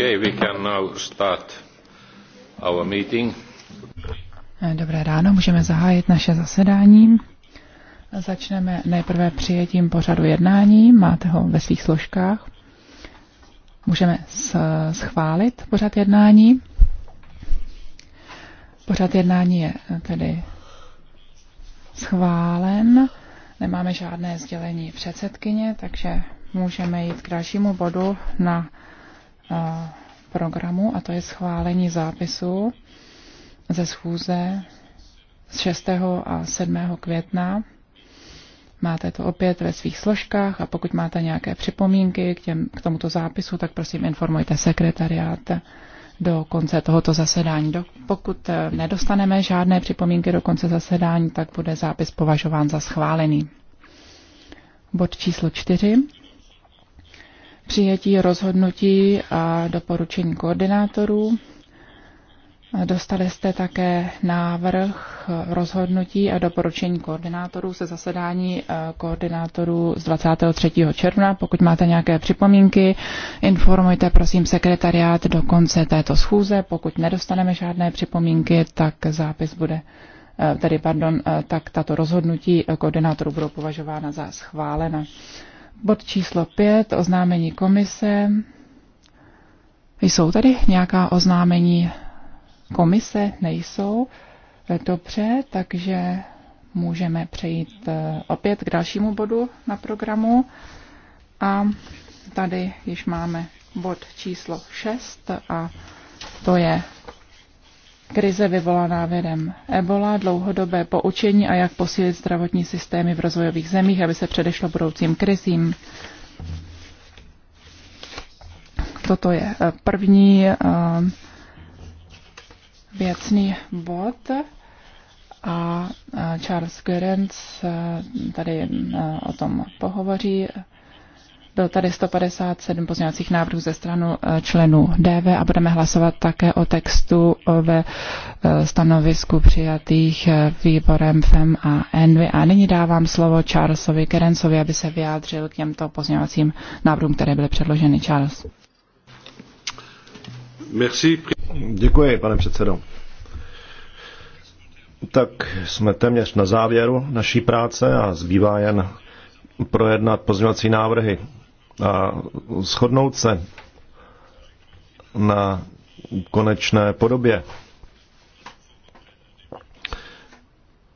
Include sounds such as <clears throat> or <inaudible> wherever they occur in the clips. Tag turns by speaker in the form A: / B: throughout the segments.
A: Eh,
B: dobré ráno, můžeme zahájit naše zasedání. Začneme nejprve přijetím pořadu jednání, máte ho ve svých složkách. Můžeme schválit pořad jednání. Pořad jednání je eh, tedy schválen. Nemáme žádné sdělení předsedkyně, takže můžeme jít k dalšímu bodu na Eh, programu a to je schválení zápisu ze schůze z 6. a 7. května. Máte to opět ve svých složkách a pokud máte nějaké připomínky k, těm, k tomuto zápisu, tak prosím informujte sekretariát do konce tohoto zasedání. Do, pokud eh, nedostaneme žádné připomínky do konce zasedání, tak bude zápis považován za schválený. Bod číslo 4 přijetí rozhodnutí a doporučení koordinátorů. Dostali jste také návrh rozhodnutí a doporučení koordinátorů se zasedání eh, koordinátorů z 23. června. Pokud máte nějaké připomínky, informujte prosím sekretariát do konce této schůze. Pokud nedostaneme žádné připomínky, tak zápis bude eh, tedy pardon, eh, tak tato rozhodnutí koordinátorů budou považována za schválena. Bod číslo 5, oznámení komise. Jsou tady nějaká oznámení komise? Nejsou. Dobře, takže můžeme přejít eh, opět k dalšímu bodu na programu. A tady již máme bod číslo 6 a to je krize vyvolaná virem Ebola, dlouhodobé poučení a jak posílit zdravotní systémy v rozvojových zemích, aby se předešlo budoucím krizím. Toto je eh, první eh, věcný bod a eh, Charles Gerens tady o tom pohovoří. Byl tady 157 pozměňovacích návrhů ze stranu eh, členů DV a budeme hlasovat také o textu ve eh, stanovisku přijatých eh, výborem FEM a ENVY. A nyní dávám slovo Charlesovi Kerencovi, aby se vyjádřil k těmto pozměňovacím návrhům, které byly předloženy. Charles.
C: Merci. Děkuji, pane předsedo. Tak jsme téměř na závěru naší práce a zbývá jen projednat pozměňovací návrhy a shodnout se na konečné podobě,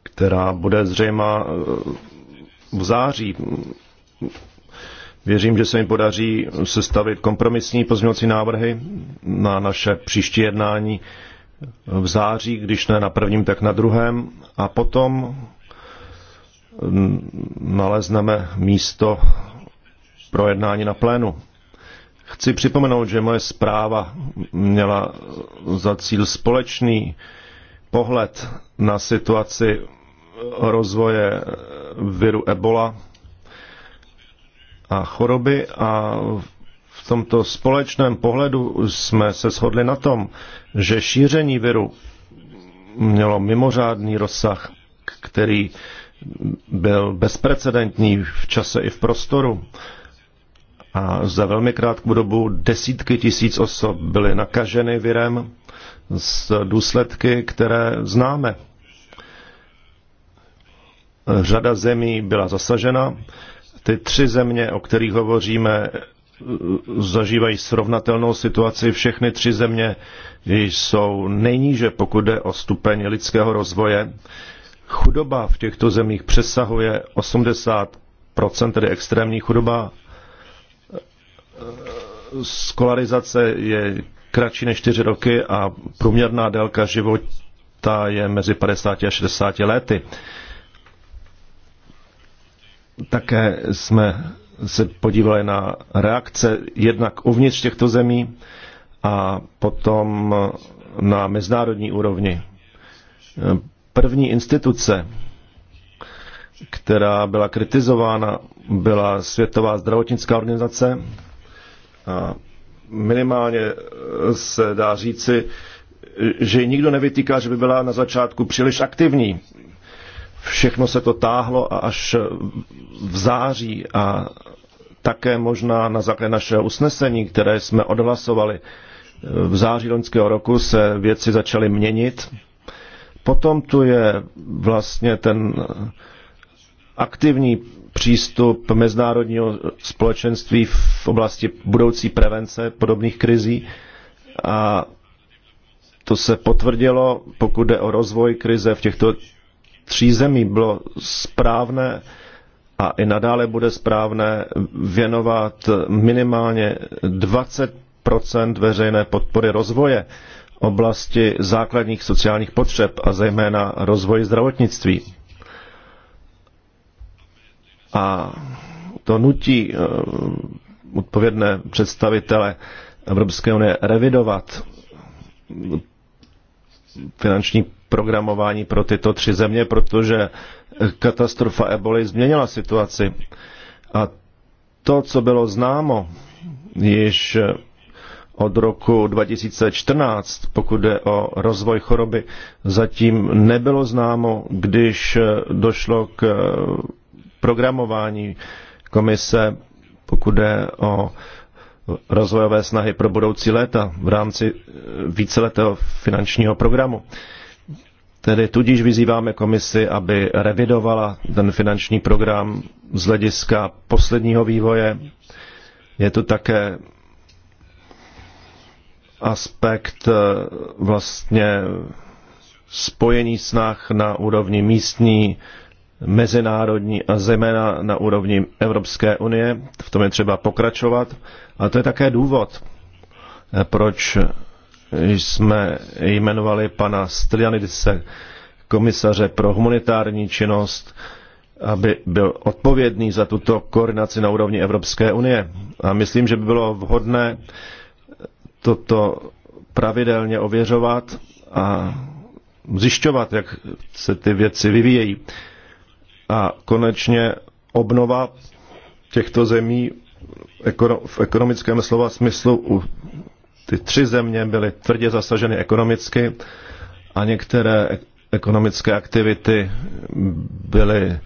C: která bude zřejmá eh, v září. Věřím, že se mi podaří sestavit kompromisní pozměňovací návrhy na naše příští jednání v září, když ne na prvním, tak na druhém. A potom hm, nalezneme místo projednání na plénu. Chci připomenout, že moje zpráva měla za cíl společný pohled na situaci rozvoje viru Ebola a choroby a v tomto společném pohledu jsme se shodli na tom, že šíření viru mělo mimořádný rozsah, který byl bezprecedentní v čase i v prostoru a za velmi krátkou dobu desítky tisíc osob byly nakaženy virem s důsledky, které známe. Řada zemí byla zasažena. Ty tři země, o kterých hovoříme, zažívají srovnatelnou situaci. Všechny tři země jsou nejníže, pokud jde o stupeň lidského rozvoje. Chudoba v těchto zemích přesahuje 80%, tedy extrémní chudoba skolarizace je kratší než 4 roky a průměrná délka života je mezi 50 a 60 lety. Také jsme se podívali na reakce jednak uvnitř těchto zemí a potom na mezinárodní úrovni. První instituce, která byla kritizována, byla Světová zdravotnická organizace, minimálně se dá říci, že nikdo nevytýká, že by byla na začátku příliš aktivní. Všechno se to táhlo a až v září a také možná na základě našeho usnesení, které jsme odhlasovali v září loňského roku, se věci začaly měnit. Potom tu je vlastně ten aktivní přístup mezinárodního společenství v oblasti budoucí prevence podobných krizí a to se potvrdilo, pokud jde o rozvoj krize v těchto tří zemí, bylo správné a i nadále bude správné věnovat minimálně 20 veřejné podpory rozvoje oblasti základních sociálních potřeb a zejména rozvoji zdravotnictví. A to nutí eh, odpovědné představitele Evropské unie revidovat finanční programování pro tyto tři země, protože katastrofa eboli změnila situaci. A to, co bylo známo již od roku 2014, pokud jde o rozvoj choroby, zatím nebylo známo, když došlo k programování komise, pokud jde o rozvojové snahy pro budoucí léta v rámci eh, víceletého finančního programu. Tedy tudíž vyzýváme komisi, aby revidovala ten finanční program z hlediska posledního vývoje. Je to také aspekt eh, vlastně spojení snah na úrovni místní, mezinárodní a zejména na úrovni Evropské unie. V tom je třeba pokračovat. A to je také důvod, eh, proč jsme jmenovali pana Stylianidise komisaře pro humanitární činnost, aby byl odpovědný za tuto koordinaci na úrovni Evropské unie. A myslím, že by bylo vhodné toto pravidelně ověřovat a zjišťovat, jak se ty věci vyvíjejí. A konečně obnova těchto zemí v ekonomickém slova smyslu ty tři země byly tvrdě zasaženy ekonomicky a některé ekonomické aktivity byly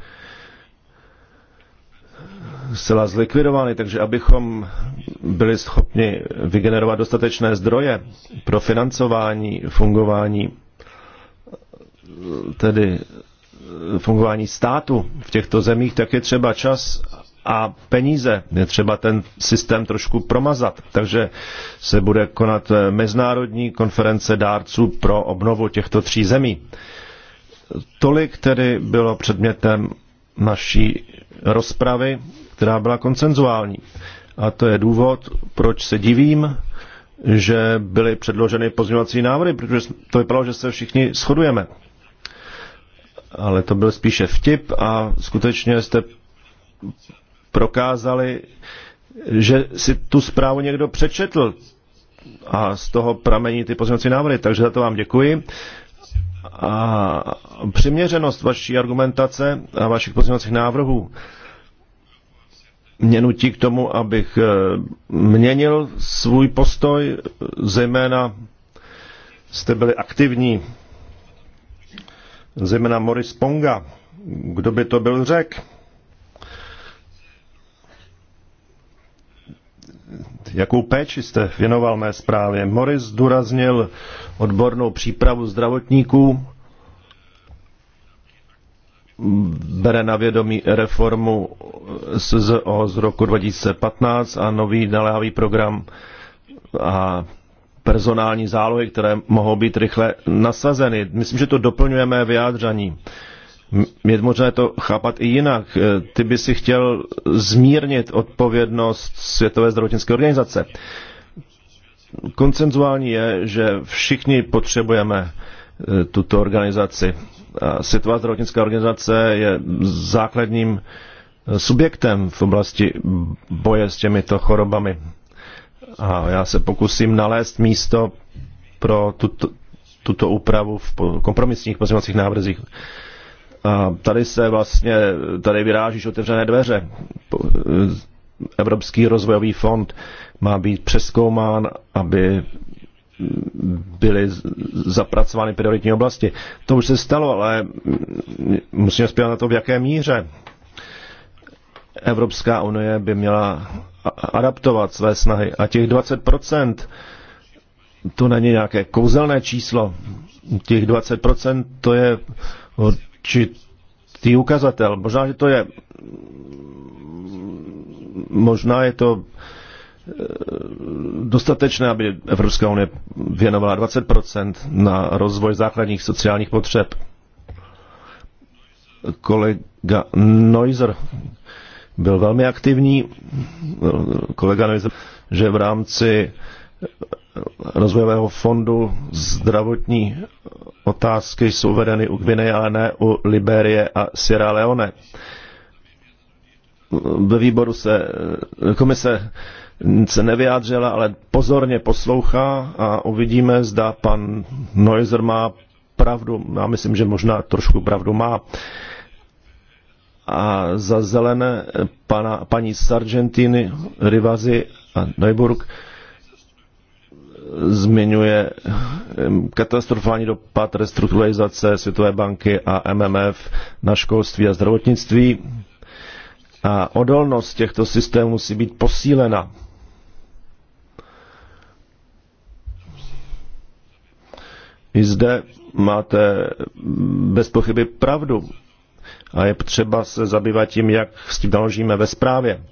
C: zcela zlikvidovány, takže abychom byli schopni vygenerovat dostatečné zdroje pro financování, fungování tedy fungování státu v těchto zemích, tak je třeba čas a peníze. Je třeba ten systém trošku promazat. Takže se bude konat mezinárodní konference dárců pro obnovu těchto tří zemí. Tolik tedy bylo předmětem naší rozpravy, která byla koncenzuální. A to je důvod, proč se divím, že byly předloženy pozměňovací návrhy, protože to vypadalo, že se všichni shodujeme ale to byl spíše vtip a skutečně jste prokázali, že si tu zprávu někdo přečetl a z toho pramení ty pozměňovací návrhy, takže za to vám děkuji. A přiměřenost vaší argumentace a vašich pozměňovacích návrhů mě nutí k tomu, abych eh, měnil svůj postoj, zejména jste byli aktivní zejména Moris Ponga. Kdo by to byl řek? Jakou péči jste věnoval mé zprávě? Moris zdůraznil odbornou přípravu zdravotníků, bere na vědomí reformu SZO z roku 2015 a nový naléhavý program a personální zálohy, které mohou být rychle nasazeny. Myslím, že to doplňujeme vyjádření. Je možné to chápat i jinak. E, ty by si chtěl zmírnit odpovědnost Světové zdravotnické organizace. Koncenzuální je, že všichni potřebujeme e, tuto organizaci. A Světová zdravotnická organizace je základním e, subjektem v oblasti boje s těmito chorobami. A já se pokusím nalézt místo pro tuto, tuto úpravu v kompromisních pozměňovacích návrzích. A tady se vlastně, tady vyrážíš otevřené dveře. Evropský rozvojový fond má být přeskoumán, aby byly zapracovány prioritní oblasti. To už se stalo, ale musíme spělat na to, v jaké míře Evropská unie by měla adaptovat své snahy. A těch 20% to není nějaké kouzelné číslo. Těch 20% to je určitý ukazatel. Možná, že to je možná je to eh, dostatečné, aby Evropská unie věnovala 20% na rozvoj základních sociálních potřeb. Kolega Neuser byl velmi aktivní. Kolega neví, že v rámci rozvojového fondu zdravotní otázky jsou vedeny u Gviny, ale ne u Liberie a Sierra Leone. Ve výboru se komise se nevyjádřila, ale pozorně poslouchá a uvidíme, zda pan Neuser má pravdu. Já myslím, že možná trošku pravdu má a za zelené eh, pana, paní Sargentini, Rivazi a Neuburg eh, zmiňuje eh, katastrofální dopad restrukturalizace Světové banky a MMF na školství a zdravotnictví. A odolnost těchto systémů musí být posílena. I zde máte mm, bez pochyby pravdu a je třeba se zabývat tím, jak s tím naložíme ve zprávě.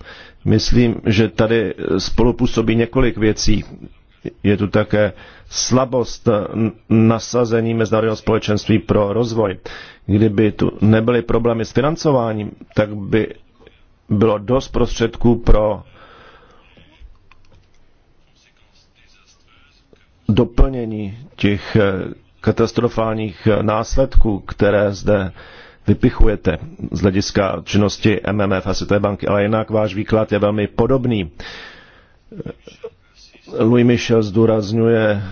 C: Myslím, že tady spolupůsobí několik věcí. Je tu také slabost nasazení mezinárodního společenství pro rozvoj. Kdyby tu nebyly problémy s financováním, tak by bylo dost prostředků pro doplnění těch katastrofálních následků, které zde vypichujete z hlediska činnosti MMF a Světové banky, ale jinak váš výklad je velmi podobný. Louis Michel zdůrazňuje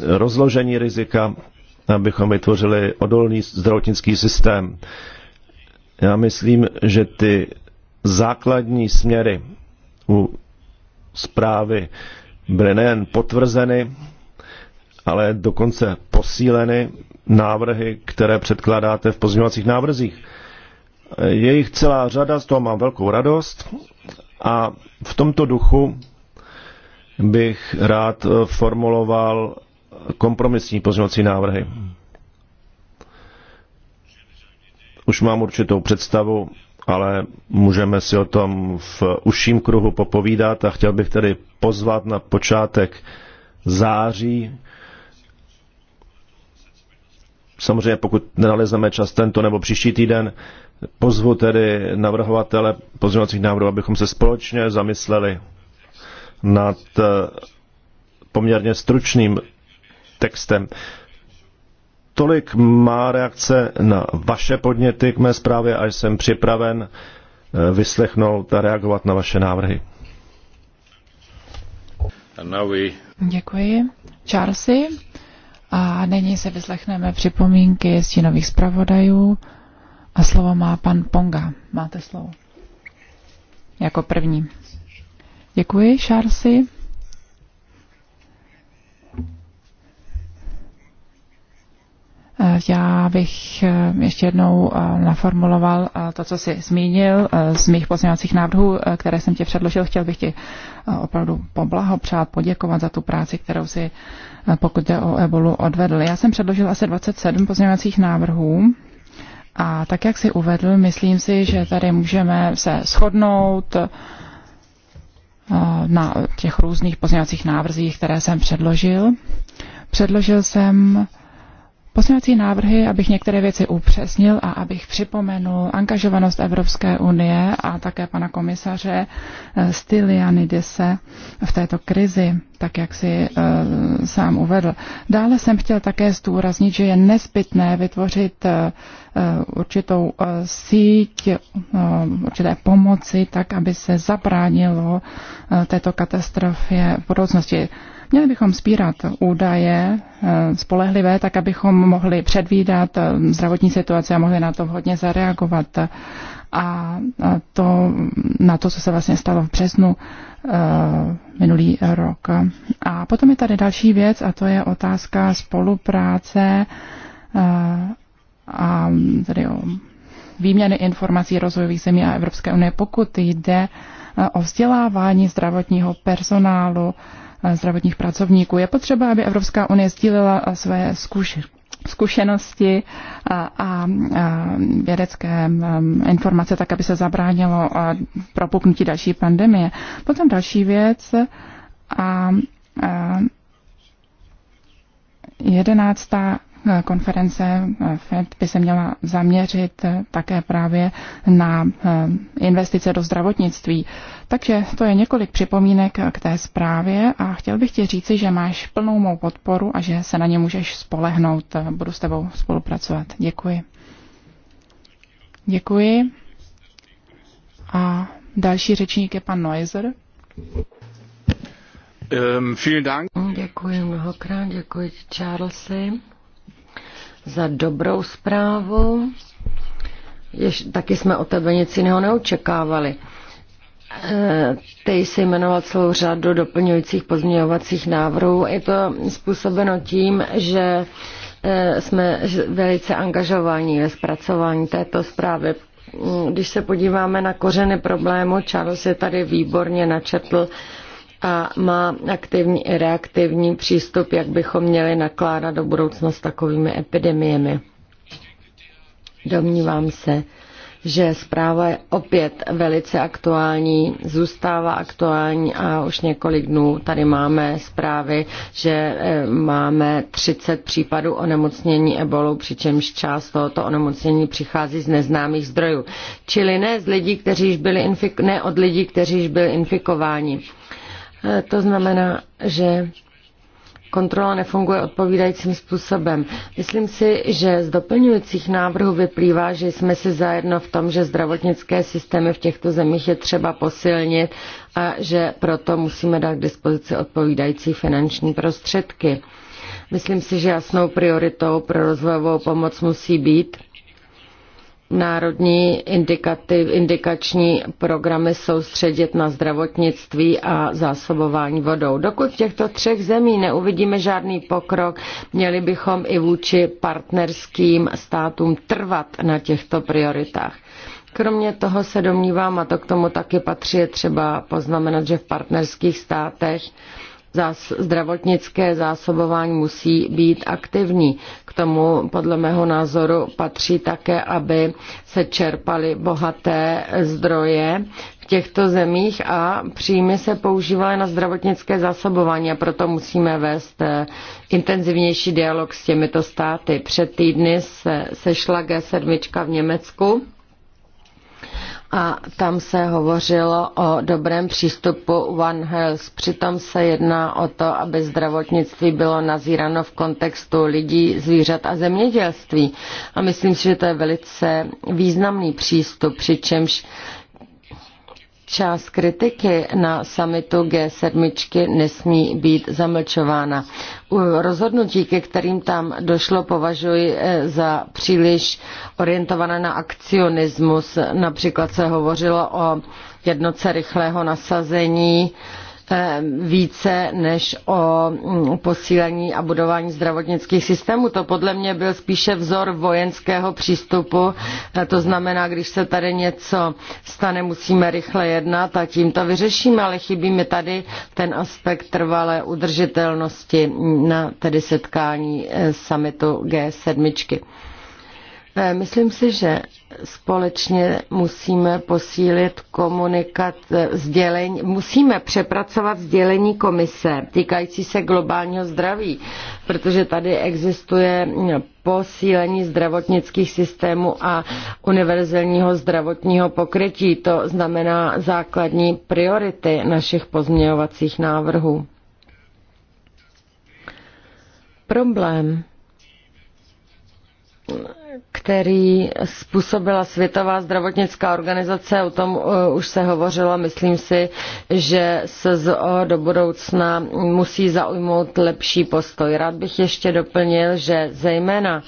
C: rozložení rizika, abychom vytvořili odolný zdravotnický systém. Já myslím, že ty základní směry u zprávy byly nejen potvrzeny, ale dokonce posíleny návrhy, které předkládáte v pozměňovacích návrzích. Je jich celá řada, z toho mám velkou radost a v tomto duchu bych rád formuloval kompromisní pozměňovací návrhy. Už mám určitou představu, ale můžeme si o tom v užším kruhu popovídat a chtěl bych tedy pozvat na počátek září samozřejmě pokud nenalezneme čas tento nebo příští týden, pozvu tedy navrhovatele pozměňovacích návrhů, abychom se společně zamysleli nad eh, poměrně stručným textem. Tolik má reakce na vaše podněty k mé zprávě a jsem připraven eh, vyslechnout a reagovat na vaše návrhy.
B: Děkuji. Charlesy, a nyní se vyslechneme připomínky stínových zpravodajů a slovo má pan Ponga. Máte slovo. Jako první. Děkuji, Šársi. Eh, já bych eh, ještě jednou eh, naformuloval to, co jsi zmínil z mých pozměňovacích návrhů, které jsem ti předložil. Chtěl bych ti opravdu poblahopřát, poděkovat za tu práci, kterou si, pokud jde o ebolu, odvedl. Já jsem předložil asi 27 pozměňovacích návrhů. A tak, jak si uvedl, myslím si, že tady můžeme se shodnout na těch různých pozměňovacích návrzích, které jsem předložil. Předložil jsem Poslanecí návrhy, abych některé věci upřesnil a abych připomenul angažovanost Evropské unie a také pana komisaře eh, Stylianidise v této krizi tak jak si uh, sám uvedl. Dále jsem chtěl také zdůraznit, že je nezbytné vytvořit uh, určitou uh, síť uh, určité pomoci, tak aby se zabránilo uh, této katastrofě v budoucnosti. Měli bychom spírat údaje spolehlivé, tak abychom mohli předvídat zdravotní situaci a mohli na to vhodně zareagovat a to na to, co se vlastně stalo v březnu e, minulý rok. A potom je tady další věc a to je otázka spolupráce e, a tady o výměny informací rozvojových zemí a Evropské unie, pokud jde e, o vzdělávání zdravotního personálu, zdravotních pracovníků. Je potřeba, aby Evropská unie sdílela své zkušenosti a, a vědecké um, informace, tak aby se zabránilo propuknutí další pandemie. Potom další věc a, a jedenáctá Eh, konference eh, FED by se měla zaměřit eh, také právě na investice do zdravotnictví. Takže to je několik připomínek k té zprávě a chtěl bych ti říci, že máš plnou mou podporu a že se na ně můžeš spolehnout. Budu s tebou spolupracovat. Děkuji. Děkuji. A další řečník je pan Neuser.
A: Um, vielen Dank.
D: Děkuji mnohokrát, děkuji Charlesy za dobrou zprávu. Jež, taky jsme o tebe nic jiného neočekávali. Eh, ty jsi jmenoval celou řadu doplňujících pozměňovacích návrhů. Je to způsobeno tím, že eh, jsme velice angažováni ve zpracování této zprávy. Hm, když se podíváme na kořeny problému, Charles je tady výborně načetl a má aktivní i reaktivní přístup, jak bychom měli nakládat do s takovými epidemiemi. Domnívám se, že zpráva je opět velice aktuální, zůstává aktuální a už několik dnů tady máme zprávy, že eh, máme 30 případů onemocnění ebolou, přičemž část tohoto onemocnění přichází z neznámých zdrojů. Čili ne, z lidí, kteří byli infik- ne od lidí, kteří již byli infikováni. Eh, to znamená, že kontrola nefunguje odpovídajícím způsobem. Myslím si, že z doplňujících návrhů vyplývá, že jsme si zajedno v tom, že zdravotnické systémy v těchto zemích je třeba posilnit a že proto musíme dát k dispozici odpovídající finanční prostředky. Myslím si, že jasnou prioritou pro rozvojovou pomoc musí být národní indikativ, indikační programy soustředit na zdravotnictví a zásobování vodou. Dokud v těchto třech zemí neuvidíme žádný pokrok, měli bychom i vůči partnerským státům trvat na těchto prioritách. Kromě toho se domnívám, a to k tomu taky patří, je třeba poznamenat, že v partnerských státech zás, zdravotnické zásobování musí být aktivní. K tomu podle mého názoru patří také, aby se čerpaly bohaté zdroje v těchto zemích a příjmy se používaly na zdravotnické zásobování a proto musíme vést eh, intenzivnější dialog s těmito státy. Před týdny se sešla G7 v Německu a tam se hovořilo o dobrém přístupu One Health. Přitom se jedná o to, aby zdravotnictví bylo nazíráno v kontextu lidí, zvířat a zemědělství. A myslím si, že to je velice významný přístup, přičemž Část kritiky na samitu G7 nesmí být zamlčována. Rozhodnutí, ke kterým tam došlo, považuji eh, za příliš orientované na akcionismus. Například se hovořilo o jednoce rychlého nasazení, Eh, více než o mm, posílení a budování zdravotnických systémů. To podle mě byl spíše vzor vojenského přístupu. Eh, to znamená, když se tady něco stane, musíme rychle jednat a tím to vyřešíme, ale chybí mi tady ten aspekt trvalé udržitelnosti na tedy setkání eh, summitu G7. Eh, myslím si, že společně musíme posílit komunikat eh, sdělení, musíme přepracovat sdělení komise týkající se globálního zdraví, protože tady existuje eh, posílení zdravotnických systémů a univerzálního zdravotního pokrytí. To znamená základní priority našich pozměňovacích návrhů. Problém který způsobila Světová zdravotnická organizace, o tom uh, už se hovořilo, myslím si, že SZO do budoucna musí zaujmout lepší postoj. Rád bych ještě doplnil, že zejména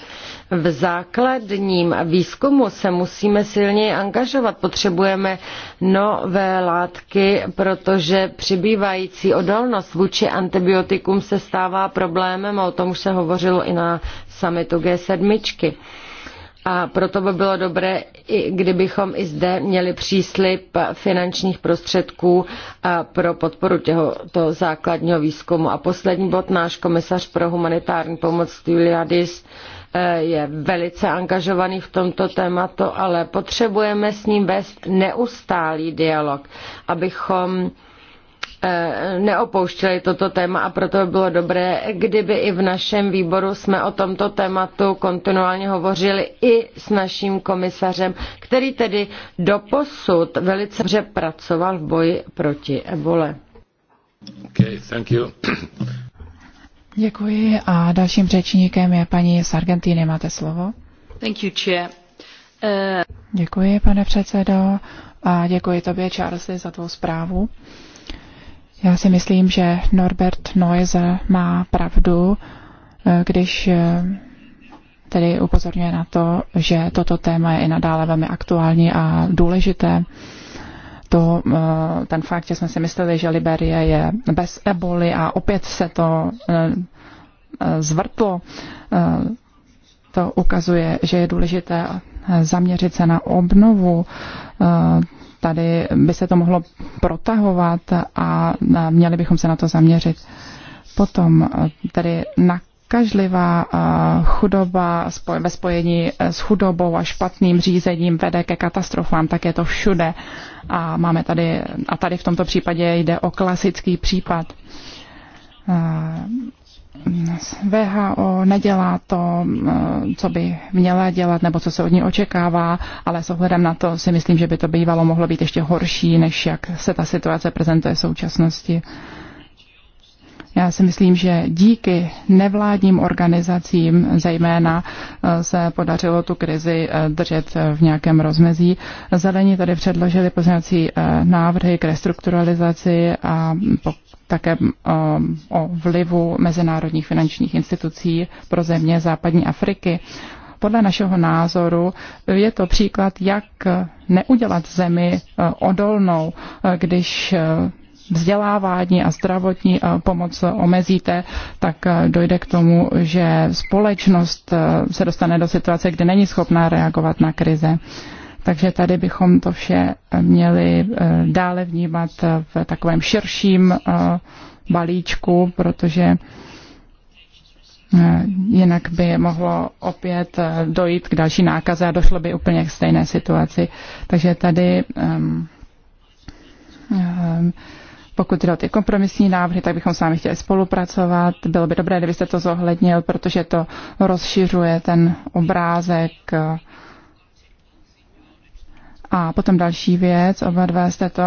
D: v základním výzkumu se musíme silněji angažovat. Potřebujeme nové látky, protože přibývající odolnost vůči antibiotikum se stává problémem a o tom už se hovořilo i na summitu G7. A proto by bylo dobré, kdybychom i zde měli příslip finančních prostředků pro podporu tohoto základního výzkumu. A poslední bod, náš komisař pro humanitární pomoc Juliadis e, je velice angažovaný v tomto tématu, ale potřebujeme s ním vést neustálý dialog, abychom Eh, neopouštěli toto téma a proto by bylo dobré, kdyby i v našem výboru jsme o tomto tématu kontinuálně hovořili i s naším komisařem, který tedy doposud velice dobře pracoval v boji proti ebole.
A: Okay, thank you.
B: Děkuji a dalším řečníkem je paní z Argentíny. Máte slovo.
D: Thank you, chair. Uh...
B: Děkuji, pane předsedo, a děkuji tobě, Charlesy, za tvou zprávu. Uh, já si myslím, že Norbert Neuser má pravdu, eh, když eh, tedy upozorňuje na to, že toto téma je i nadále velmi aktuální a důležité. To, eh, ten fakt, že jsme si mysleli, že Liberie je bez eboli a opět se to zvrtlo, to ukazuje, že je důležité zaměřit se na obnovu tady by se to mohlo protahovat a měli bychom se na to zaměřit. Potom e, tedy na e, chudoba ve spojení e, s chudobou a špatným řízením vede ke katastrofám, tak je to všude. A máme tady, a tady v tomto případě jde o klasický případ VHO nedělá to, eh, co by měla dělat nebo co se od ní očekává, ale s ohledem na to si myslím, že by to bývalo mohlo být ještě horší, než jak se ta situace prezentuje v současnosti. Uh, já si myslím, že díky nevládním organizacím zejména eh, se podařilo tu krizi eh, držet v nějakém rozmezí. Zelení tady předložili pozměňovací eh, návrhy k restrukturalizaci a také o vlivu mezinárodních finančních institucí pro země západní Afriky podle našeho názoru je to příklad, jak neudělat zemi odolnou, když vzdělávání a zdravotní eh, pomoc omezíte, tak eh, dojde k tomu, že společnost eh, se dostane do situace, kde není schopná reagovat na krize. Takže tady bychom to vše měli dále vnímat v takovém širším balíčku, protože jinak by mohlo opět dojít k další nákaze a došlo by úplně k stejné situaci. Takže tady um, um, pokud jde o ty kompromisní návrhy, tak bychom s vámi chtěli spolupracovat. Bylo by dobré, kdybyste to zohlednil, protože to rozšiřuje ten obrázek. A potom další věc, oba dva jste to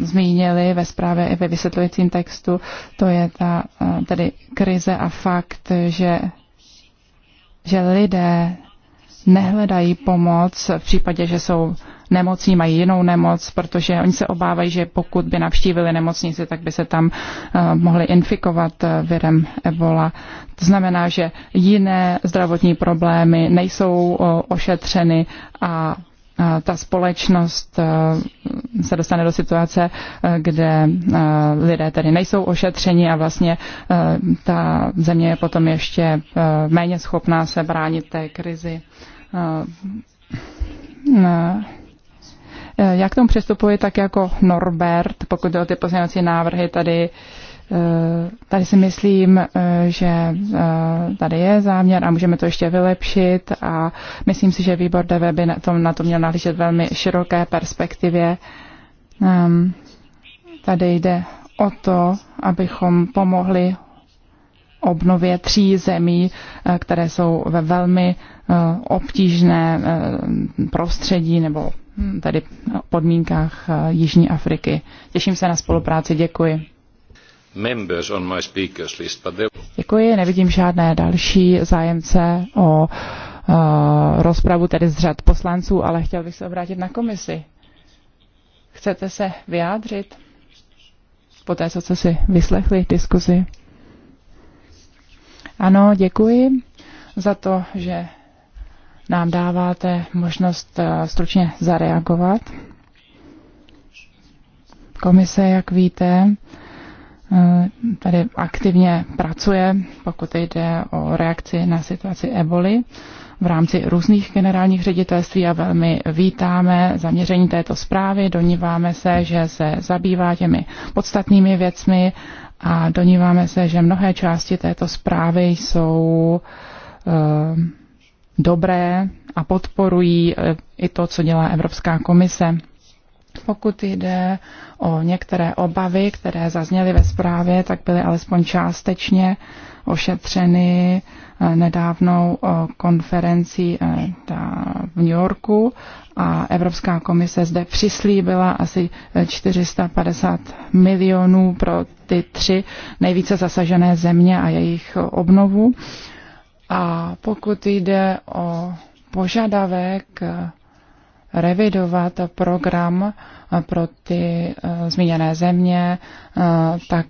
B: zmínili ve zprávě i ve vysvětlujícím textu, to je ta tedy krize a fakt, že, že lidé nehledají pomoc v případě, že jsou nemocní, mají jinou nemoc, protože oni se obávají, že pokud by navštívili nemocnici, tak by se tam eh, mohli infikovat eh, virem Ebola. To znamená, že jiné zdravotní problémy nejsou ošetřeny a ta společnost eh, se dostane do situace, kde lidé tedy nejsou ošetřeni a vlastně ta země je potom ještě méně schopná se bránit té krizi. Eh, eh, Já k tomu přistupuji tak jako Norbert, pokud jde o ty pozměňovací návrhy tady. Eh, tady si myslím, že tady je záměr a můžeme to ještě vylepšit a myslím si, že výbor DV by na to, na to měl nahlížet velmi široké perspektivě. Ehm, tady jde o to, abychom pomohli obnově tří zemí, eh, které jsou ve velmi eh, obtížné eh, prostředí nebo hm, tady podmínkách Jižní Afriky. Těším se na spolupráci, děkuji. Děkuji, nevidím žádné další zájemce o uh, rozpravu tedy z řad poslanců, ale chtěl bych se obrátit na komisi. Chcete se vyjádřit po té, co jste si vyslechli diskuzi? Ano, děkuji za to, že nám dáváte možnost eh, stručně zareagovat. Komise, jak víte, eh, tady aktivně pracuje, pokud jde o reakci na situaci eboli v rámci různých generálních ředitelství a velmi vítáme zaměření této zprávy. Doníváme se, že se zabývá těmi podstatnými věcmi a doníváme se, že mnohé části této zprávy jsou eh, dobré a podporují eh, i to, co dělá Evropská komise. Pokud jde o některé obavy, které zazněly ve zprávě, tak byly alespoň částečně ošetřeny eh, nedávnou eh, konferencí eh, v New Yorku a Evropská komise zde přislíbila asi 450 milionů pro ty tři nejvíce zasažené země a jejich obnovu. A pokud jde o požadavek revidovat program pro ty zmíněné země, tak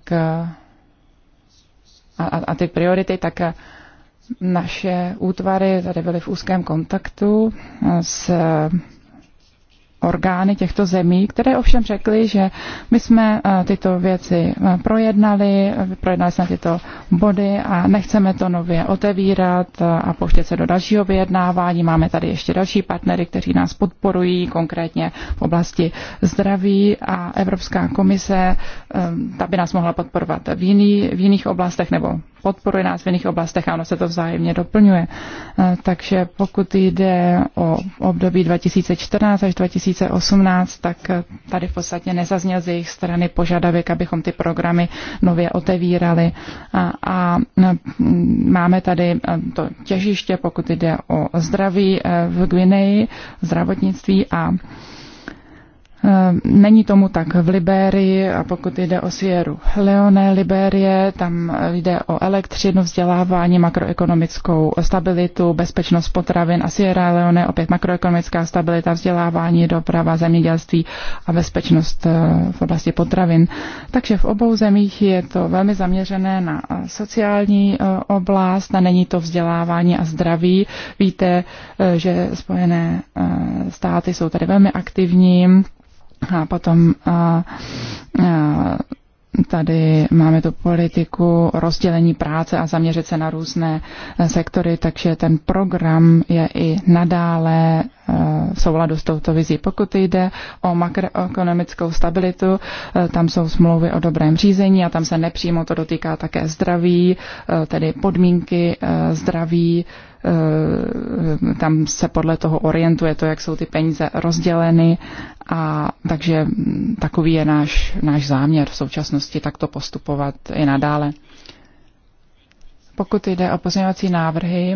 B: a, a ty priority, tak naše útvary tady byly v úzkém kontaktu s orgány těchto zemí, které ovšem řekly, že my jsme eh, tyto věci eh, projednali, projednali jsme tyto body a nechceme to nově otevírat eh, a pouštět se do dalšího vyjednávání. Máme tady ještě další partnery, kteří nás podporují, konkrétně v oblasti zdraví a Evropská komise, ta by nás mohla podporovat v, jiný, v jiných oblastech nebo podporuje nás v jiných oblastech a ono se to vzájemně doplňuje. Eh, takže pokud jde o období 2014 až 2018, tak eh, tady v podstatě nezazněl z jejich strany požadavek, abychom ty programy nově otevírali. A, a eh, máme tady to těžiště, pokud jde o zdraví v Gvineji, zdravotnictví a Eh, není tomu tak v Libérii a pokud jde o Sieru Leone, Libérie, tam jde o elektřinu, vzdělávání, makroekonomickou stabilitu, bezpečnost potravin a Sierra Leone opět makroekonomická stabilita, vzdělávání, doprava, zemědělství a bezpečnost eh, v oblasti potravin. Takže v obou zemích je to velmi zaměřené na sociální eh, oblast a není to vzdělávání a zdraví. Víte, že Spojené státy jsou tady velmi aktivní a potom a, a, tady máme tu politiku rozdělení práce a zaměřit se na různé e, sektory, takže ten program je i nadále e, v souladu s touto vizí. Pokud jde o makroekonomickou stabilitu, e, tam jsou smlouvy o dobrém řízení a tam se nepřímo to dotýká také zdraví, tedy podmínky zdraví Eh, tam se podle toho orientuje to, jak jsou ty peníze rozděleny a takže takový je náš, náš záměr v současnosti takto postupovat i nadále. Pokud jde o pozměňovací návrhy,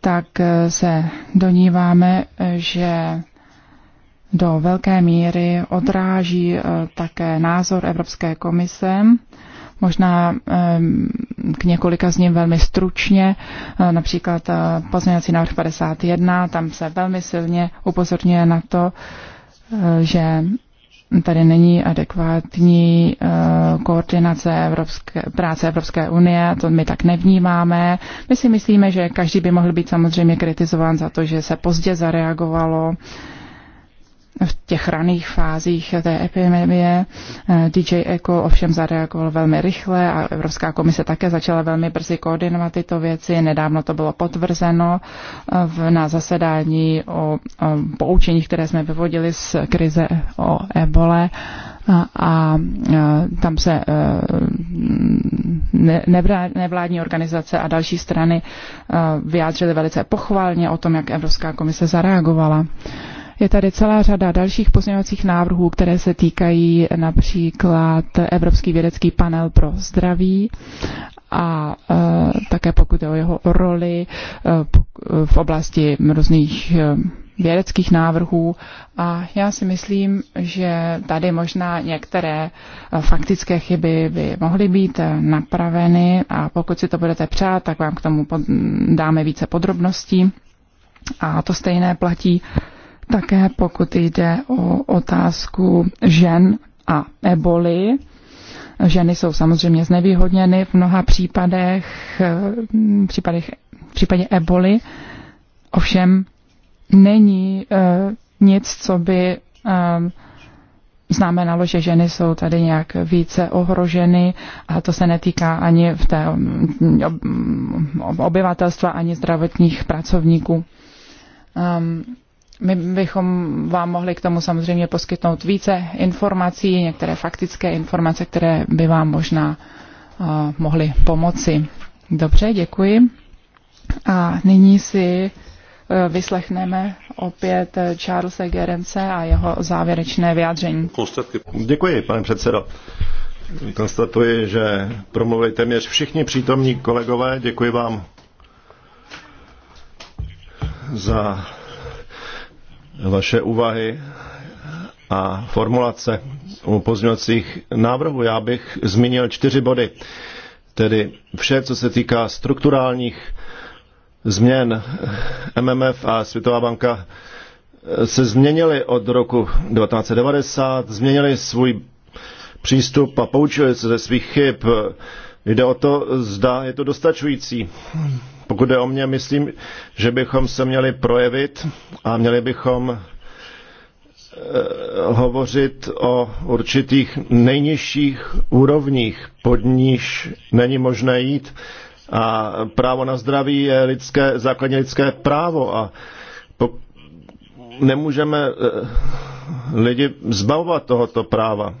B: tak eh, se doníváme, že do velké míry odráží eh, také názor Evropské komise Možná k několika z ním velmi stručně, eh, například eh, pozměňovací návrh 51, tam se velmi silně upozorňuje na to, eh, že tady není adekvátní koordinace Evropské, práce Evropské unie, to my tak nevnímáme. My si myslíme, že každý by mohl být samozřejmě kritizován za to, že se pozdě zareagovalo, v těch raných fázích té epidemie. Eh, DJ Eco ovšem zareagoval velmi rychle a Evropská komise také začala velmi brzy koordinovat tyto věci. Nedávno to bylo potvrzeno eh, na zasedání o eh, poučení, které jsme vyvodili z krize o ebole a tam se nevládní organizace a další strany vyjádřily velice pochválně o tom, jak Evropská komise zareagovala. Je tady celá řada dalších pozměňovacích návrhů, které se týkají například Evropský vědecký panel pro zdraví a e, také pokud je o jeho roli e, v oblasti různých e, vědeckých návrhů a já si myslím, že tady možná některé faktické chyby by mohly být napraveny a pokud si to budete přát, tak vám k tomu dáme více podrobností. A to stejné platí také pokud jde o otázku žen a eboli. Ženy jsou samozřejmě znevýhodněny v mnoha případech, eh, případech v případě eboli. Ovšem není eh, nic, co by eh, znamenalo, že ženy jsou tady nějak více ohroženy a to se netýká ani v té mm, mm, obyvatelstva, ani zdravotních pracovníků. Um, my bychom vám mohli k tomu samozřejmě poskytnout více informací, některé faktické informace, které by vám možná uh, mohly pomoci. Dobře, děkuji. A nyní si eh, vyslechneme opět eh, Charlesa Gerence a jeho závěrečné vyjádření.
C: Děkuji, pane předsedo. Konstatuji, že promluvili téměř všichni přítomní kolegové. Děkuji vám za vaše úvahy a formulace u pozměňovacích návrhů. Já bych zmínil čtyři body. Tedy vše, co se týká strukturálních změn MMF a Světová banka se změnily od roku 1990, změnili svůj přístup a poučili se ze svých chyb. Jde o to, zda je to dostačující. Pokud jde o mě, myslím, že bychom se měli projevit a měli bychom eh, hovořit o určitých nejnižších úrovních, pod níž není možné jít. A právo na zdraví je lidské, základně lidské právo a po, nemůžeme eh, lidi zbavovat tohoto práva.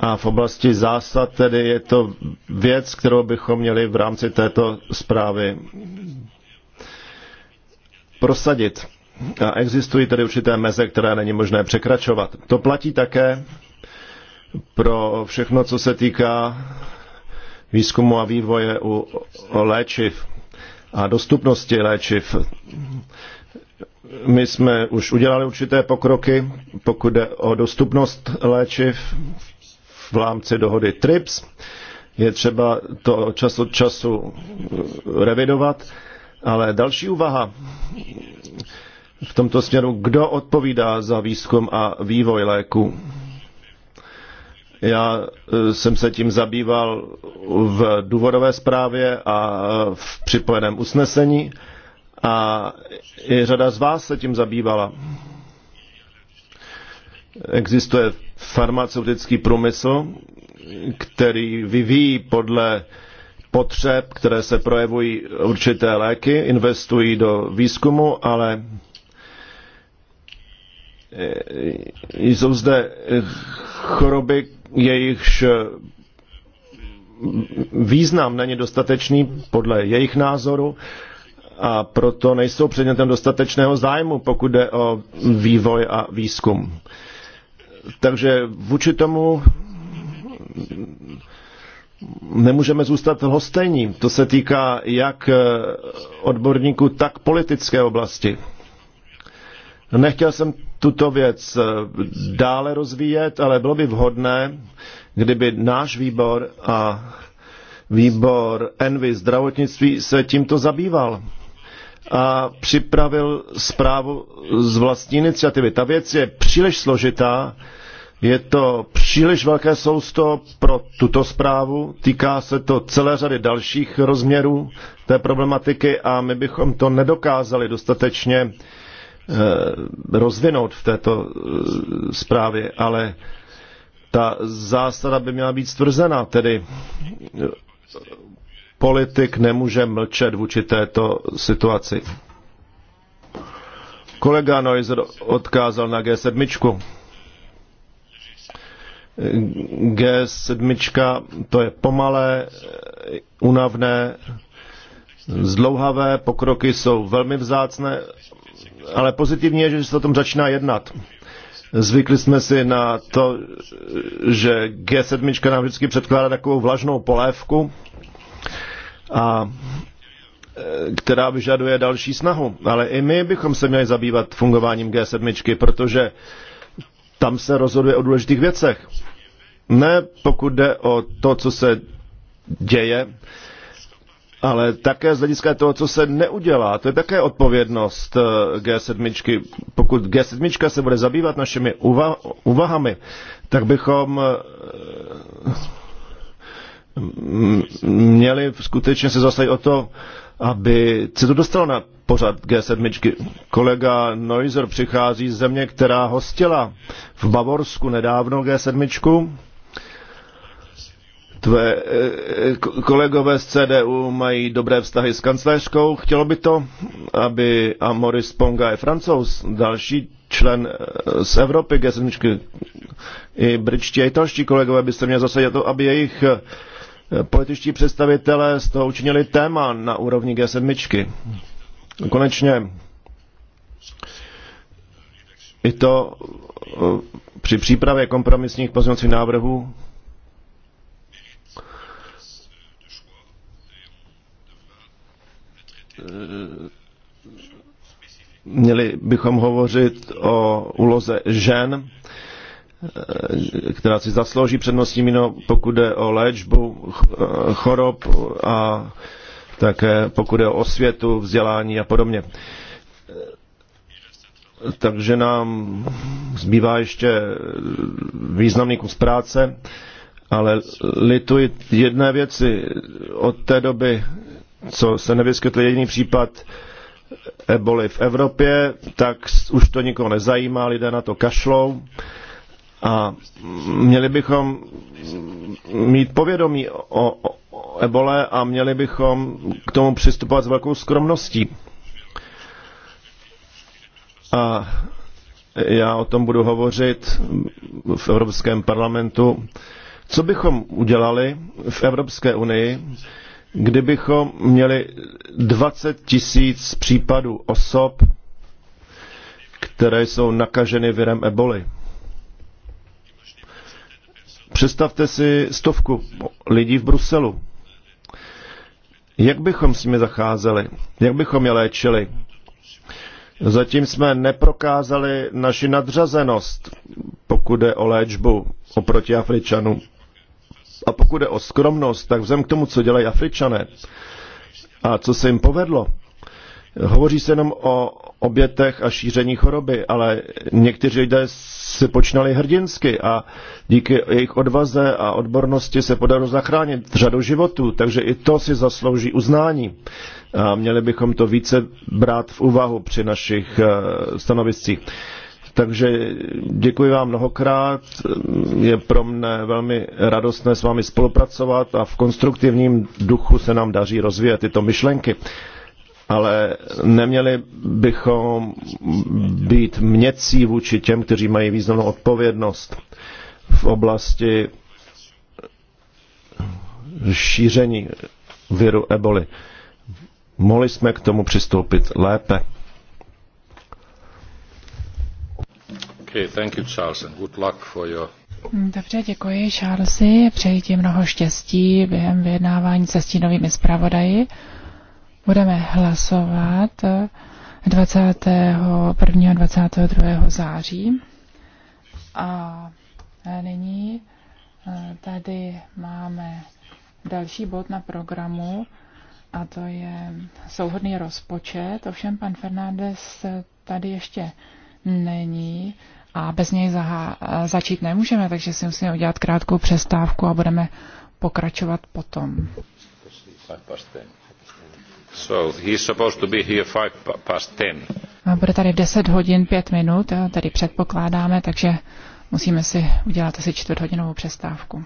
C: A v oblasti zásad tedy je to věc, kterou bychom měli v rámci této zprávy prosadit. A existují tedy určité meze, které není možné překračovat. To platí také pro všechno, co se týká výzkumu a vývoje u léčiv a dostupnosti léčiv. My jsme už udělali určité pokroky, pokud jde o dostupnost léčiv v rámci dohody TRIPS. Je třeba to čas od času eh, revidovat, ale další úvaha v tomto směru, kdo odpovídá za výzkum a vývoj léku. Já eh, jsem se tím zabýval v důvodové zprávě a eh, v připojeném usnesení a i řada z vás se tím zabývala. Existuje farmaceutický průmysl, který vyvíjí podle potřeb, které se projevují určité léky, investují do výzkumu, ale eh, jsou zde choroby, jejichž význam není dostatečný podle jejich názoru a proto nejsou předmětem dostatečného zájmu, pokud jde o vývoj a výzkum. Takže vůči tomu nemůžeme zůstat hostejní. To se týká jak eh, odborníků, tak politické oblasti. Nechtěl jsem tuto věc eh, dále rozvíjet, ale bylo by vhodné, kdyby náš výbor a výbor Envy zdravotnictví se tímto zabýval a připravil zprávu z vlastní iniciativy. Ta věc je příliš složitá, je to příliš velké sousto pro tuto zprávu, týká se to celé řady dalších rozměrů té problematiky a my bychom to nedokázali dostatečně eh, rozvinout v této eh, zprávě, ale ta zásada by měla být stvrzena, tedy politik nemůže mlčet vůči této situaci. Kolega Noiser odkázal na G7. G7 to je pomalé, unavné, zdlouhavé, pokroky jsou velmi vzácné, ale pozitivní je, že se o tom začíná jednat. Zvykli jsme si na to, že G7 nám vždycky předkládá takovou vlažnou polévku, a e, která vyžaduje další snahu. Ale i my bychom se měli zabývat fungováním G7, protože tam se rozhoduje o důležitých věcech. Ne pokud jde o to, co se děje, ale také z hlediska toho, co se neudělá. To je také odpovědnost e, G7. Pokud G7 se bude zabývat našimi uva- uvahami, tak bychom e, měli skutečně se zastavit o to, aby se to dostalo na pořad G7. Kolega Neuser přichází z země, která hostila v Bavorsku nedávno G7. Tvé eh, kolegové z CDU mají dobré vztahy s kancléřkou. Chtělo by to, aby a Maurice Ponga je francouz, další člen eh, z Evropy G7. I britští a italští kolegové byste měli zasadit to, aby jejich eh, političtí představitelé z toho učinili téma na úrovni G7. Konečně i to eh, při přípravě kompromisních pozměňovacích návrhů
E: eh,
C: měli bychom hovořit o úloze žen Eh, která si zaslouží přednostní míno pokud jde o léčbu eh, chorob a také pokud jde o osvětu, vzdělání a podobně. Eh, takže nám zbývá ještě významný kus práce, ale lituji jedné věci. Od té doby, co se nevyskytl jediný případ eboli v Evropě, tak už to nikoho nezajímá, lidé na to kašlou. A měli bychom mít povědomí o, o ebole a měli bychom k tomu přistupovat s velkou skromností. A já o tom budu hovořit v Evropském parlamentu. Co bychom udělali v Evropské unii, kdybychom měli 20 tisíc případů osob, které jsou nakaženy virem eboli? Představte si stovku lidí v Bruselu. Jak bychom s nimi zacházeli? Jak bychom je léčili? Zatím jsme neprokázali naši nadřazenost, pokud jde o léčbu oproti Afričanům. A pokud jde o skromnost, tak vzem k tomu, co dělají Afričané a co se jim povedlo, Hovoří se jenom o obětech a šíření choroby, ale někteří lidé se počínali hrdinsky a díky jejich odvaze a odbornosti se podařilo zachránit řadu životů, takže i to si zaslouží uznání. A měli bychom to více brát v úvahu při našich eh, stanoviscích. Takže děkuji vám mnohokrát. Je pro mne velmi radostné s vámi spolupracovat a v konstruktivním duchu se nám daří rozvíjet tyto myšlenky ale neměli bychom být měcí vůči těm, kteří mají významnou odpovědnost v oblasti šíření viru eboli. Mohli jsme k tomu přistoupit lépe.
A: Okay, thank you, Charles, and good luck for your...
B: Hmm, dobře, děkuji Charlesi, přeji ti mnoho štěstí během vyjednávání se stínovými zpravodaji budeme hlasovat 21. a 22. září. A nyní eh, tady máme další bod na programu a to je souhodný rozpočet. Ovšem pan Fernández tady ještě není a bez něj zaha- začít nemůžeme, takže si musíme udělat krátkou přestávku a budeme pokračovat potom.
A: Prosím, So he supposed to be here five past ten.
B: Bude tady 10 hodin 5 minut, tady předpokládáme, takže musíme si udělat asi čtvrthodinovou přestávku.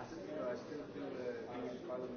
E: I still, you know, I still feel uh, English Parliament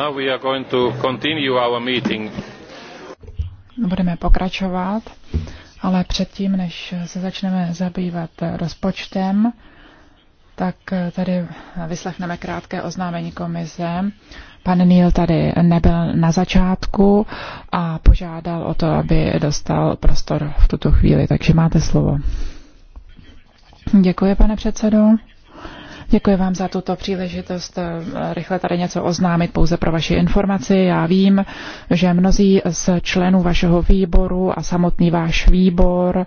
A: Now we are going to continue our meeting.
B: Budeme pokračovat, ale předtím, než se začneme zabývat rozpočtem, tak tady vyslechneme krátké oznámení komise. Pan Neil tady nebyl na začátku a požádal o to, aby dostal prostor v tuto chvíli, takže máte slovo. Děkuji, pane předsedo. Děkuji vám za tuto příležitost eh, rychle tady něco oznámit pouze pro vaši informaci. Já vím, že mnozí z členů vašeho výboru a samotný váš výbor eh,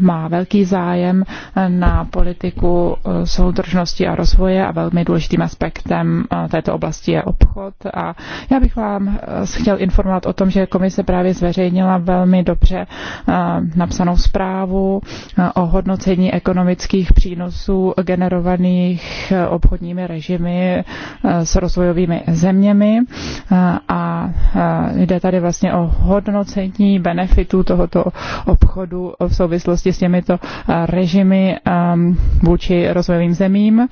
B: má velký zájem eh, na politiku soudržnosti a rozvoje a velmi důležitým aspektem této oblasti je obchod. A já bych vám chtěl informovat o tom, že komise právě zveřejnila velmi dobře napsanou zprávu o hodnocení ekonomických přínosů generovaných obchodných, eh, obchodními režimy eh, s rozvojovými zeměmi eh, a jde tady vlastně o hodnocení benefitů tohoto obchodu v souvislosti s těmito režimy ehm, vůči rozvojovým zemím.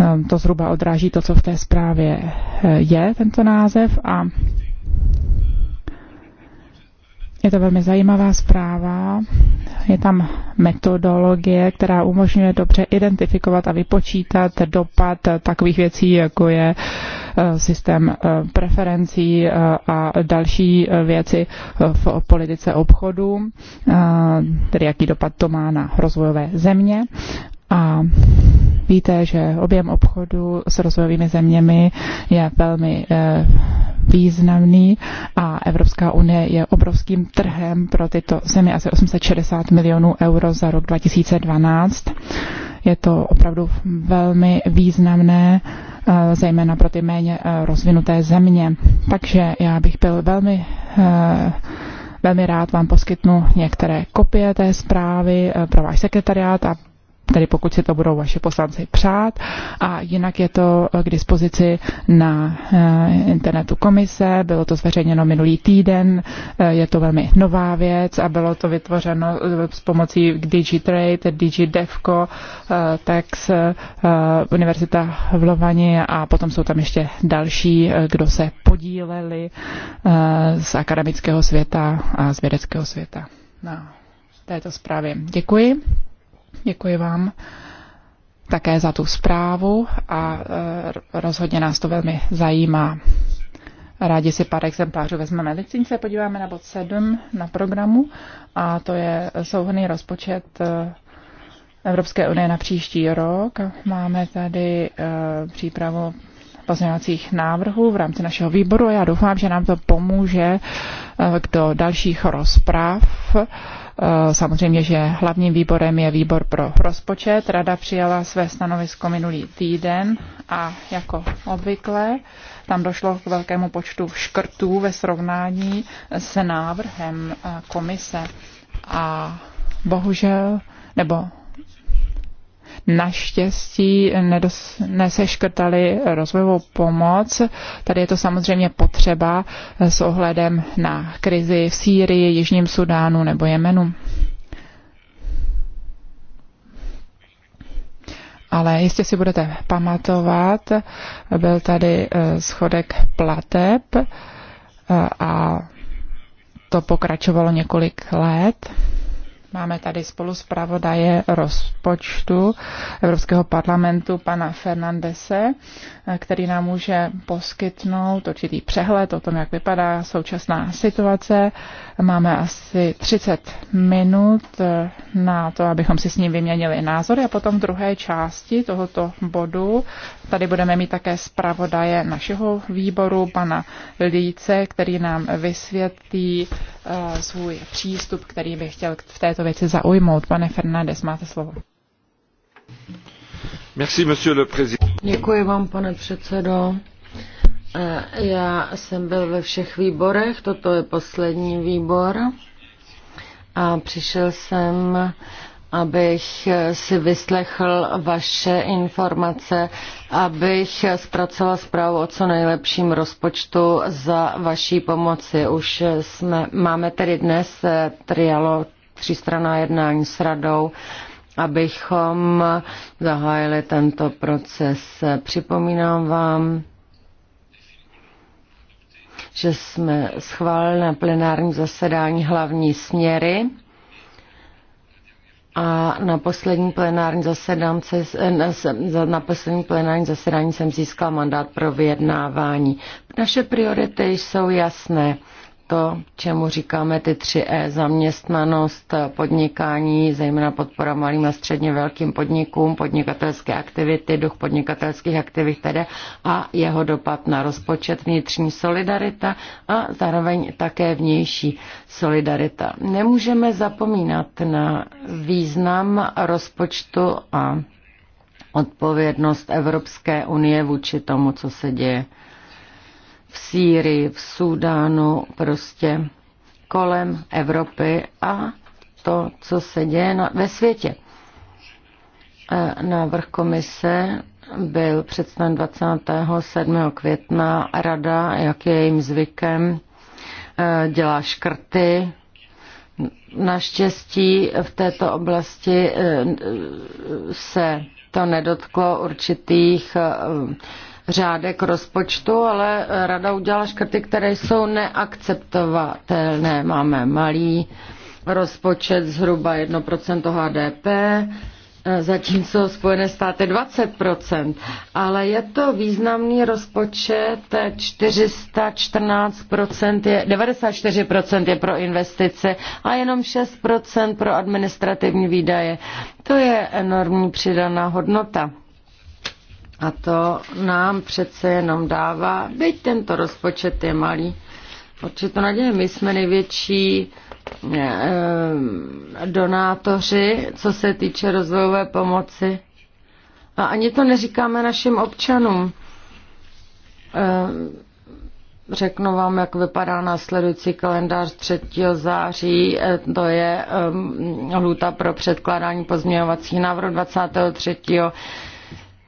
B: Ehm, to zhruba odráží to, co v té zprávě je, tento název. A je to velmi zajímavá zpráva. Je tam metodologie, která umožňuje dobře identifikovat a vypočítat dopad takových věcí, jako je eh, systém eh, preferencí eh, a další věci v politice obchodu, tedy jaký dopad to má na rozvojové země. A víte, že objem obchodu s rozvojovými zeměmi je velmi eh, významný a Evropská unie je obrovským trhem pro tyto země, asi 860 milionů euro za rok 2012. Je to opravdu velmi významné, eh, zejména pro ty méně eh, rozvinuté země. Takže já bych byl velmi velmi rád vám poskytnu některé kopie té zprávy pro váš sekretariát a tedy pokud si to budou vaši poslanci přát. A jinak je to eh, k dispozici na eh, internetu komise, bylo to zveřejněno minulý týden, eh, je to velmi nová věc a bylo to vytvořeno s pomocí DigiTrade, DigiDevco, Tex, Univerzita v Lovani a potom jsou tam ještě další, kdo se podíleli z akademického světa a z vědeckého světa na této zprávě. Děkuji. Děkuji vám také za tu zprávu a e, rozhodně nás to velmi zajímá. Rádi si pár exemplářů vezmeme. Teď se podíváme na bod 7 na programu a to je souhrný rozpočet e, Evropské unie na příští rok. Máme tady e, přípravu pozměňovacích návrhů v rámci našeho výboru a já doufám, že nám to pomůže do dalších rozprav Eh, samozřejmě, že hlavním výborem je výbor pro rozpočet. Rada přijala své stanovisko minulý týden a jako obvykle tam došlo k velkému počtu škrtů ve srovnání se návrhem eh, komise. A bohužel, nebo naštěstí nedos, neseškrtali rozvojovou pomoc. Tady je to samozřejmě potřeba eh, s ohledem na krizi v Sýrii, Jižním Sudánu nebo Jemenu. Ale jistě si budete pamatovat, byl tady eh, schodek plateb eh, a to pokračovalo několik let. Máme tady spolu zpravodaje rozpočtu Evropského parlamentu pana Fernandese, který nám může poskytnout určitý přehled o tom, jak vypadá současná situace Máme asi 30 minut eh, na to, abychom si s ním vyměnili názory a potom v druhé části tohoto bodu tady budeme mít také zpravodaje našeho výboru, pana Líce, který nám vysvětlí eh, svůj přístup, který by chtěl v této věci zaujmout. Pane Fernandez, máte slovo.
E: Merci,
A: monsieur le
D: Děkuji vám, pane předsedo. Eh, já jsem byl ve všech výborech, toto je poslední výbor a přišel jsem, abych si vyslechl vaše informace, abych zpracoval zprávu o co nejlepším rozpočtu za vaší pomoci. Už jsme, máme tedy dnes eh, trialo třístraná jednání s radou abychom zahájili tento proces. Připomínám vám, že jsme schválili na plenárním zasedání hlavní směry a na poslední plenární zasedání, na poslední plenární zasedání jsem získal mandát pro vyjednávání. Naše priority jsou jasné to, čemu říkáme ty tři E, zaměstnanost, podnikání, zejména podpora malým a středně velkým podnikům, podnikatelské aktivity, duch podnikatelských aktivit tedy a jeho dopad na rozpočet, vnitřní solidarita a zároveň také vnější solidarita. Nemůžeme zapomínat na význam rozpočtu a odpovědnost Evropské unie vůči tomu, co se děje v Sýrii, v Súdánu, prostě kolem Evropy a to, co se děje na, ve světě. E, návrh komise byl představen 27. května. Rada, jak je jejím zvykem, e, dělá škrty. Naštěstí v této oblasti e, se to nedotklo určitých řádek rozpočtu, ale rada udělala škrty, které jsou neakceptovatelné. Máme malý rozpočet zhruba 1% HDP, zatímco Spojené státy 20%, ale je to významný rozpočet, 414% je, 94% je pro investice a jenom 6% pro administrativní výdaje. To je enormní přidaná hodnota. A to nám přece jenom dává, byť tento rozpočet je malý, určitou naději. My jsme největší eh, donátoři, co se týče rozvojové pomoci. A ani to neříkáme našim občanům. Eh, řeknu vám, jak vypadá následující kalendář 3. září. Eh, to je lhůta pro předkládání pozměňovací návrhů 23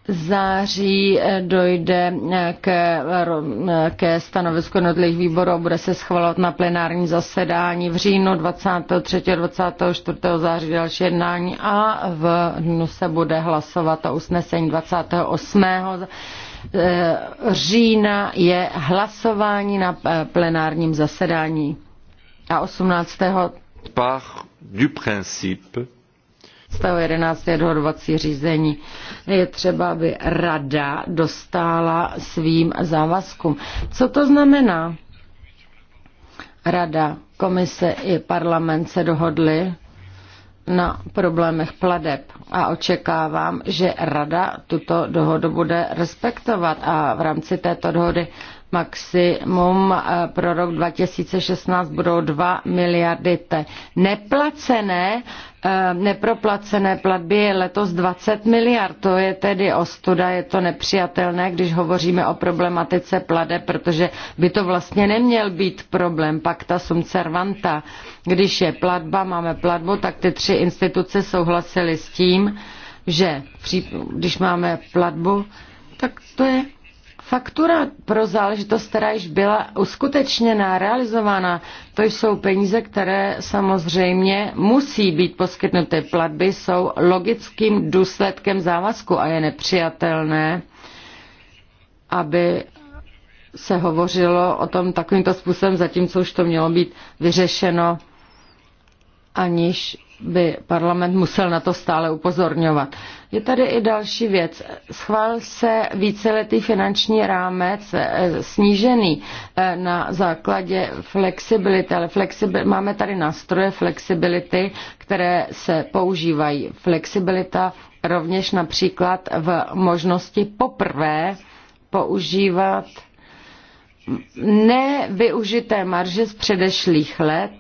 D: září eh, dojde eh, ke, eh, ke stanovisku jednotlivých výborů, bude se schvalovat na plenární zasedání v říjnu 23. a 24. září další jednání a v dnu se bude hlasovat o usnesení 28. října je hlasování na plenárním zasedání a 18.
C: Par du principe
D: 111. dohodovací řízení. Je třeba, aby rada dostála svým závazkům. Co to znamená? Rada, komise i parlament se dohodli na problémech pladeb a očekávám, že rada tuto dohodu bude respektovat a v rámci této dohody maximum eh, pro rok 2016 budou 2 miliardy te. Neplacené, eh, neproplacené platby je letos 20 miliard. To je tedy ostuda, je to nepřijatelné, když hovoříme o problematice plade, protože by to vlastně neměl být problém pakta sum servanta. Když je platba, máme platbu, tak ty tři instituce souhlasily s tím, že když máme platbu, tak to je Faktura pro záležitost, která již byla uskutečněná, realizována, to jsou peníze, které samozřejmě musí být poskytnuty. Platby jsou logickým důsledkem závazku a je nepřijatelné, aby se hovořilo o tom takovýmto způsobem, zatímco už to mělo být vyřešeno, aniž by parlament musel na to stále upozorňovat. Je tady i další věc. Schvál se víceletý finanční rámec eh, snížený eh, na základě flexibility, ale flexibil, máme tady nástroje flexibility, které se používají. Flexibilita rovněž například v možnosti poprvé používat nevyužité marže z předešlých let,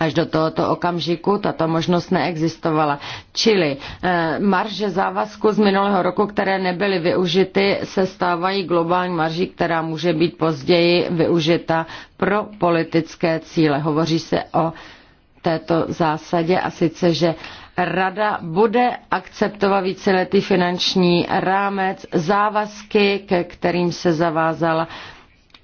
D: Až do tohoto okamžiku tato možnost neexistovala. Čili eh, marže závazku z minulého roku, které nebyly využity, se stávají globální marží, která může být později využita pro politické cíle. Hovoří se o této zásadě a sice, že Rada bude akceptovat víceletý finanční rámec, závazky, ke kterým se zavázala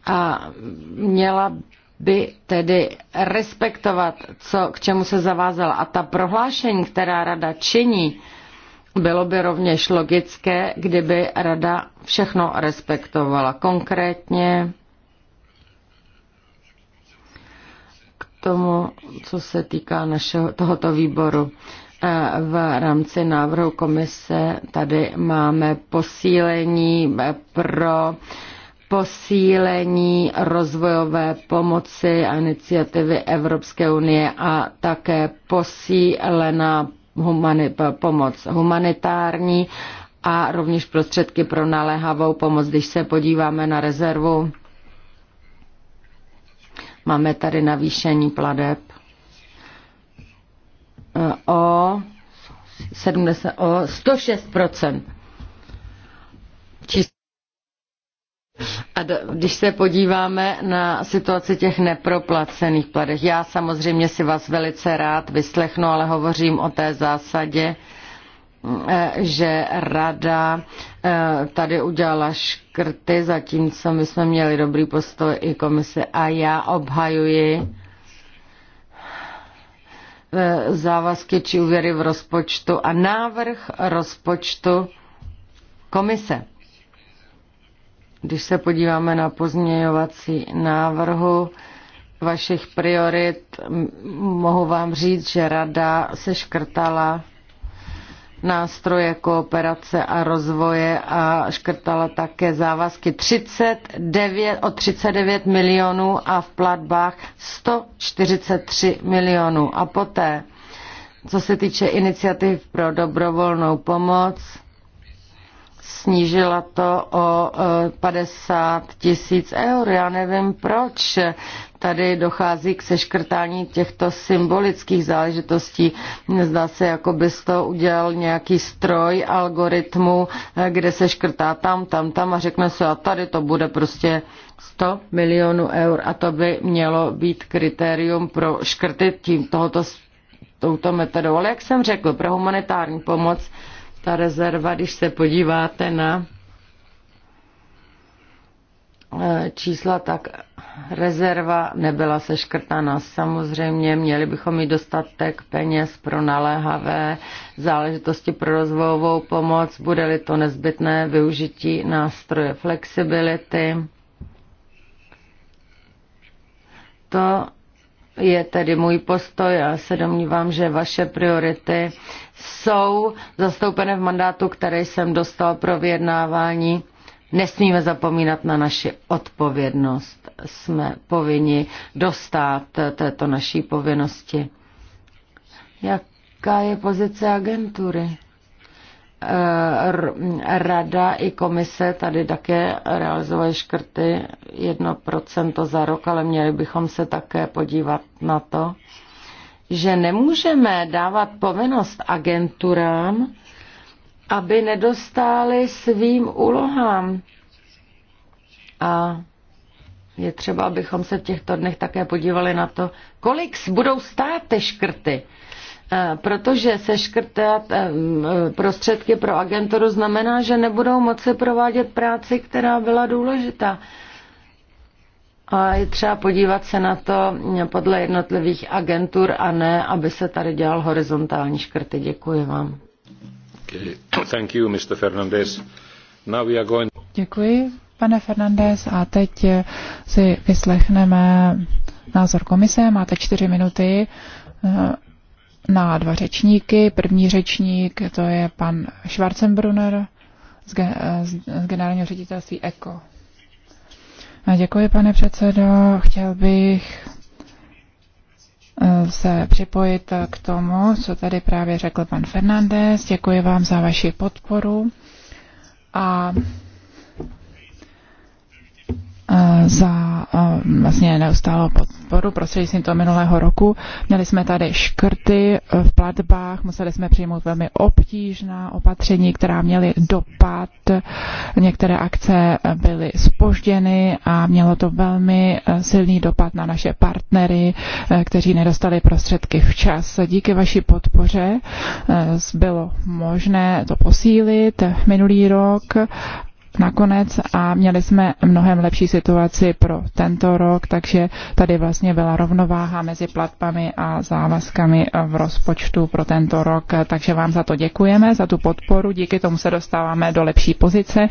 D: a měla by tedy respektovat, co, k čemu se zavázala. A ta prohlášení, která rada činí, bylo by rovněž logické, kdyby rada všechno respektovala. Konkrétně k tomu, co se týká našeho, tohoto výboru. E, v rámci návrhu komise tady máme posílení e, pro posílení rozvojové pomoci a iniciativy Evropské unie a také posílená humani- pomoc humanitární a rovněž prostředky pro naléhavou pomoc. Když se podíváme na rezervu, máme tady navýšení pladeb eh, o, 70, o 106 Číslo a do, když se podíváme na situaci těch neproplacených pladech, já samozřejmě si vás velice rád vyslechnu, ale hovořím o té zásadě, eh, že rada eh, tady udělala škrty, zatímco my jsme měli dobrý postoj i komise a já obhajuji eh, závazky či úvěry v rozpočtu a návrh rozpočtu komise. Když se podíváme na pozměňovací návrhu vašich priorit, mohu vám říct, že rada se škrtala nástroje kooperace a rozvoje a škrtala také závazky 39, o 39 milionů a v platbách 143 milionů. A poté, co se týče iniciativ pro dobrovolnou pomoc, snížila to o 50 e, tisíc eur. Já nevím proč tady dochází k seškrtání těchto symbolických záležitostí. Zdá se, jako bys to udělal nějaký stroj algoritmu, e, kde se škrtá tam, tam, tam a řekne se, a tady to bude prostě 100 milionů eur a to by mělo být kritérium pro škrty tím tohoto touto metodou. Ale jak jsem řekl, pro humanitární pomoc ta rezerva, když se podíváte na e, čísla, tak rezerva nebyla seškrtána. Samozřejmě měli bychom mít dostatek peněz pro naléhavé záležitosti pro rozvojovou pomoc, bude-li to nezbytné využití nástroje flexibility. To je tedy můj postoj a se domnívám, že vaše priority jsou zastoupené v mandátu, který jsem dostal pro vyjednávání. Nesmíme zapomínat na naši odpovědnost. Jsme povinni dostat této naší povinnosti. Jaká je pozice agentury? Eh, rada i komise tady také realizovaly škrty 1% za rok, ale měli bychom se také podívat na to, že nemůžeme dávat povinnost agenturám, aby nedostáli svým úlohám. A je třeba, abychom se v těchto dnech také podívali na to, kolik budou stát ty škrty. E, protože se škrtat e, prostředky pro agenturu znamená, že nebudou moci provádět práci, která byla důležitá. A je třeba podívat se na to podle jednotlivých agentur a ne, aby se tady dělal horizontální škrty. Děkuji vám.
A: Thank you, Mr. Fernandez. Now we are going...
B: Děkuji, pane Fernandez. A teď si vyslechneme názor komise. Máte čtyři minuty eh, na dva řečníky. První řečník to je pan Schwarzenbrunner z, eh, z generálního ředitelství ECO. Děkuji, pane předsedo. Chtěl bych eh, se připojit eh, k tomu, co tady právě řekl pan Fernandez. Děkuji vám za vaši podporu a Eh, za eh, vlastně neustálou podporu prostřednictvím toho minulého roku. Měli jsme tady škrty eh, v platbách, museli jsme přijmout velmi obtížná opatření, která měly dopad. Některé akce byly spožděny a mělo to velmi silný dopad na naše partnery, kteří nedostali prostředky včas. Díky vaší podpoře bylo možné to posílit minulý rok nakonec a měli jsme mnohem lepší situaci pro tento rok, takže tady vlastně byla rovnováha mezi platbami a závazkami v rozpočtu pro tento rok, takže vám za to děkujeme, za tu podporu, díky tomu se dostáváme do lepší pozice,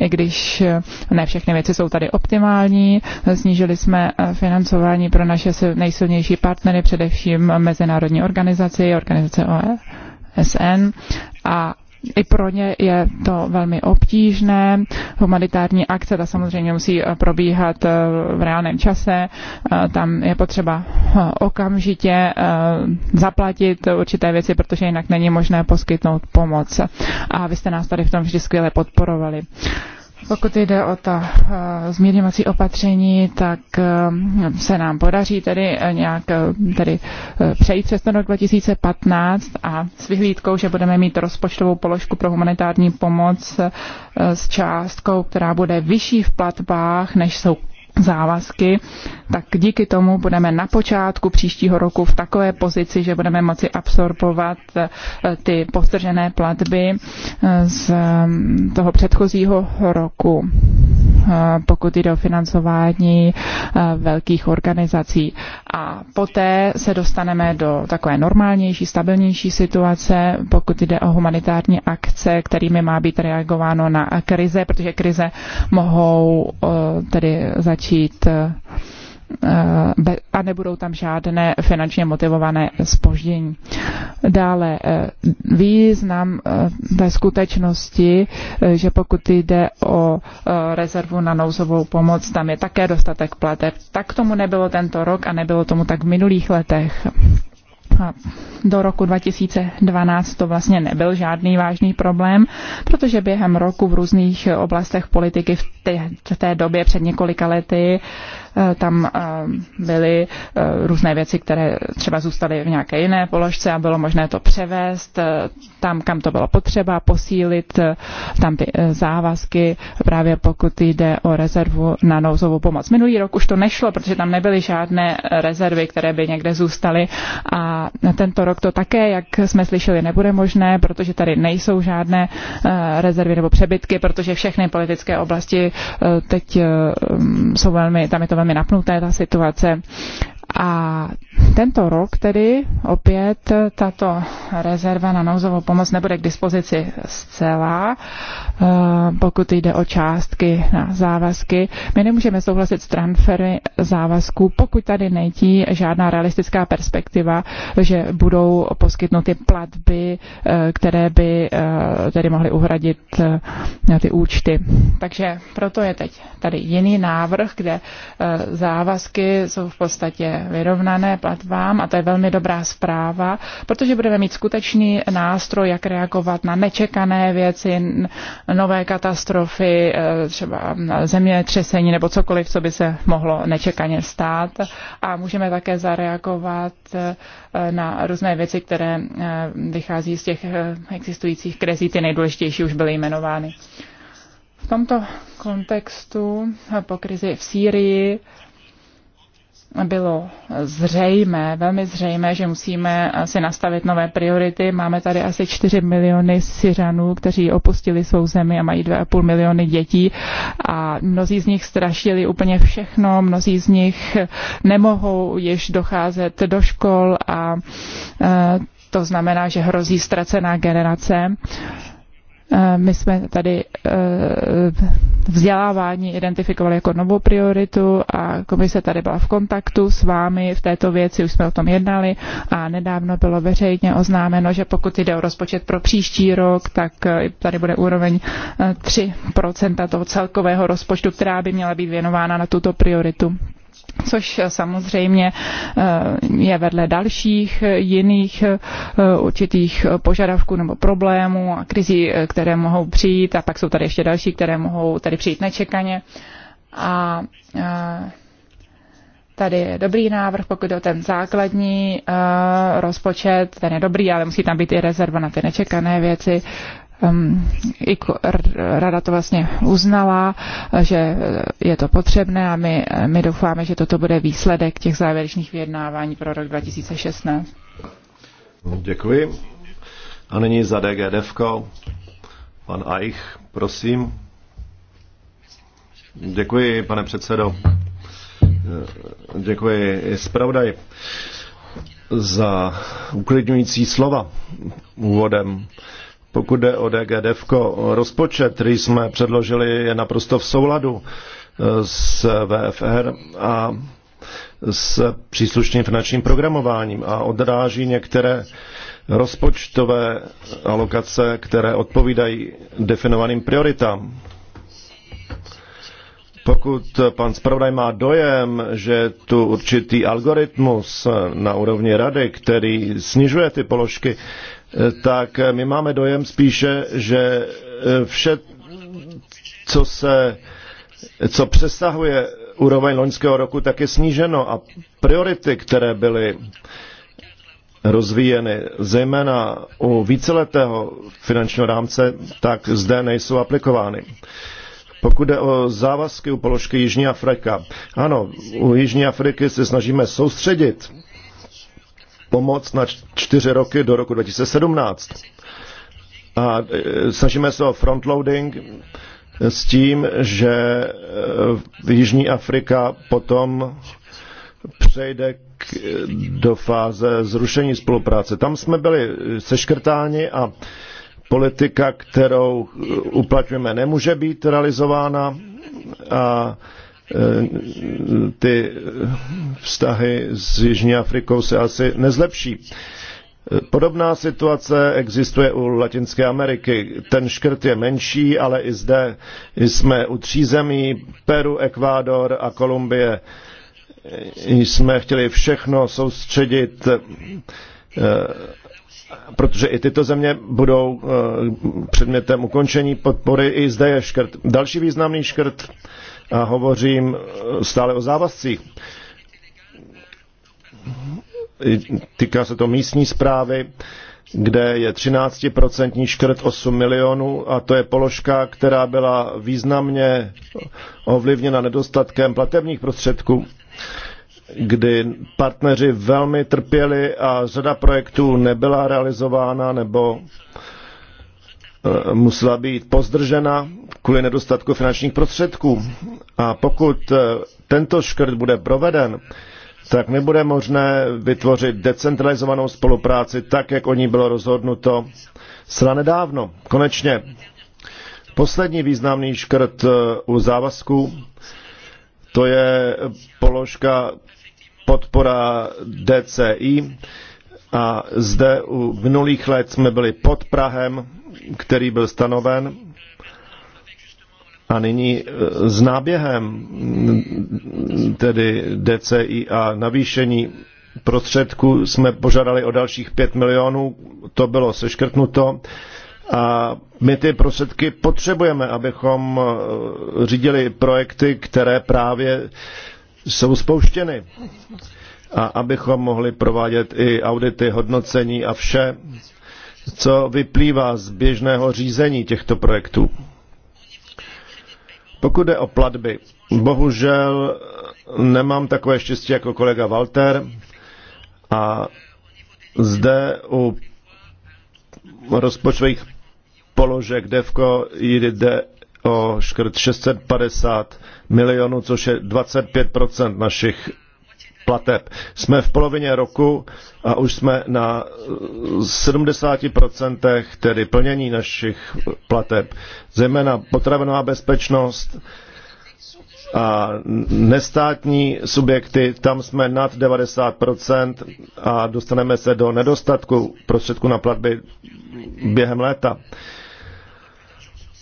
B: i když ne všechny věci jsou tady optimální, snížili jsme financování pro naše nejsilnější partnery, především mezinárodní organizaci, organizace OSN a i pro ně je to velmi obtížné. Humanitární akce, ta samozřejmě musí eh, probíhat eh, v reálném čase. Eh, tam je potřeba okamžitě zaplatit určité věci, protože jinak není možné poskytnout pomoc. A vy jste nás tady v tom vždy skvěle podporovali. Pokud jde o ta eh, zmírňovací opatření, tak eh, se nám podaří tedy eh, nějak tedy přejít přes ten rok 2015 a s vyhlídkou, že budeme mít rozpočtovou položku pro humanitární pomoc s částkou, která bude vyšší v platbách, než jsou závazky, tak díky tomu budeme na počátku příštího roku v takové pozici, že budeme moci absorbovat eh, ty postržené platby eh, z mm, toho předchozího roku. Eh, pokud jde o financování eh, velkých organizací. A poté se dostaneme do takové normálnější, stabilnější situace, pokud jde o humanitární akce, kterými má být reagováno na krize, protože krize mohou eh, tedy začít Eh, a nebudou tam žádné finančně motivované spoždění. Dále eh, význam eh, té skutečnosti, že pokud jde o rezervu na nouzovou pomoc, tam je také dostatek plateb. Tak tomu nebylo tento rok a nebylo tomu tak v minulých letech. A do roku 2012 to vlastně nebyl žádný vážný problém, protože během roku v různých oblastech politiky v té, v té době před několika lety uh, Eh, tam eh, byly eh, různé věci, které třeba zůstaly v nějaké jiné položce a bylo možné to převést tam, kam to bylo potřeba, posílit tam ty závazky, právě pokud jde o rezervu na nouzovou pomoc. Minulý rok už to nešlo, protože tam nebyly žádné rezervy, které by někde zůstaly a tento rok to také, jak jsme slyšeli, nebude možné, protože tady nejsou žádné rezervy nebo přebytky, protože všechny politické oblasti teď jsou velmi, tam je to velmi velmi napnuté ta situace a tento rok tedy opět tato rezerva na nouzovou pomoc nebude k dispozici zcela, eh, pokud jde o částky na závazky. My nemůžeme souhlasit s transfery závazků, pokud tady nejtí žádná realistická perspektiva, že budou poskytnuty platby, eh, které by eh, tedy mohly uhradit ty účty. Takže proto je teď tady jiný návrh, kde závazky jsou v podstatě vyrovnané, platbám a to je velmi dobrá zpráva, protože budeme mít skutečný nástroj, jak reagovat na nečekané věci, nové katastrofy, e, třeba zemětřesení nebo cokoliv, co by se mohlo nečekaně stát. A můžeme také zareagovat e, na různé věci, které e, vychází z těch existujících krizí. Ty nejdůležitější už byly jmenovány. V tomto kontextu po krizi v Sýrii bylo zřejmé, velmi zřejmé, že musíme si nastavit nové priority. Máme tady asi 4 miliony Syřanů, kteří opustili svou zemi a mají 2,5 miliony dětí a mnozí z nich strašili úplně všechno, mnozí z nich nemohou již docházet do škol a e, to znamená, že hrozí ztracená generace. Eh, my jsme tady eh, vzdělávání identifikovali jako novou prioritu a komise tady byla v kontaktu s vámi v této věci, už jsme o tom jednali a nedávno bylo veřejně oznámeno, že pokud jde o rozpočet pro příští rok, tak eh, tady bude úroveň 3% toho celkového rozpočtu, která by měla být věnována na tuto prioritu což samozřejmě eh, je vedle dalších jiných eh, určitých požadavků nebo problémů a krizí, eh, které mohou přijít a pak jsou tady ještě další, které mohou tady přijít nečekaně. A tady je dobrý návrh, pokud o ten základní rozpočet, ten je dobrý, ale musí tam být i rezerva na ty nečekané věci. Ehm, i rada to vlastně uznala, že je to potřebné a my, my doufáme, že toto bude výsledek těch závěrečných vyjednávání pro rok 2016.
C: Děkuji. A nyní za DGDF. Pan Aich, prosím. Děkuji, pane předsedo. Děkuji zpravodaj za uklidňující slova úvodem. Pokud jde o DGDF, rozpočet, který jsme předložili, je naprosto v souladu eh, s VFR a s příslušným finančním programováním a odráží některé rozpočtové alokace, které odpovídají definovaným prioritám. Pokud pan zpravodaj má dojem, že tu určitý algoritmus na úrovni rady, který snižuje ty položky, tak eh, my máme dojem spíše, že eh, vše, co se co přesahuje úroveň loňského roku, tak je sníženo a priority, které byly rozvíjeny, zejména u víceletého finančního rámce, tak zde nejsou aplikovány. Pokud jde o závazky u položky Jižní Afrika, ano, u Jižní Afriky se snažíme soustředit pomoc na čtyři roky do roku 2017. A e, snažíme se o frontloading s tím, že e, v Jižní Afrika potom přejde k, do fáze zrušení spolupráce. Tam jsme byli seškrtáni a politika, kterou e, uplatňujeme, nemůže být realizována a Eh, ty vztahy s Jižní Afrikou se asi nezlepší. Eh, podobná situace existuje u Latinské Ameriky. Ten škrt je menší, ale i zde jsme u tří zemí, Peru, Ekvádor a Kolumbie. Eh, jsme chtěli všechno soustředit, protože i tyto země budou předmětem ukončení podpory. I zde je škrt. Další významný škrt a hovořím eh, stále o závazcích. Týká se to místní zprávy, kde je 13% škrt 8 milionů a to je položka, která byla významně ovlivněna nedostatkem platebních prostředků kdy partneři velmi trpěli a řada projektů nebyla realizována nebo Eh, musela být pozdržena kvůli nedostatku finančních prostředků. A pokud eh, tento škrt bude proveden, tak nebude možné vytvořit decentralizovanou spolupráci tak, jak o ní bylo rozhodnuto sra nedávno. Konečně poslední významný škrt eh, u závazků, to je položka podpora DCI a zde u minulých let jsme byli pod Prahem který byl stanoven a nyní e, s náběhem, tedy DCI a navýšení prostředků jsme požádali o dalších 5 milionů, to bylo seškrtnuto a my ty prostředky potřebujeme, abychom e, řídili projekty, které právě jsou spouštěny a abychom mohli provádět i audity, hodnocení a vše, co vyplývá z běžného řízení těchto projektů. Pokud jde o platby, bohužel nemám takové štěstí jako kolega Walter a zde u rozpočtových položek DEVKO jde o škrt 650 milionů, což je 25 našich plateb. Jsme v polovině roku a už jsme na 70% eh, tedy plnění našich plateb. Zejména potravinová bezpečnost a nestátní subjekty, tam jsme nad 90% a dostaneme se do nedostatku prostředků na platby během léta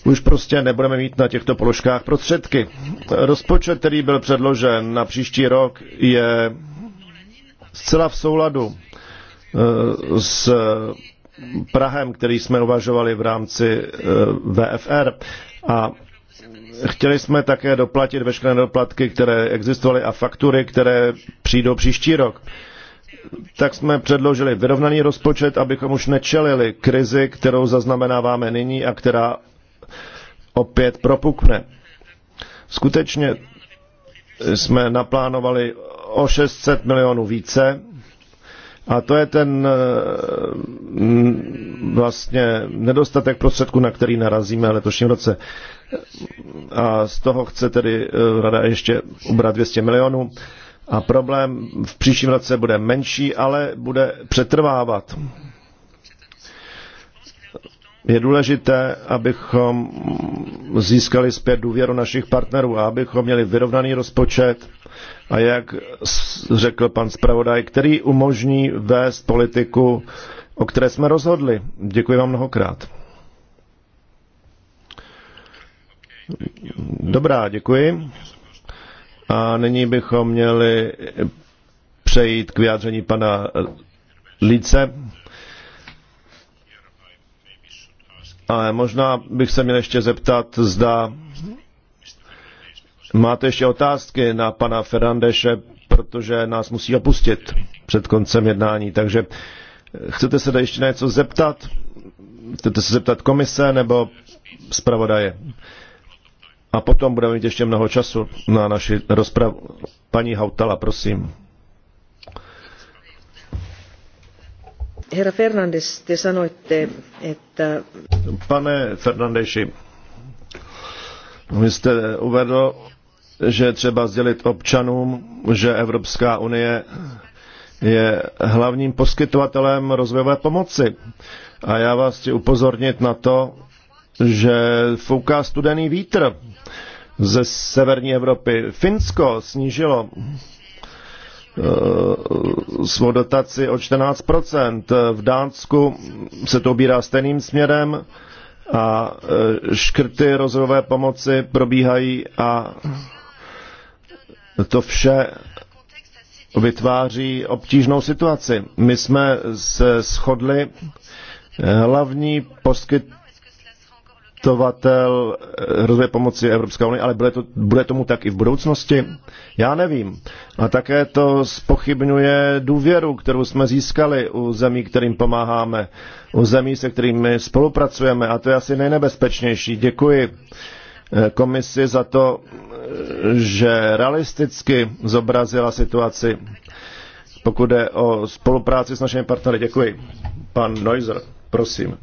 C: už prostě nebudeme mít na těchto položkách prostředky. Rozpočet, který byl předložen na příští rok, je zcela v souladu eh, s Prahem, který jsme uvažovali v rámci eh, VFR. A chtěli jsme také doplatit veškeré doplatky, které existovaly a faktury, které přijdou příští rok. Tak jsme předložili vyrovnaný rozpočet, abychom už nečelili krizi, kterou zaznamenáváme nyní a která opět propukne. Skutečně jsme naplánovali o 600 milionů více a to je ten eh, vlastně nedostatek prostředků, na který narazíme letošním roce. A z toho chce tedy eh, rada ještě ubrat 200 milionů. A problém v příštím roce bude menší, ale bude přetrvávat je důležité, abychom získali zpět důvěru našich partnerů a abychom měli vyrovnaný rozpočet a jak řekl pan zpravodaj, který umožní vést politiku, o které jsme rozhodli. Děkuji vám mnohokrát. Dobrá, děkuji. A nyní bychom měli přejít k vyjádření pana Líce. Ale možná bych se měl ještě zeptat, zda máte ještě otázky na pana Ferrandeše, protože nás musí opustit před koncem jednání. Takže chcete se ještě na něco zeptat? Chcete se zeptat komise nebo zpravodaje? A potom budeme mít ještě mnoho času na naši rozpravu. Paní Hautala, prosím.
E: Fernandes,
C: Pane Fernandeši, vy jste uvedl, že třeba sdělit občanům, že Evropská unie je hlavním poskytovatelem rozvojové pomoci. A já vás chci upozornit na to, že fouká studený vítr ze severní Evropy. Finsko snížilo Eh, svou dotaci o 14%. V Dánsku se to obírá stejným směrem a eh, škrty rozvojové pomoci probíhají a to vše vytváří obtížnou situaci. My jsme se shodli, eh, hlavní poskyt cestovatel eh, rozvoje pomoci Evropské unie, ale bude, to, bude tomu tak i v budoucnosti? Já nevím. A také to spochybňuje důvěru, kterou jsme získali u zemí, kterým pomáháme, u zemí, se kterými spolupracujeme. A to je asi nejnebezpečnější. Děkuji eh, komisi za to, eh, že realisticky zobrazila situaci, pokud je o spolupráci s našimi partnery. Děkuji. Pan Neuser, prosím.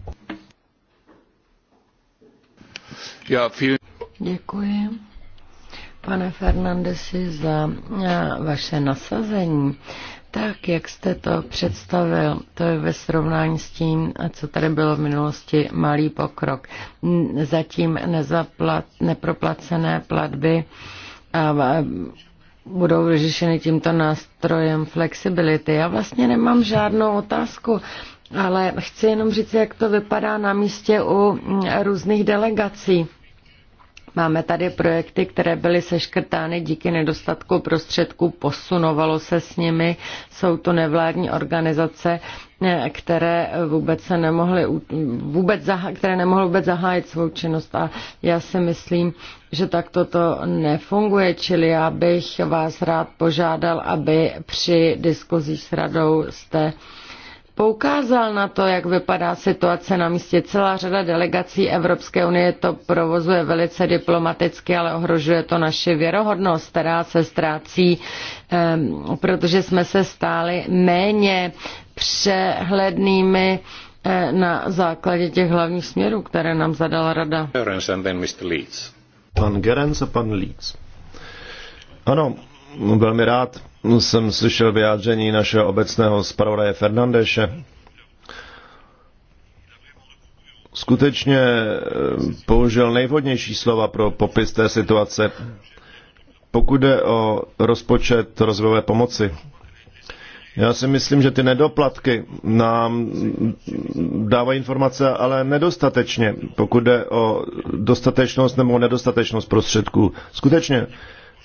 D: Děkuji, pane Fernandesi, za eh, vaše nasazení. Tak, jak jste to představil, to je ve srovnání s tím, co tady bylo v minulosti, malý pokrok. Zatím nezaplat, neproplacené platby a budou vyřešeny tímto nástrojem flexibility. Já vlastně nemám žádnou otázku, ale chci jenom říct, jak to vypadá na místě u mm, různých delegací. Máme tady projekty, které byly seškrtány díky nedostatku prostředků, posunovalo se s nimi, jsou to nevládní organizace, eh, které vůbec se nemohly, vůbec, které nemohly vůbec zahájit svou činnost a já si myslím, že tak toto nefunguje, čili já bych vás rád požádal, aby při diskuzích s radou jste poukázal na to, jak vypadá situace na místě. Celá řada delegací Evropské unie to provozuje velice diplomaticky, ale ohrožuje to naši věrohodnost, která se ztrácí, ehm, protože jsme se stáli méně přehlednými eh, na základě těch hlavních směrů, které nám zadala
C: rada. Pan Gerens a pan Leeds. Ano, velmi rád jsem slyšel vyjádření našeho obecného zpravodaje Fernandeše. Skutečně eh, použil nejvhodnější slova pro popis té situace, pokud jde o rozpočet rozvojové pomoci. Já si myslím, že ty nedoplatky nám dávají informace, ale nedostatečně, pokud jde o dostatečnost nebo nedostatečnost prostředků. Skutečně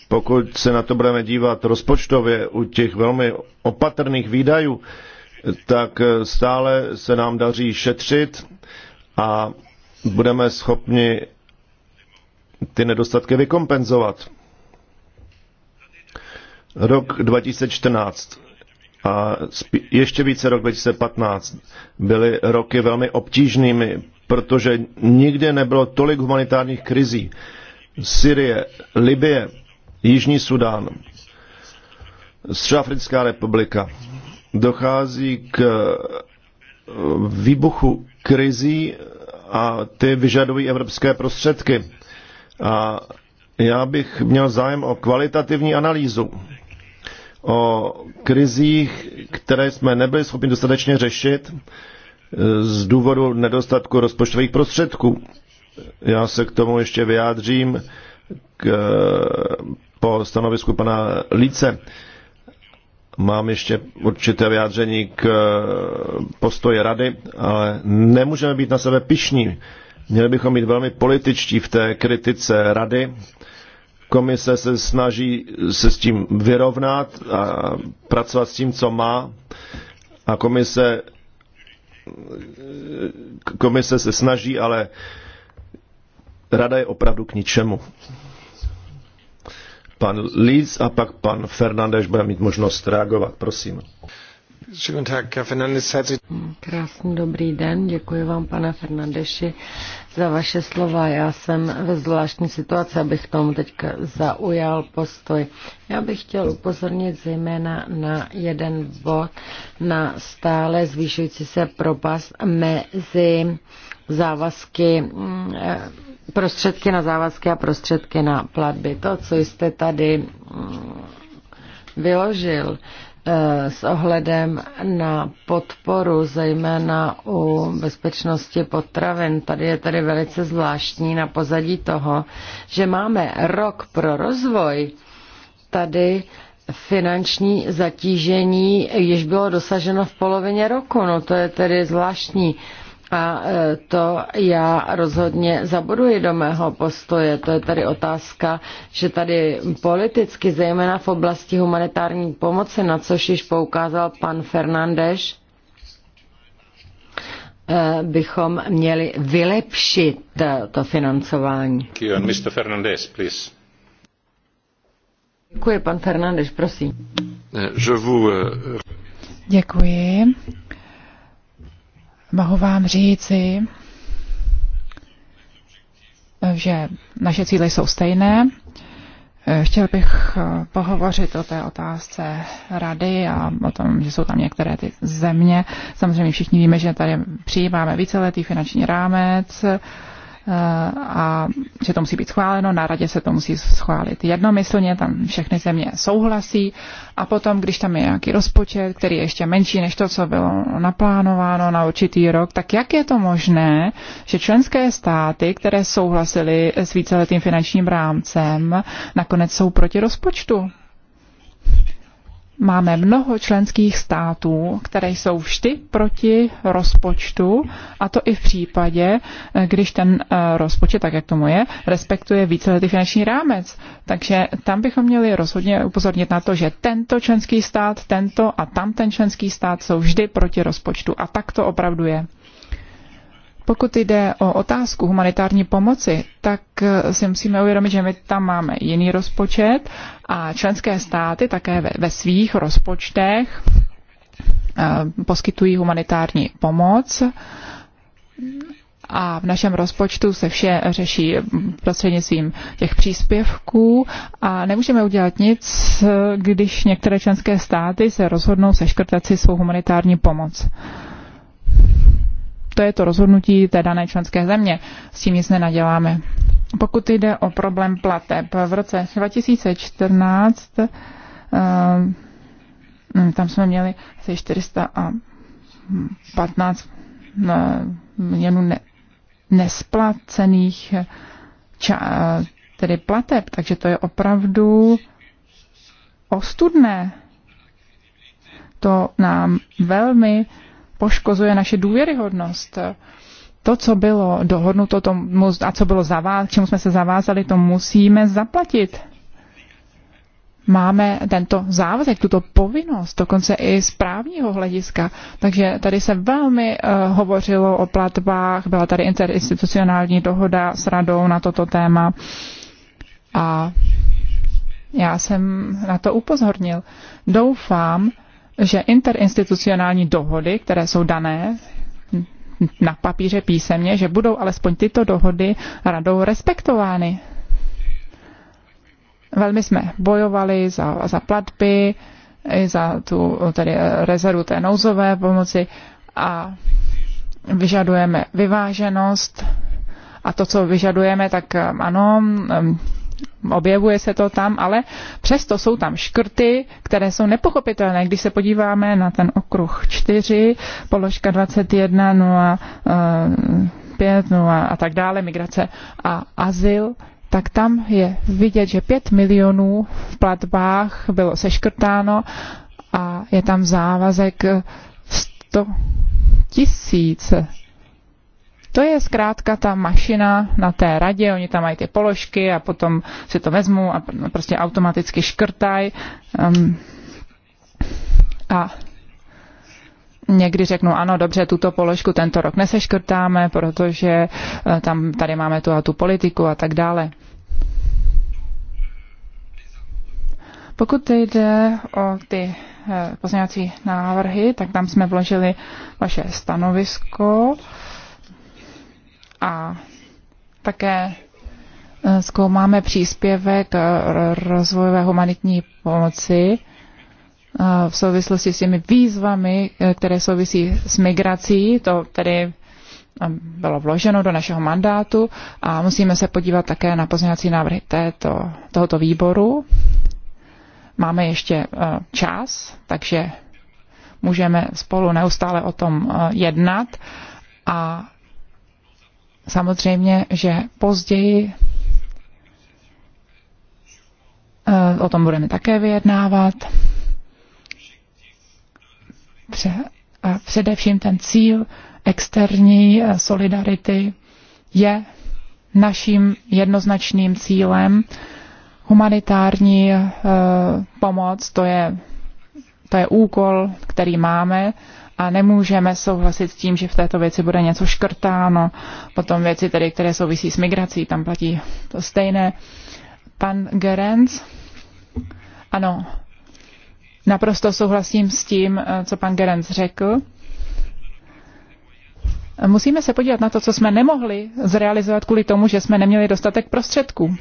C: pokud se na to budeme dívat rozpočtově u těch velmi opatrných výdajů, tak eh, stále se nám daří šetřit a budeme schopni ty nedostatky vykompenzovat. Rok 2014 a ještě více rok 2015 byly roky velmi obtížnými, protože nikdy nebylo tolik humanitárních krizí. Syrie, Libie, Jižní Sudán, Středoafrická republika. Dochází k eh, výbuchu krizí a ty vyžadují evropské prostředky. A já bych měl zájem o kvalitativní analýzu o krizích, které jsme nebyli schopni dostatečně řešit eh, z důvodu nedostatku rozpočtových prostředků. Já se k tomu ještě vyjádřím k eh, po stanovisku pana Líce. Mám ještě určité vyjádření k eh, postoji rady, ale nemůžeme být na sebe pišní. Měli bychom být velmi političtí v té kritice rady. Komise se snaží se s tím vyrovnat a pracovat s tím, co má. A komise, komise se snaží, ale rada je opravdu k ničemu pan Leeds a pak pan Fernandez, bude mít možnost reagovat. Prosím.
D: Krásný dobrý den, děkuji vám, pane Fernandeši, za vaše slova. Já jsem ve zvláštní situaci, abych k tomu teď zaujal postoj. Já bych chtěl upozornit zejména na jeden bod, na stále zvýšující se propast mezi závazky mm, eh, prostředky na závazky a prostředky na platby. To, co jste tady mm, vyložil eh, s ohledem na podporu, zejména u bezpečnosti potravin, tady je tady velice zvláštní na pozadí toho, že máme rok pro rozvoj, tady finanční zatížení již bylo dosaženo v polovině roku. No to je tedy zvláštní. A e, to já rozhodně zaboduji do mého postoje. To je tady otázka, že tady politicky, zejména v oblasti humanitární pomoci, na což již poukázal pan Fernandeš, e, bychom měli vylepšit e, to financování. Děkuji, pan Fernandeš, prosím. Děkuji
B: mohu vám říci, že naše cíle jsou stejné. Chtěl bych eh, pohovořit o té otázce rady a o tom, že jsou tam některé ty země. Samozřejmě všichni víme, že tady přijímáme víceletý finanční rámec, Eh, a že to musí být schváleno, na radě se to musí schválit jednomyslně, tam všechny země souhlasí a potom, když tam je nějaký rozpočet, který je ještě menší než to, co bylo naplánováno na určitý rok, tak jak je to možné, že členské státy, které souhlasily s víceletým finančním rámcem, nakonec jsou proti rozpočtu? máme mnoho členských států, které jsou vždy proti rozpočtu, a to i v případě, když ten eh, rozpočet, tak jak tomu je, respektuje víceletý finanční rámec. Takže tam bychom měli rozhodně upozornit na to, že tento členský stát, tento a tamten členský stát jsou vždy proti rozpočtu. A tak to opravdu je. Pokud jde o otázku humanitární pomoci, tak eh, si musíme uvědomit, že my tam máme jiný rozpočet a členské státy také ve, ve svých rozpočtech eh, poskytují humanitární pomoc a v našem rozpočtu se vše řeší prostřednictvím těch příspěvků a nemůžeme udělat nic, když některé členské státy se rozhodnou seškrtat si svou humanitární pomoc to je to rozhodnutí té dané členské země. S tím nic nenaděláme. Pokud jde o problém plateb, v roce 2014 eh, mm, tam jsme měli asi 415 eh, měnů ne, nesplacených ča, tedy plateb, takže to je opravdu ostudné. To nám velmi poškozuje naše důvěryhodnost. To, co bylo dohodnuto tomu, a co bylo zavá, čemu jsme se zavázali, to musíme zaplatit. Máme tento závazek, tuto povinnost, dokonce i z právního hlediska. Takže tady se velmi uh, hovořilo o platbách, byla tady interinstitucionální dohoda s radou na toto téma. A já jsem na to upozornil. Doufám, že interinstitucionální dohody, které jsou dané na papíře písemně, že budou alespoň tyto dohody radou respektovány. Velmi jsme bojovali za, za platby, i za tu tedy rezervu té nouzové pomoci a vyžadujeme vyváženost a to, co vyžadujeme, tak ano, objevuje se to tam, ale přesto jsou tam škrty, které jsou nepochopitelné. Když se podíváme na ten okruh 4, položka 21, 0, 5 0 a tak dále, migrace a azyl, tak tam je vidět, že 5 milionů v platbách bylo seškrtáno a je tam závazek 100 tisíc to je zkrátka ta mašina na té radě, oni tam mají ty položky a potom si to vezmou a prostě automaticky škrtaj. Um, a někdy řeknou, ano, dobře, tuto položku tento rok neseškrtáme, protože eh, tam tady máme tu a tu politiku a tak dále. Pokud jde o ty eh, pozměňovací návrhy, tak tam jsme vložili vaše stanovisko. A také eh, zkoumáme příspěvek eh, rozvojové humanitní pomoci eh, v souvislosti s těmi výzvami, které souvisí s migrací. To tedy bylo vloženo do našeho mandátu a musíme se podívat také na pozměňovací návrhy této, tohoto výboru. Máme ještě čas, takže můžeme spolu neustále o tom jednat a samozřejmě, že později eh, o tom budeme také vyjednávat. A především ten cíl externí eh, solidarity je naším jednoznačným cílem. Humanitární eh, pomoc, to je, to je úkol, který máme a nemůžeme souhlasit s tím, že v této věci bude něco škrtáno. Potom věci, tedy, které souvisí s migrací, tam platí to stejné. Pan Gerenc? Ano, naprosto souhlasím s tím, eh, co pan Gerenc řekl. Musíme se podívat na to, co jsme nemohli zrealizovat kvůli tomu, že jsme neměli dostatek prostředků.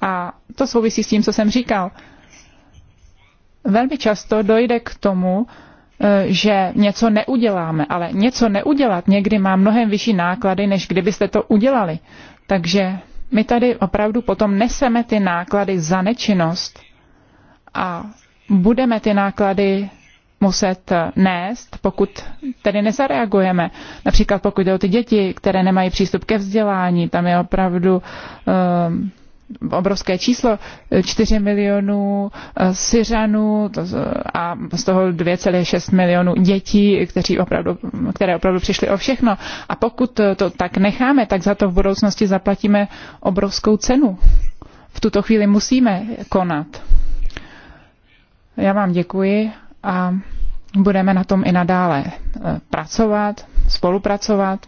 B: A to souvisí s tím, co jsem říkal. Velmi často dojde k tomu, Eh, že něco neuděláme, ale něco neudělat někdy má mnohem vyšší náklady, než kdybyste to udělali. Takže my tady opravdu potom neseme ty náklady za nečinnost a budeme ty náklady muset eh, nést, pokud tedy nezareagujeme. Například pokud jde o ty děti, které nemají přístup ke vzdělání, tam je opravdu ehm, obrovské číslo, 4 milionů eh, Syřanů a z toho 2,6 milionů dětí, kteří opravdu, které opravdu přišly o všechno. A pokud to tak necháme, tak za to v budoucnosti zaplatíme obrovskou cenu. V tuto chvíli musíme konat. Já vám děkuji a budeme na tom i nadále eh, pracovat, spolupracovat.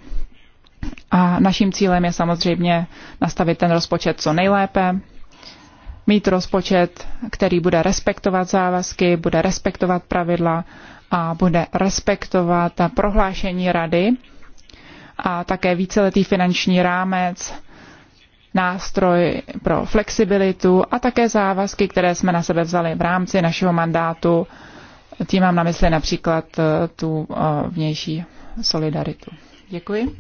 B: A naším cílem je samozřejmě nastavit ten rozpočet co nejlépe, mít rozpočet, který bude respektovat závazky, bude respektovat pravidla a bude respektovat prohlášení rady a také víceletý finanční rámec, nástroj pro flexibilitu a také závazky, které jsme na sebe vzali v rámci našeho mandátu. Tím mám na mysli například eh, tu eh, vnější solidaritu. Děkuji.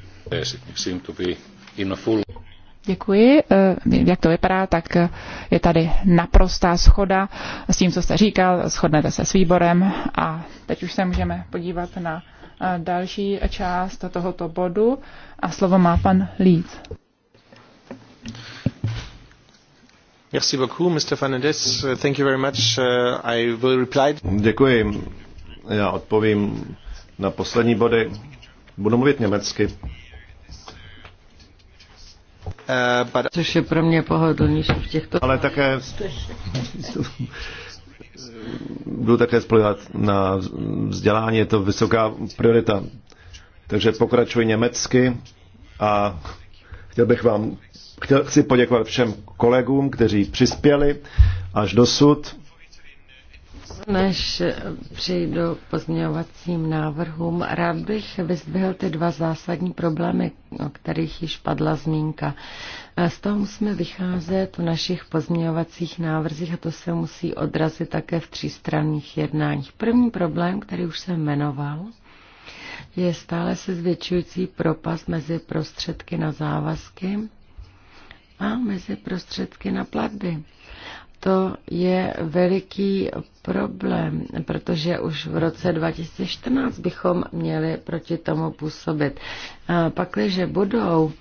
B: Děkuji. Eh, jak to vypadá, tak eh, je tady naprostá schoda s tím, co jste říkal. Shodnete se s výborem a teď už se můžeme podívat na eh, další část tohoto bodu a slovo má pan Líc.
C: Merci beaucoup, Mr. Fernandez. Thank you very much. I will reply. Děkuji. Já odpovím na poslední body. Budu mluvit německy. Eh, but...
D: Což je pro mě pohodlnější v těchto... Ale také...
C: Budu také spolehat na vzdělání, je to vysoká priorita. Takže pokračuji německy a chtěl bych vám, chtěl, chci poděkovat všem kolegům, kteří přispěli až dosud
D: než přijdu k pozměňovacím návrhům, rád bych vyzdvihl ty dva zásadní problémy, o kterých již padla zmínka. Z toho musíme vycházet v našich pozměňovacích návrzích a to se musí odrazit také v třístranných jednáních. První problém, který už jsem jmenoval, je stále se zvětšující propast mezi prostředky na závazky a mezi prostředky na platby to je veliký problém, protože už v roce 2014 bychom měli proti tomu působit. Pakliže budou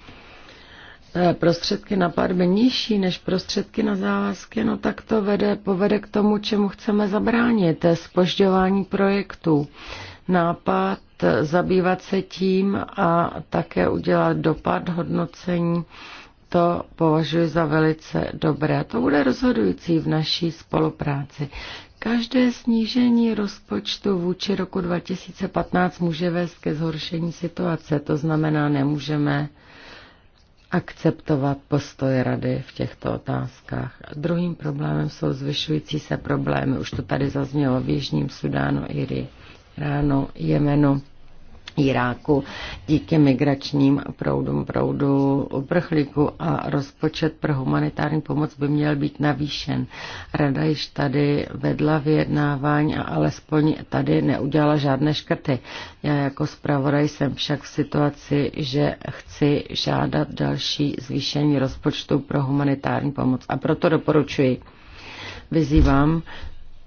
D: e, prostředky na platby nižší než prostředky na závazky, no tak to vede, povede k tomu, čemu chceme zabránit, to je spožďování projektů. Nápad e, zabývat se tím a také udělat dopad hodnocení to považuji za velice dobré. To bude rozhodující v naší spolupráci. Každé snížení rozpočtu vůči roku 2015 může vést ke zhoršení situace, to znamená, nemůžeme akceptovat postoj rady v těchto otázkách. Druhým problémem jsou zvyšující se problémy, už to tady zaznělo v Jižním Sudánu, Iri, Ránu, Jemenu Iráku díky migračním proudům, proudu uprchlíků a rozpočet pro humanitární pomoc by měl být navýšen. Rada již tady vedla vyjednávání a alespoň tady neudělala žádné škrty. Já jako zpravodaj jsem však v situaci, že chci žádat další zvýšení rozpočtu pro humanitární pomoc a proto doporučuji. Vyzývám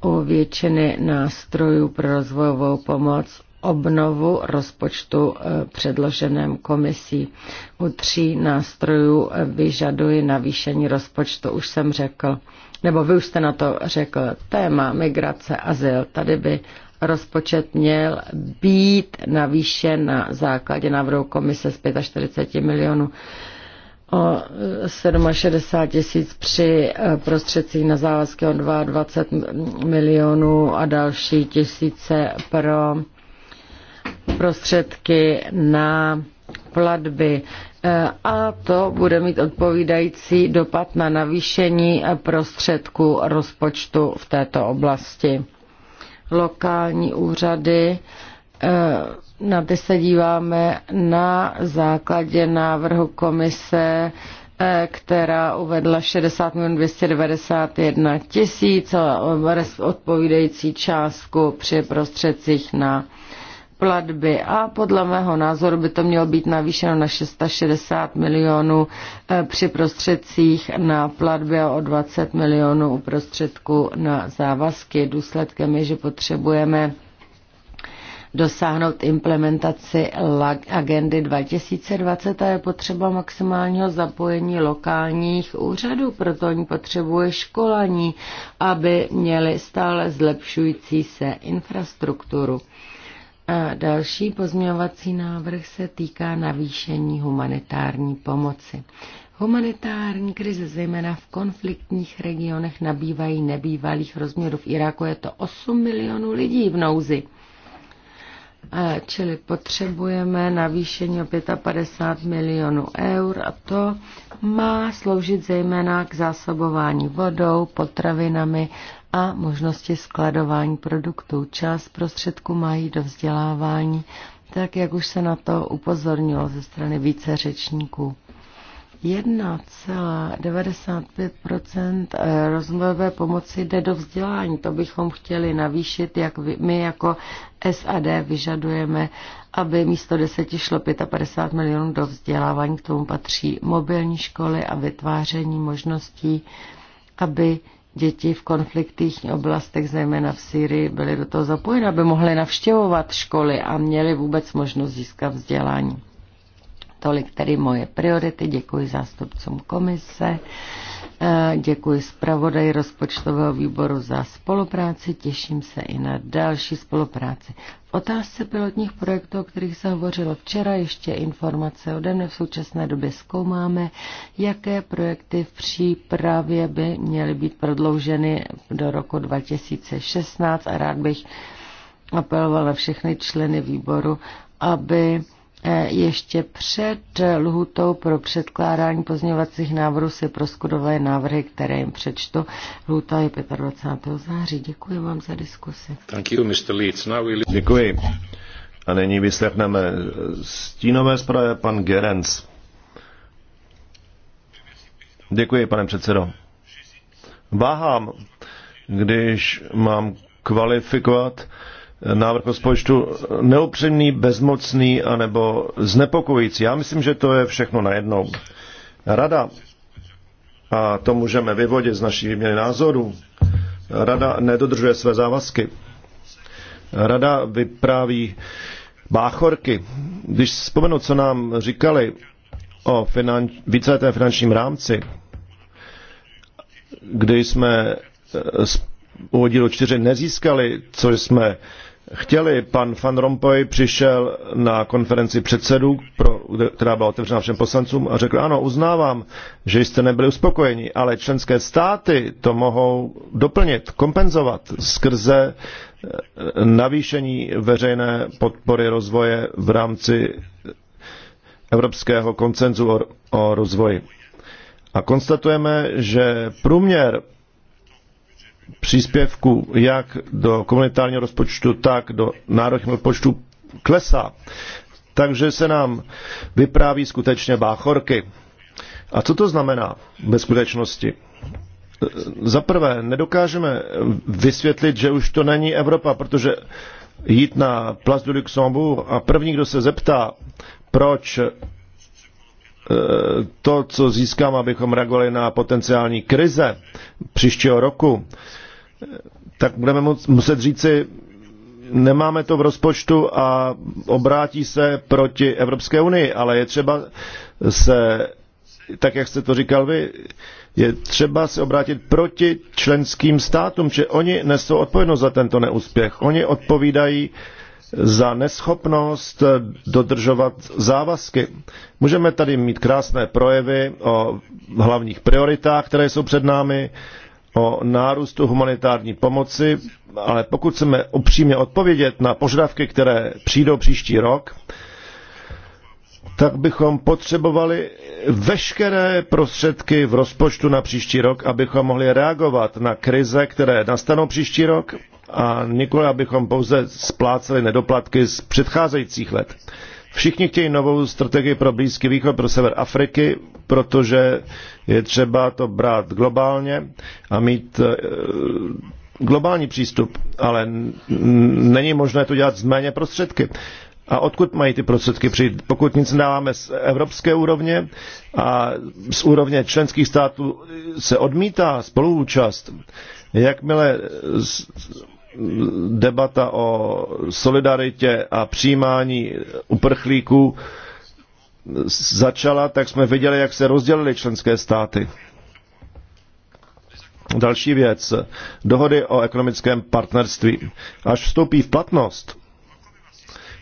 D: o většiny nástrojů pro rozvojovou pomoc obnovu rozpočtu eh, předloženém komisí. U tří nástrojů eh, vyžaduji navýšení rozpočtu, už jsem řekl, nebo vy už jste na to řekl, téma migrace, azyl, tady by rozpočet měl být navýšen na základě návrhu komise z 45 milionů o 67 eh, tisíc při prostředcích na závazky o 22 milionů a další tisíce pro prostředky na platby e, a to bude mít odpovídající dopad na navýšení prostředků rozpočtu v této oblasti. Lokální úřady, e, na ty se díváme na základě návrhu komise e, která uvedla 60 291 tisíc odpovídající částku při prostředcích na platby a podle mého názoru by to mělo být navýšeno na 660 milionů eh, při prostředcích na platby a o 20 milionů u prostředku na závazky. Důsledkem je, že potřebujeme dosáhnout implementaci agendy 2020 a je potřeba maximálního zapojení lokálních úřadů, proto oni potřebuje školení, aby měli stále zlepšující se infrastrukturu. A další pozměňovací návrh se týká navýšení humanitární pomoci. Humanitární krize, zejména v konfliktních regionech, nabývají nebývalých rozměrů. V Iráku je to 8 milionů lidí v nouzi. Čili potřebujeme navýšení o 55 milionů eur a to má sloužit zejména k zásobování vodou, potravinami a možnosti skladování produktů. Část prostředků mají do vzdělávání, tak jak už se na to upozornilo ze strany více řečníků. 1,95 eh, rozvojové pomoci jde do vzdělání. To bychom chtěli navýšit, jak my jako SAD vyžadujeme, aby místo 10 šlo 55 milionů do vzdělávání. K tomu patří mobilní školy a vytváření možností, aby děti v konfliktních oblastech, zejména v Syrii, byly do toho zapojeny, aby mohly navštěvovat školy a měly vůbec možnost získat vzdělání. Tolik tedy moje priority. Děkuji zástupcům komise Eh, děkuji zpravodaji rozpočtového výboru za spolupráci, těším se i na další spolupráci. V otázce pilotních projektů, o kterých se hovořilo včera, ještě informace ode mne. V současné době zkoumáme, jaké projekty v přípravě by měly být prodlouženy do roku 2016 a rád bych apeloval na všechny členy výboru, aby E, ještě před lhutou pro předkládání pozměňovacích návrhů si proskudovaly návrhy, které jim přečtu. Lhuta je 25. září. Děkuji vám za diskusi. Thank
C: you, Mr. Leeds. Now Děkuji. A nyní vyslechneme stínové zprávy pan Gerenc. Děkuji, pane předsedo. Váhám, když mám kvalifikovat návrh rozpočtu neupřímný, bezmocný anebo znepokojící. Já myslím, že to je všechno najednou. Rada, a to můžeme vyvodit z naší výměny názorů, rada nedodržuje své závazky. Rada vypráví báchorky. Když vzpomenu, co nám říkali o finanč, víceletém finančním rámci, kdy jsme z oddílu 4 nezískali, co jsme chtěli. Pan Van Rompuy přišel na konferenci předsedů, pro, která byla otevřena všem poslancům, a řekl, ano, uznávám, že jste nebyli uspokojeni, ale členské státy to mohou doplnit, kompenzovat skrze eh, navýšení veřejné podpory rozvoje v rámci evropského koncenzu o, o rozvoji. A konstatujeme, že průměr příspěvku jak do komunitárního rozpočtu, tak do národního rozpočtu klesá. Takže se nám vypráví skutečně báchorky. A co to znamená ve skutečnosti? Za prvé, nedokážeme vysvětlit, že už to není Evropa, protože jít na Place du Luxembourg a první, kdo se zeptá, proč Eh, to, co získám, abychom reagovali na potenciální krize příštího roku, eh, tak budeme muset říci, nemáme to v rozpočtu a obrátí se proti Evropské unii, ale je třeba se, tak jak jste to říkal vy, je třeba se obrátit proti členským státům, že oni nesou odpovědnost za tento neúspěch. Oni odpovídají uh, za neschopnost eh, dodržovat závazky. Můžeme tady mít krásné projevy o hlavních prioritách, které jsou před námi, o nárůstu humanitární pomoci, ale pokud chceme upřímně odpovědět na požadavky, které přijdou příští rok, tak bychom potřebovali veškeré prostředky v rozpočtu na příští rok, abychom mohli reagovat na krize, které nastanou příští rok a nikoli, abychom pouze spláceli nedoplatky z předcházejících let. Všichni chtějí novou strategii pro Blízký východ, pro sever Afriky, protože je třeba to brát globálně a mít eh, globální přístup, ale není možné to dělat z méně prostředky. A odkud mají ty prostředky přijít? Pokud nic nedáváme z evropské úrovně a z úrovně členských států se odmítá spoluúčast, jakmile debata o solidaritě a přijímání uprchlíků začala, tak jsme viděli, jak se rozdělily členské státy. Další věc. Dohody o ekonomickém partnerství. Až vstoupí v platnost,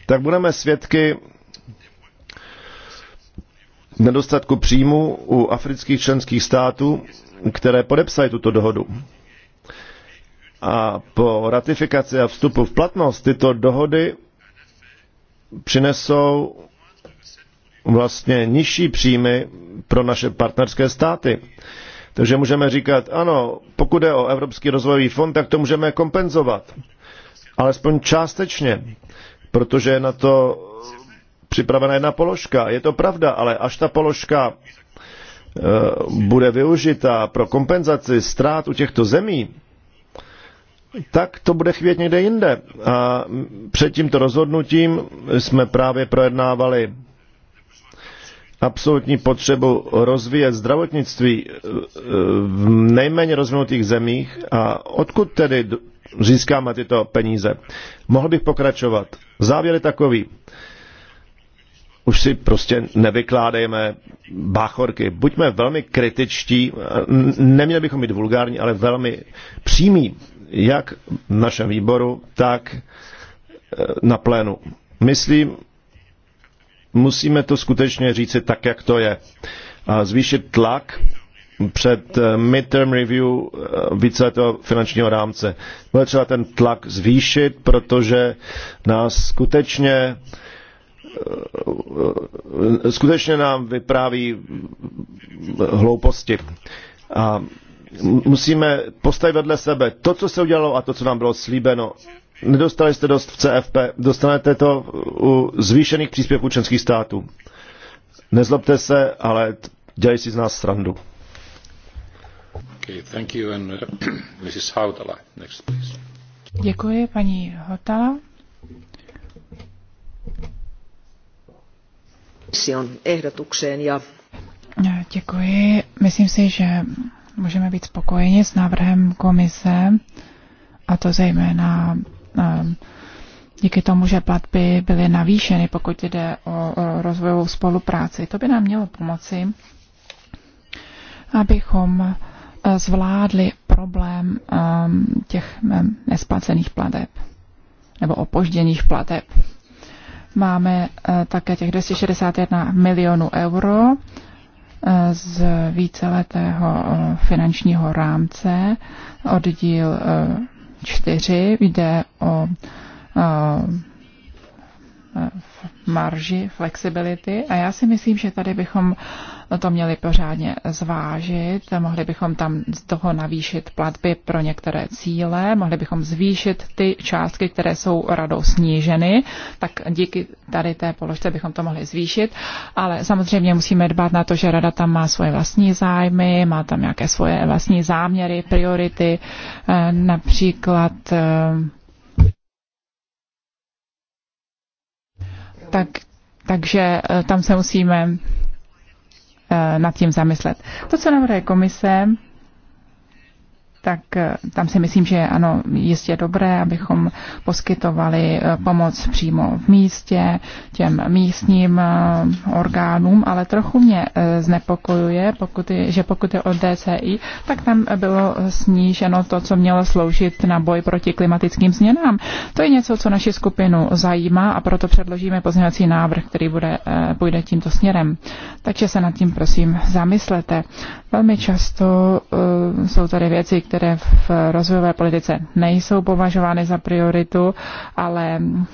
C: tak budeme svědky nedostatku příjmu u afrických členských států, které podepsají tuto dohodu. A po ratifikaci a vstupu v platnost tyto dohody přinesou vlastně nižší příjmy pro naše partnerské státy. Takže můžeme říkat, ano, pokud je o Evropský rozvojový fond, tak to můžeme kompenzovat. Alespoň částečně, protože je na to připravena jedna položka. Je to pravda, ale až ta položka e, bude využita pro kompenzaci ztrát u těchto zemí, tak to bude chvět někde jinde. A před tímto rozhodnutím jsme právě projednávali absolutní potřebu rozvíjet zdravotnictví eh, v nejméně rozvinutých zemích a odkud tedy získáme tyto peníze. Mohl bych pokračovat. Závěr je takový. Už si prostě nevykládejme báchorky. Buďme velmi kritičtí, eh, neměli bychom být vulgární, ale velmi přímí jak v našem výboru, tak e, na plénu. Myslím, musíme to skutečně říci tak, jak to je. A zvýšit tlak před e, midterm review e, víceletého finančního rámce. Bude třeba ten tlak zvýšit, protože nás skutečně skutečně nám vypráví hlouposti. A musíme postavit vedle sebe to, co se udělalo a to, co nám bylo slíbeno. Nedostali jste dost v CFP, dostanete to u zvýšených příspěvků členských států. Nezlobte se, ale dělají si z nás srandu.
A: Okay, thank you and, uh, <clears throat> Mrs. Hautala, next,
B: Děkuji, paní Hotala.
E: Ehdotukseen ja
B: Děkuji. Myslím si, že můžeme být spokojeni s návrhem komise, a to zejména ehm, díky tomu, že platby byly navýšeny, pokud jde o rozvojovou spolupráci. To by nám mělo pomoci, abychom eh, zvládli problém ehm, těch ehm, nesplacených plateb nebo opožděných plateb. Máme eh, také těch 261 milionů euro z víceletého eh, finančního rámce, oddíl 4, eh, jde o eh, marži, flexibility a já si myslím, že tady bychom to měli pořádně zvážit. Mohli bychom tam z toho navýšit platby pro některé cíle, mohli bychom zvýšit ty částky, které jsou radou sníženy, tak díky tady té položce bychom to mohli zvýšit, ale samozřejmě musíme dbát na to, že rada tam má svoje vlastní zájmy, má tam nějaké svoje vlastní záměry, priority, eh, například eh, tak, takže eh, tam se musíme eh, nad tím zamyslet. To, co navrhuje komise, tak eh, tam si myslím, že je ano, jistě dobré, abychom poskytovali eh, pomoc přímo v místě těm místním eh, orgánům, ale trochu mě znepokojuje, pokud je, že pokud je o DCI, tak tam bylo sníženo to, co mělo sloužit na boj proti klimatickým změnám. To je něco, co naši skupinu zajímá a proto předložíme pozměňovací návrh, který bude, půjde tímto směrem. Takže se nad tím prosím zamyslete. Velmi často uh, jsou tady věci, které které v rozvojové politice nejsou považovány za prioritu, ale ehm,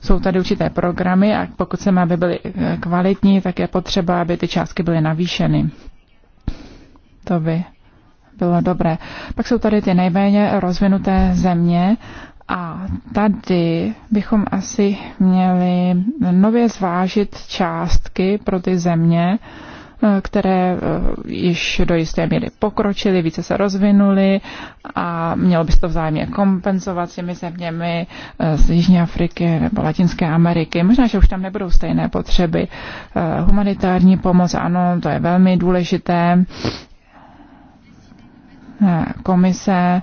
B: jsou tady určité programy a pokud se aby byly eh, kvalitní, tak je potřeba, aby ty částky byly navýšeny. To by bylo dobré. Pak jsou tady ty nejméně rozvinuté země a tady bychom asi měli nově zvážit částky pro ty země, Eh, které eh, již do jisté míry pokročily, více se rozvinuly a mělo by se to vzájemně kompenzovat s těmi zeměmi eh, z Jižní Afriky nebo Latinské Ameriky. Možná, že už tam nebudou stejné potřeby. Humanitární pomoc, ano, to je velmi důležité. Komise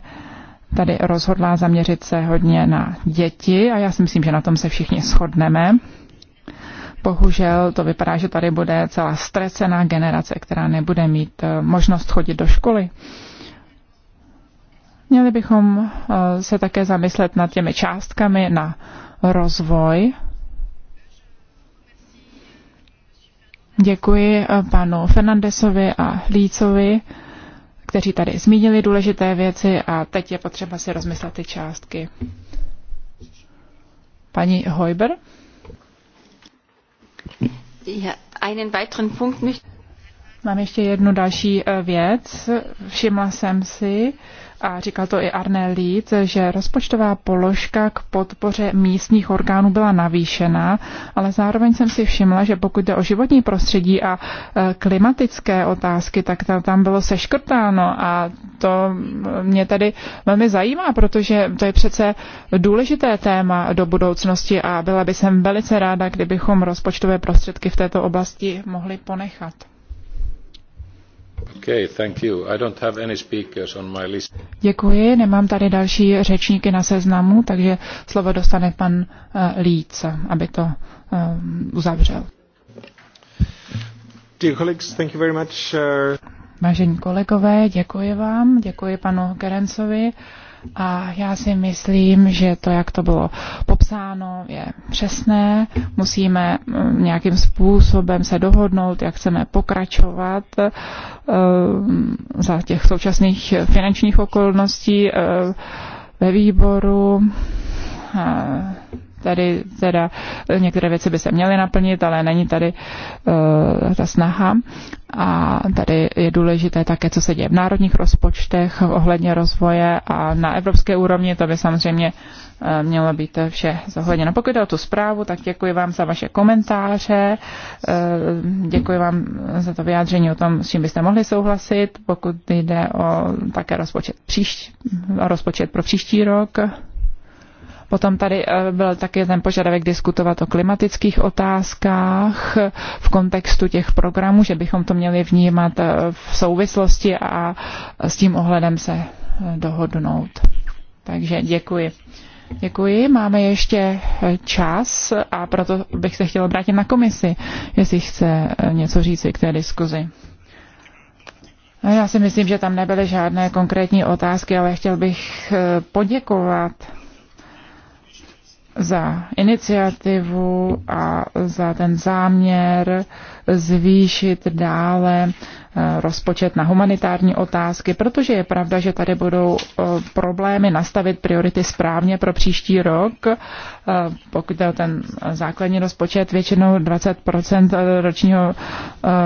B: tady rozhodla zaměřit se hodně na děti a já si myslím, že na tom se všichni shodneme. Bohužel to vypadá, že tady bude celá stresená generace, která nebude mít eh, možnost chodit do školy. Měli bychom eh, se také zamyslet nad těmi částkami na rozvoj. Děkuji eh, panu Fernandesovi a Lícovi, kteří tady zmínili důležité věci a teď je potřeba si rozmyslet ty částky. Paní Hojber? Mám ještě jednu další eh, věc. Všimla jsem si, a říkal to i Arne Lid, že rozpočtová položka k podpoře místních orgánů byla navýšena, ale zároveň jsem si všimla, že pokud jde o životní prostředí a e, klimatické otázky, tak tam bylo seškrtáno a to mě tady velmi zajímá, protože to je přece důležité téma do budoucnosti a byla by jsem velice ráda, kdybychom rozpočtové prostředky v této oblasti mohli ponechat. Děkuji, nemám tady další řečníky na seznamu, takže slovo dostane pan uh, Líc, aby to uh, uzavřel. Vážení kolegové, děkuji vám, děkuji panu Gerencovi. Uh, a já si myslím, že to, jak to bylo popsáno, je přesné. Musíme mm, nějakým způsobem se dohodnout, jak chceme pokračovat eh, za těch současných finančních okolností eh, ve výboru Tady teda eh, některé věci by se měly naplnit, ale není tady uh, ta snaha. A tady je důležité také, co se děje v národních rozpočtech ohledně rozvoje a na evropské úrovni, to by samozřejmě eh, mělo být vše zohledněno. Pokud jde o tu zprávu, tak děkuji vám za vaše komentáře, děkuji vám za to vyjádření o tom, s čím byste mohli souhlasit, pokud jde o také rozpočet, příští, rozpočet pro příští rok. Potom tady eh, byl taky ten požadavek diskutovat o klimatických otázkách v kontextu těch programů, že bychom to měli vnímat eh, v souvislosti a s tím ohledem se eh, dohodnout. Takže děkuji. Děkuji, máme ještě čas a proto bych se chtěla obrátit na komisi, jestli chce něco říct k té diskuzi. Já si myslím, že tam nebyly žádné konkrétní otázky, ale chtěl bych poděkovat za iniciativu a za ten záměr zvýšit dále rozpočet na humanitární otázky, protože je pravda, že tady budou eh, problémy nastavit priority správně pro příští rok, eh, pokud je ten základní rozpočet, většinou 20% eh, ročního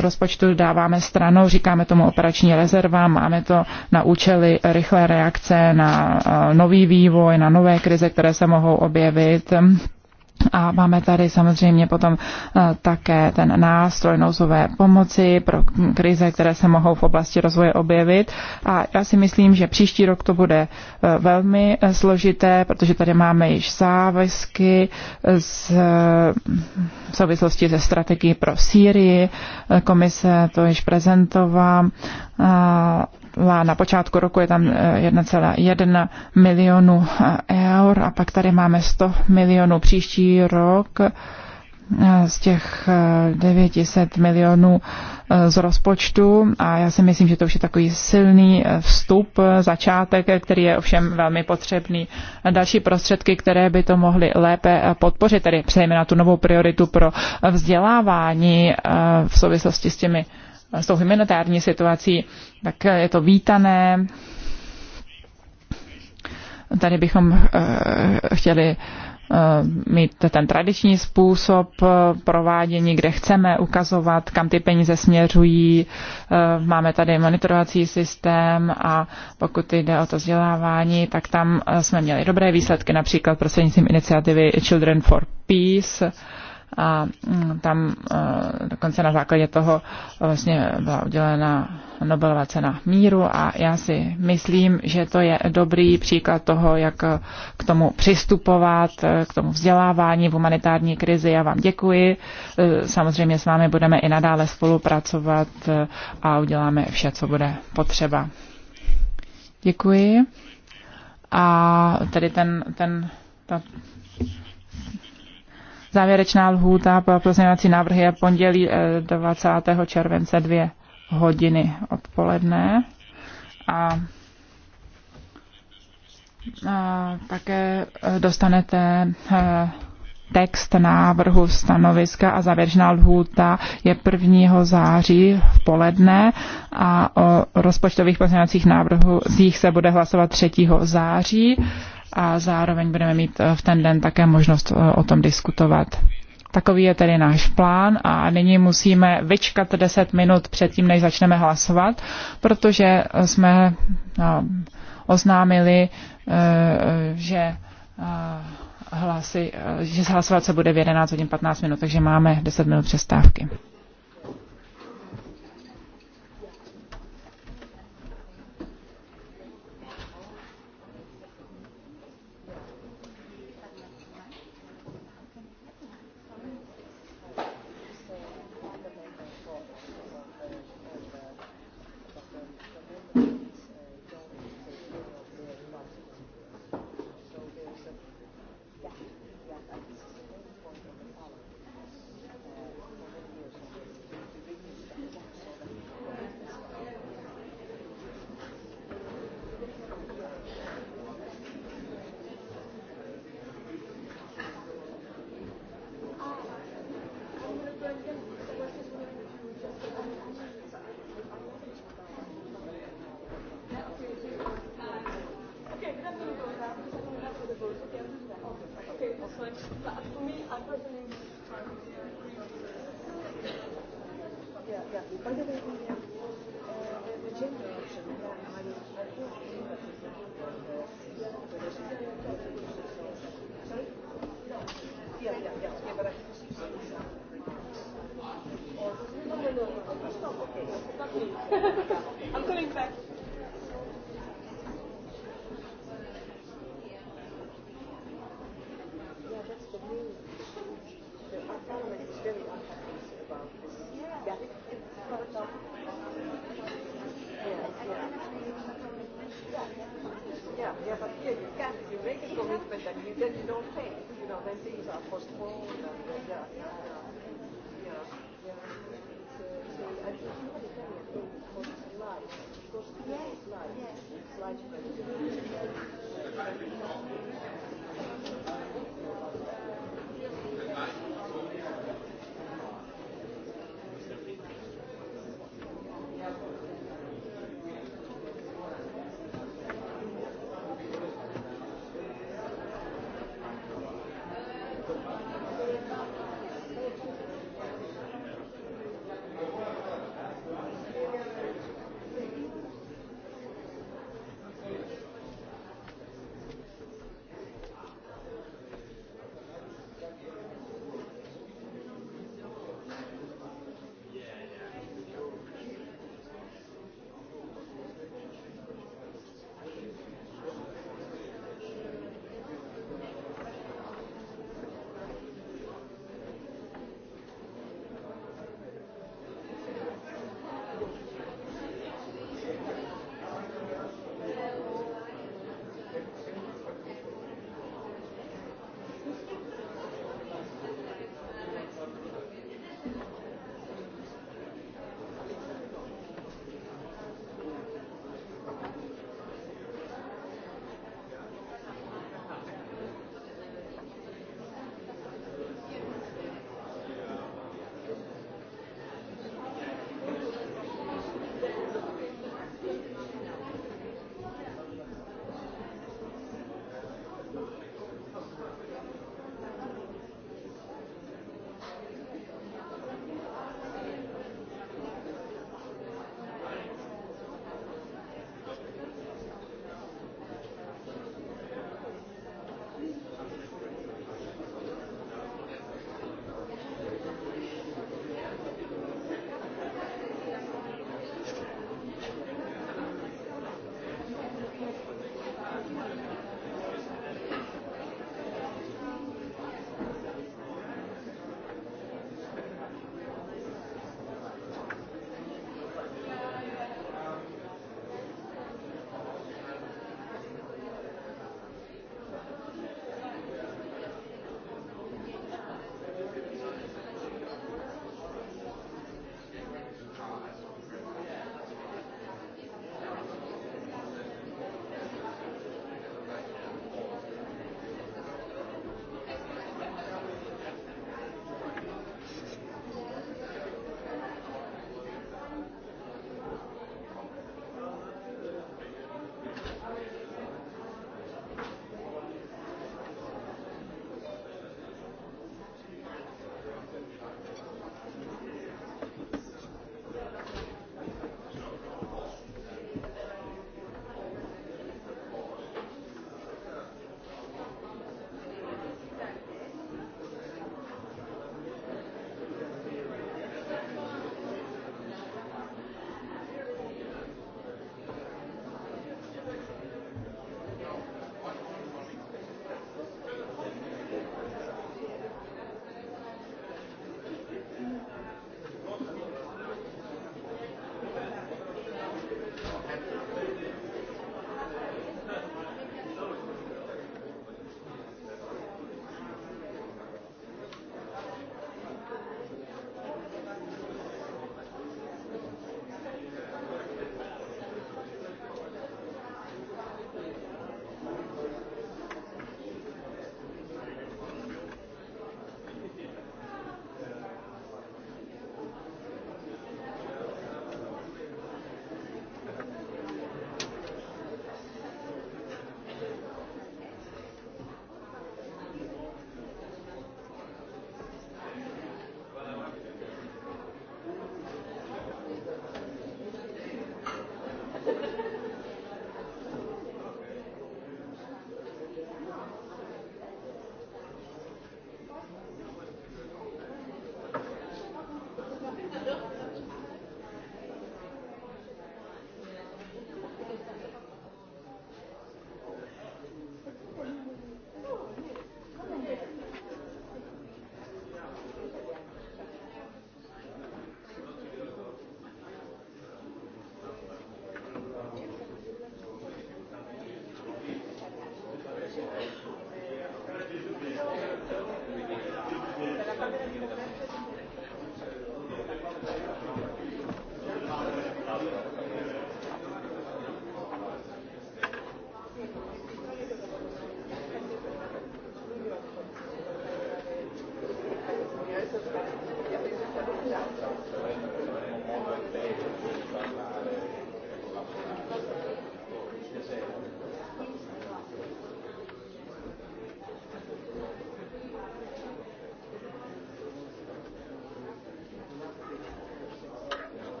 B: rozpočtu dáváme stranou, říkáme tomu operační rezerva, máme to na účely rychlé reakce na nový vývoj, na nové krize, které se mohou objevit. A máme tady samozřejmě potom eh, také ten nástroj nouzové pomoci pro krize, které se mohou v oblasti rozvoje objevit. A já si myslím, že příští rok to bude eh, velmi eh, složité, protože tady máme již závazky z, v souvislosti ze strategií pro Sýrii. Komise to již prezentovala na počátku roku je tam 1,1 eh, milionu eh, eur a pak tady máme 100 milionů příští rok eh, z těch 900 milionů z rozpočtu a já si myslím, že to už je takový silný vstup, začátek, který je ovšem velmi potřebný. Další prostředky, které by to mohly lépe podpořit, tedy přejmě na tu novou prioritu pro vzdělávání v souvislosti s těmi s tou humanitární situací, tak eh, je to vítané. Tady bychom eh, chtěli eh, mít ten tradiční způsob provádění, kde chceme ukazovat, kam ty peníze směřují. Máme tady monitorovací systém a pokud jde o to vzdělávání, tak tam jsme měli dobré výsledky, například prostřednictvím iniciativy Children for Peace a mm, tam e, dokonce na základě toho e, vlastně byla udělena Nobelová cena míru a já si myslím, že to je dobrý příklad toho, jak e, k tomu přistupovat, k tomu vzdělávání v humanitární krizi. Já vám děkuji. Samozřejmě s vámi budeme i nadále spolupracovat a uděláme vše, co bude potřeba. Děkuji. A tady ten, ten ta Závěrečná lhůta pro pozměňovací návrhy je pondělí 20. Eh, července 2 hodiny odpoledne. A také eh, dostanete eh, text návrhu stanoviska a závěrečná lhůta je 1. září v poledne a o rozpočtových pozměňovacích návrhů z nich se bude hlasovat 3. září a zároveň budeme mít eh, v ten den také možnost eh, o tom diskutovat. Takový je tedy náš plán a nyní musíme vyčkat 10 minut předtím, než začneme hlasovat, protože eh, jsme oznámili, že hlasy, že hlasovat se bude v 11 hodin 15 minut, takže máme 10 minut přestávky.
E: but here you can. If you make a commitment and you, then you don't pay, you know, then things are postponed. And, uh, yeah, yeah, yeah. yeah. yeah. It's, uh, it's life, because life,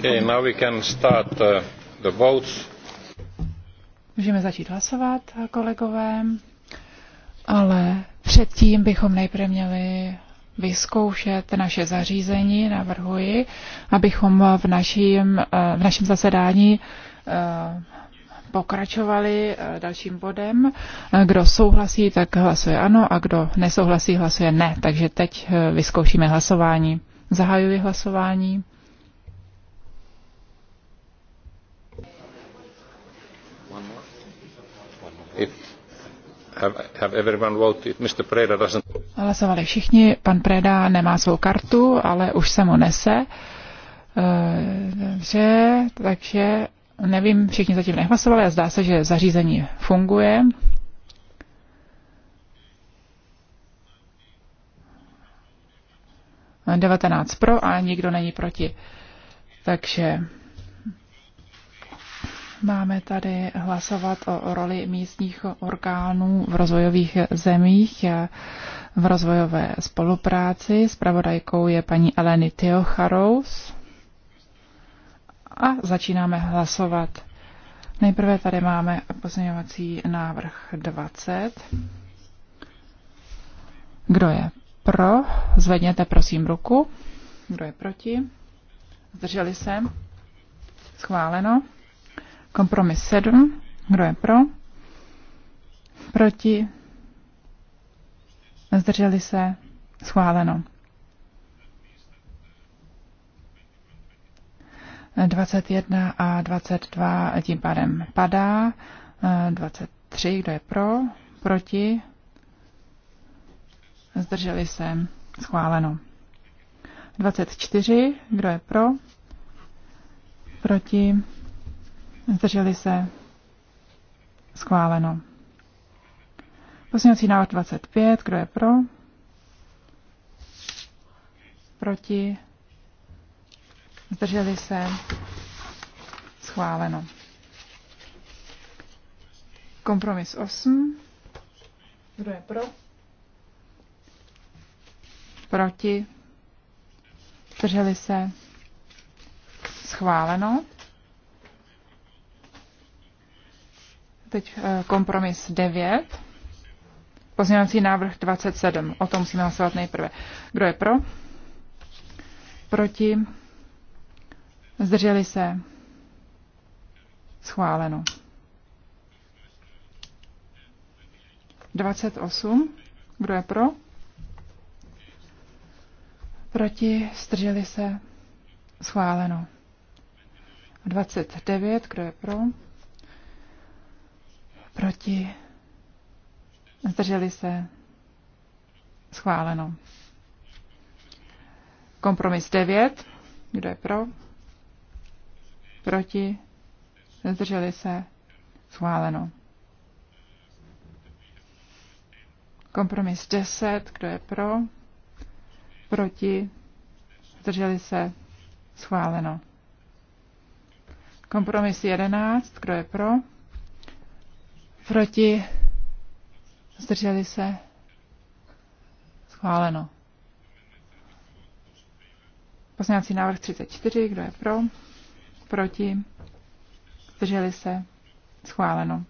A: Uh,
B: Můžeme začít hlasovat, kolegové, ale předtím bychom nejprve měli vyzkoušet naše zařízení. Navrhuji, abychom v, naším, eh, v našem zasedání eh, pokračovali eh, dalším bodem. Kdo souhlasí, tak hlasuje ano a kdo nesouhlasí, hlasuje ne. Takže teď vyzkoušíme hlasování. Zahajuji hlasování. Hlasovali všichni, pan Preda nemá svou kartu, ale už se mu nese. Eh, dobře, takže nevím, všichni zatím nehlasovali a zdá se, že zařízení funguje. Devatenáct pro a nikdo není proti. Takže Máme tady hlasovat o roli místních orgánů v rozvojových zemích v rozvojové spolupráci. Spravodajkou je paní Eleny Teocharous. A začínáme hlasovat. Nejprve tady máme pozměňovací návrh 20. Kdo je pro? Zvedněte prosím ruku. Kdo je proti? Zdrželi se? Schváleno. Kompromis 7. Kdo je pro? Proti? Zdrželi se? Schváleno. 21 a 22 tím pádem padá. 23, kdo je pro? Proti? Zdrželi se? Schváleno. 24, kdo je pro? Proti? Zdrželi se? Schváleno. Pozměňovací návrh 25. Kdo je pro? Proti? Zdrželi se? Schváleno. Kompromis 8. Kdo je pro? Proti? Zdrželi se? Schváleno. Teď eh, kompromis 9. Pozměňovací návrh 27. O tom musíme hlasovat nejprve. Kdo je pro? Proti? Zdrželi se? Schváleno. 28. Kdo je pro? Proti? Zdrželi se? Schváleno. 29. Kdo je pro? proti, zdrželi se, schváleno. Kompromis 9, kdo je pro, proti, zdrželi se, schváleno. Kompromis 10, kdo je pro, proti, zdrželi se, schváleno. Kompromis 11, kdo je pro, proti, zdrželi se, schváleno. Pozměňovací návrh 34, kdo je pro, proti, zdrželi se, schváleno.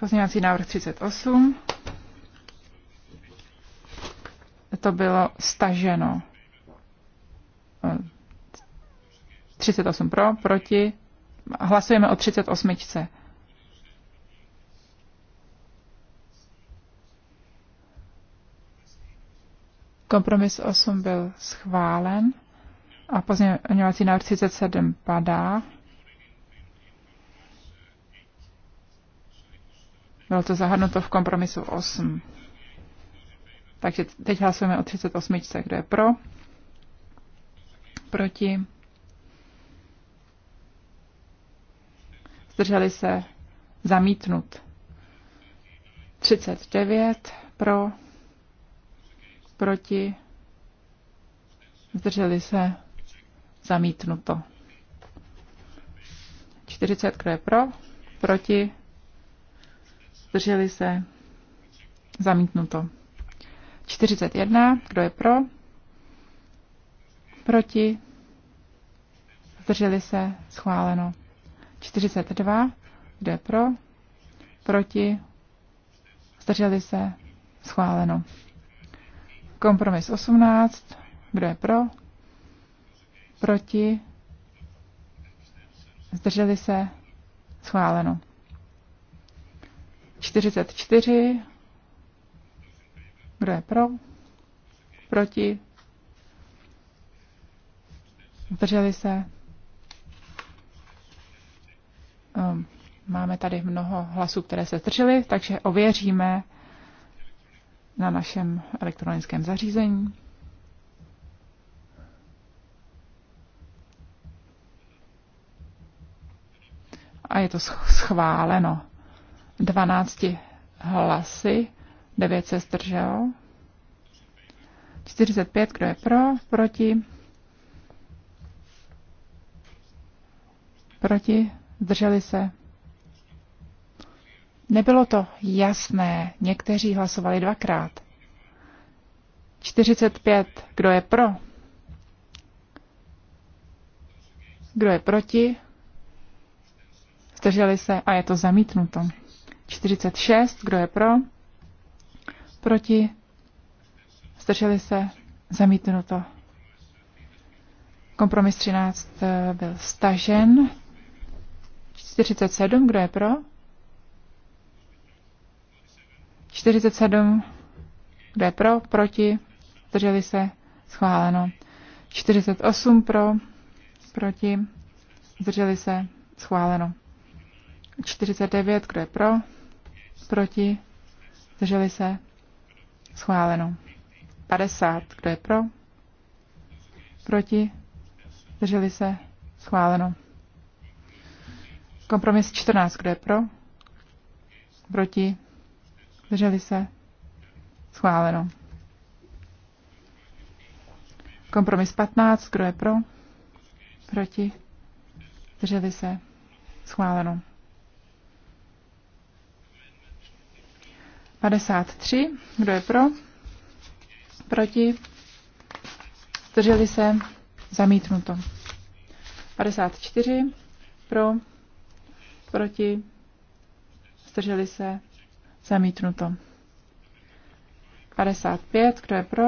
B: Pozměňovací návrh 38. To bylo staženo. 38 eh, pro, proti, hlasujeme o 38. Kompromis 8 byl schválen a pozměňovací návrh 37 padá. Bylo to zahrnuto v kompromisu 8. Takže teď hlasujeme o 38. Kdo je pro? Proti? zdrželi se, zamítnut. 39 pro, proti, zdrželi se, zamítnuto. 40 kdo je pro, proti, zdrželi se, zamítnuto. 41 kdo je pro, proti, zdrželi se, schváleno. 42, kdo je pro, proti, zdrželi se, schváleno. Kompromis 18, kdo je pro, proti, zdrželi se, schváleno. 44, kdo je pro, proti, zdrželi se, Máme tady mnoho hlasů, které se zdržely, takže ověříme na našem elektronickém zařízení. A je to schváleno. 12 hlasy, 9 se zdrželo. 45, kdo je pro, proti, proti, zdrželi se, Nebylo to jasné, někteří hlasovali dvakrát. 45, kdo je pro? Kdo je proti? Zdrželi se a je to zamítnuto. 46, kdo je pro? Proti? Zdrželi se? Zamítnuto. Kompromis 13 eh, byl stažen. 47, kdo je pro? 47, kdo je pro, proti, zdrželi se, schváleno. 48 pro, proti, zdrželi se, schváleno. 49, kdo je pro, proti, zdrželi se, schváleno. 50, kdo je pro, proti, zdrželi se, schváleno. Kompromis 14, kdo je pro, proti, Zdrželi se? Schváleno. Kompromis 15. Kdo je pro? Proti? Zdrželi se? Schváleno. 53. Kdo je pro? Proti? Zdrželi se? Zamítnuto. 54. Pro? Proti? Zdrželi se? Zamítnuto. 55, kdo je pro?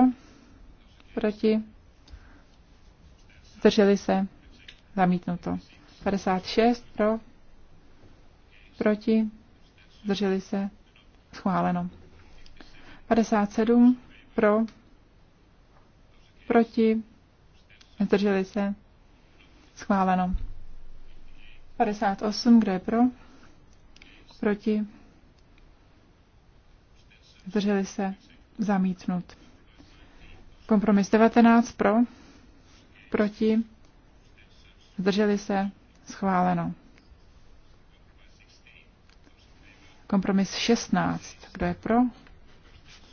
B: Proti? Zdrželi se? Zamítnuto. 56 pro? Proti? Zdrželi se? Schváleno. 57 pro? Proti? Zdrželi se? Schváleno. 58, kdo je pro? Proti? zdrželi se, zamítnut. Kompromis 19 pro, proti, zdrželi se, schváleno. Kompromis 16, kdo je pro,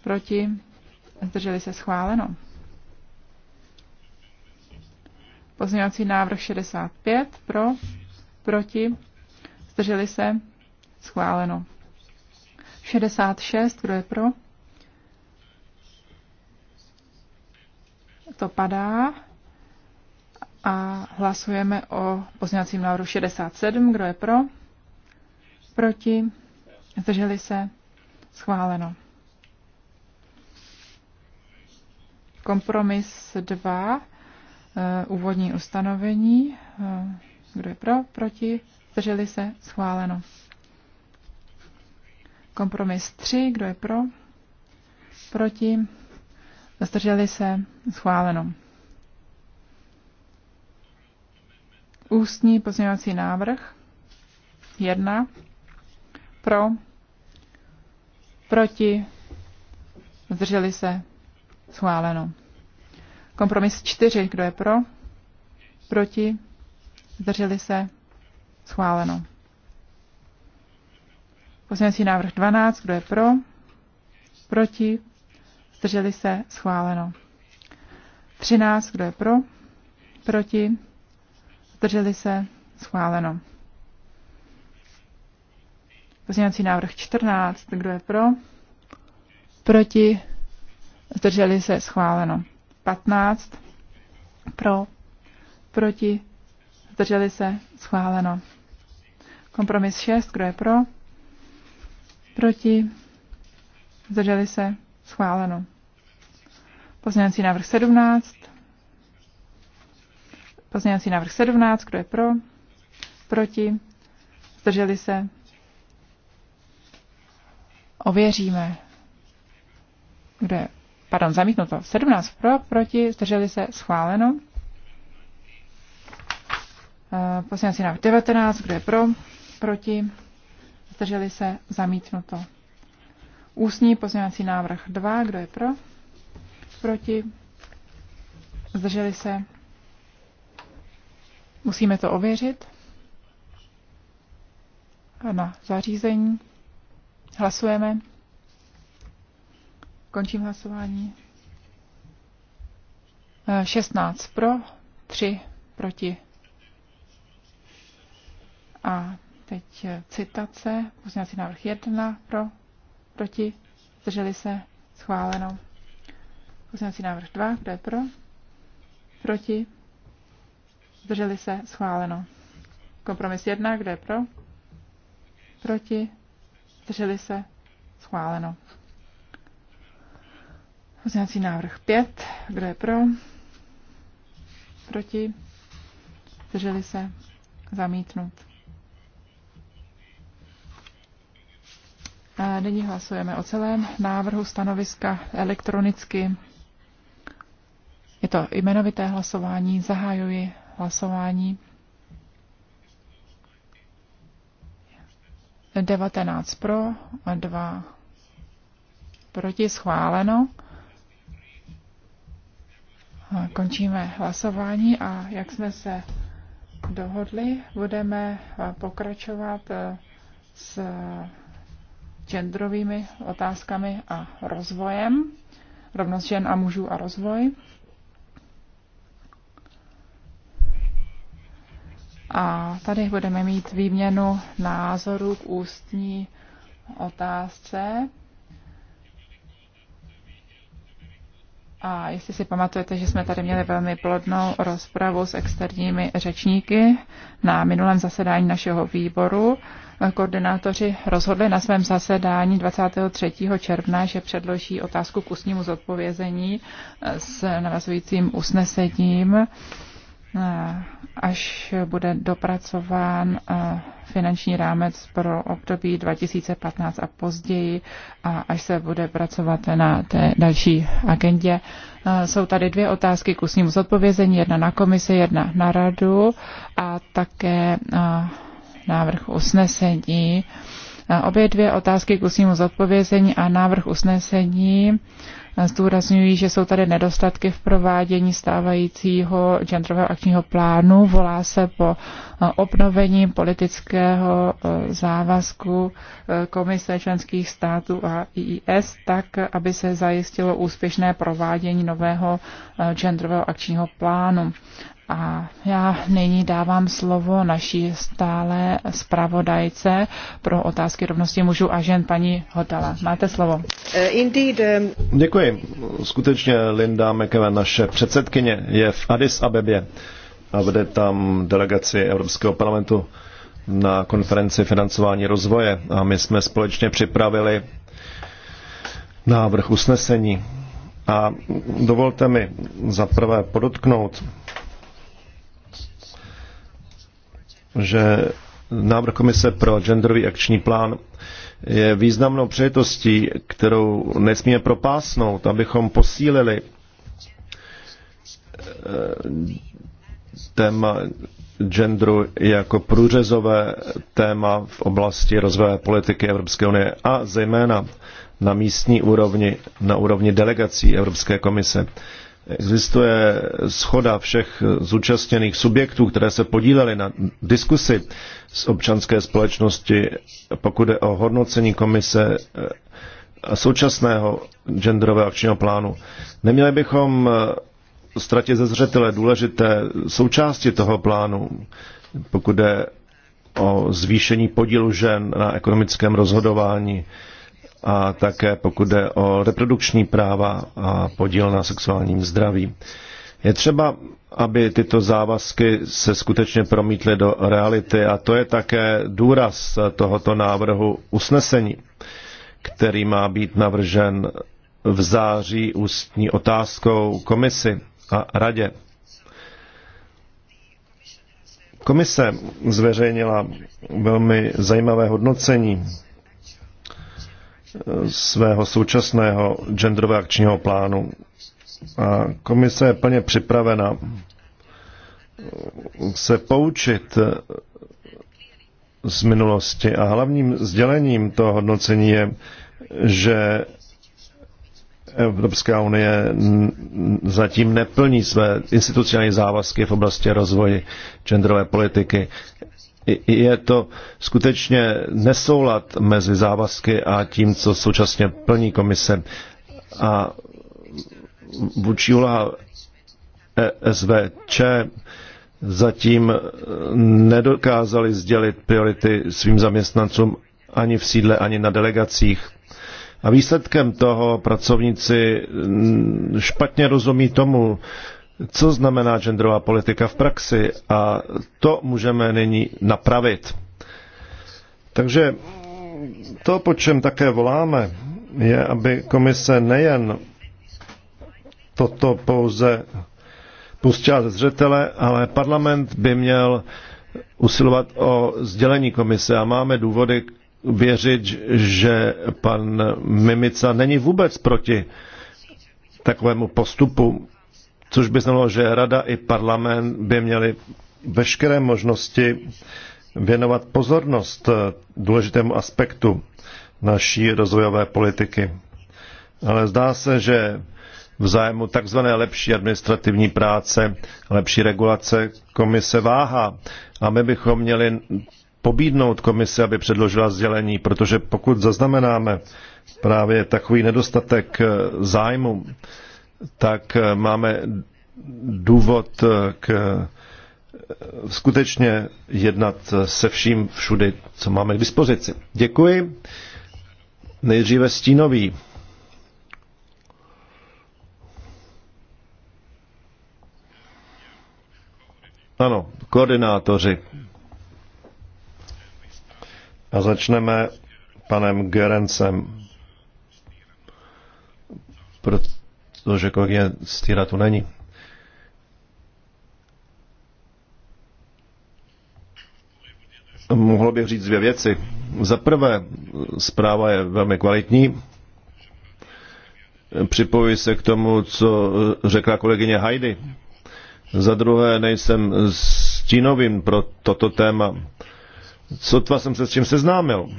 B: proti, zdrželi se, schváleno. Pozměňovací návrh 65 pro, proti, zdrželi se, schváleno. 66, kdo je pro? To padá. A hlasujeme o pozněvacím návrhu 67, kdo je pro? Proti? Zdrželi se? Schváleno. Kompromis 2, eh, úvodní ustanovení. Eh, kdo je pro? Proti? Zdrželi se? Schváleno. Kompromis 3, kdo je pro? Proti? Zdrželi se? Schváleno. Ústní pozměňovací návrh 1. Pro? Proti? Zdrželi se? Schváleno. Kompromis 4, kdo je pro? Proti? Zdrželi se? Schváleno. Pozměňovací návrh 12, kdo je pro? Proti? Zdrželi se? Schváleno. 13, kdo je pro? Proti? Zdrželi se? Schváleno. Pozměňovací návrh 14, kdo je pro? Proti? Zdrželi se? Schváleno. 15, pro? Proti? Zdrželi se? Schváleno. Kompromis 6, kdo je pro? proti, zdrželi se, schváleno. Pozměňovací návrh 17. Pozměňovací návrh 17, kdo je pro, proti, zdrželi se, ověříme. Kdo je, pardon, zamítnuto. 17 pro, proti, zdrželi se, schváleno. Eh, Poslanecí návrh 19, kdo je pro, proti, zdrželi se, zamítnuto. Ústní pozměňovací návrh 2, kdo je pro, proti, zdrželi se, musíme to ověřit a na zařízení. Hlasujeme. Končím hlasování. 16 e, pro, 3 proti. A Teď citace, pozměňovací návrh 1 pro, proti, zdrželi se, schváleno. Pozměňovací návrh 2, kdo je pro, proti, zdrželi se, schváleno. Kompromis 1, kdo je pro, proti, zdrželi se, schváleno. Pozměňovací návrh 5, kdo je pro, proti, zdrželi se, zamítnut. Nyní hlasujeme o celém návrhu stanoviska elektronicky. Je to jmenovité hlasování. Zahajuji hlasování. 19 pro a 2 proti schváleno. Končíme hlasování a jak jsme se dohodli, budeme pokračovat s genderovými otázkami a rozvojem, rovnost žen a mužů a rozvoj. A tady budeme mít výměnu názorů k ústní otázce. A jestli si pamatujete, že jsme tady měli velmi plodnou rozpravu s externími řečníky na minulém zasedání našeho výboru, Koordinátoři rozhodli na svém zasedání 23. června, že předloží otázku k ústnímu zodpovězení eh, s navazujícím usnesením, eh, až bude dopracován eh, finanční rámec pro období 2015 a později a až se bude pracovat na té další agendě. Jsou tady dvě otázky k ústnímu zodpovězení, jedna na komisi, jedna na radu a také návrh usnesení. Obě dvě otázky k ústnímu zodpovězení a návrh usnesení zdůrazňují, že jsou tady nedostatky v provádění stávajícího genderového akčního plánu. Volá se po obnovení politického závazku Komise členských států a IIS tak, aby se zajistilo úspěšné provádění nového genderového akčního plánu. A já nyní dávám slovo naší stále zpravodajce pro otázky rovnosti mužů a žen, paní Hotala. Máte slovo.
E: Eh, indeed,
C: um... Děkuji. Skutečně Linda McEwen, naše předsedkyně, je v Addis Abebě a vede tam delegaci Evropského parlamentu na konferenci financování rozvoje a my jsme společně připravili návrh usnesení. A dovolte mi zaprvé podotknout, že návrh Komise pro genderový akční plán je významnou přejetostí, kterou nesmíme propásnout, abychom posílili eh, téma genderu jako průřezové téma v oblasti rozvoje politiky Evropské unie a zejména na místní úrovni, na úrovni delegací Evropské komise. Existuje schoda všech zúčastněných subjektů, které se podílely na diskusi s občanské společnosti, pokud je o hodnocení komise eh, současného genderového akčního plánu. Neměli bychom eh, ztratit ze zřetele důležité součásti toho plánu, pokud je o zvýšení podílu žen na ekonomickém rozhodování, a také pokud jde o reprodukční práva a podíl na sexuálním zdraví. Je třeba, aby tyto závazky se skutečně promítly do reality a to je také důraz tohoto návrhu usnesení, který má být navržen v září ústní otázkou komisi a radě. Komise zveřejnila velmi zajímavé hodnocení svého současného genderové akčního plánu. A komise je plně připravena se poučit z minulosti. A hlavním sdělením toho hodnocení je, že Evropská unie zatím neplní své institucionální závazky v oblasti rozvoji genderové politiky je to skutečně nesoulad mezi závazky a tím, co současně plní komise. A vůči úloha e SVČ zatím nedokázali sdělit priority svým zaměstnancům ani v sídle, ani na delegacích. A výsledkem toho pracovníci špatně rozumí tomu, co znamená genderová politika v praxi a to můžeme nyní napravit. Takže to, po čem také voláme, je, aby komise nejen toto pouze pustila ze zřetele, ale parlament by měl usilovat o sdělení komise a máme důvody věřit, že pan Mimica není vůbec proti takovému postupu, což by znamenalo, že Rada i parlament by měli veškeré možnosti věnovat pozornost eh, důležitému aspektu naší rozvojové politiky. Ale zdá se, že v zájmu takzvané lepší administrativní práce, lepší regulace komise váha. A my bychom měli pobídnout komisi, aby předložila sdělení, protože pokud zaznamenáme právě takový nedostatek eh, zájmu tak eh, máme důvod eh, k eh, skutečně jednat se vším všude, co máme k dispozici. Děkuji. Nejdříve stínový. Ano, koordinátoři. A začneme panem Gerencem, Proto to, že kolegyně Stýra tu není. Mohl bych říct dvě věci. Za prvé, zpráva je velmi kvalitní. Připojuji se k tomu, co řekla kolegyně Heidi. Za druhé, nejsem stínovým pro toto téma. Sotva jsem se s tím seznámil.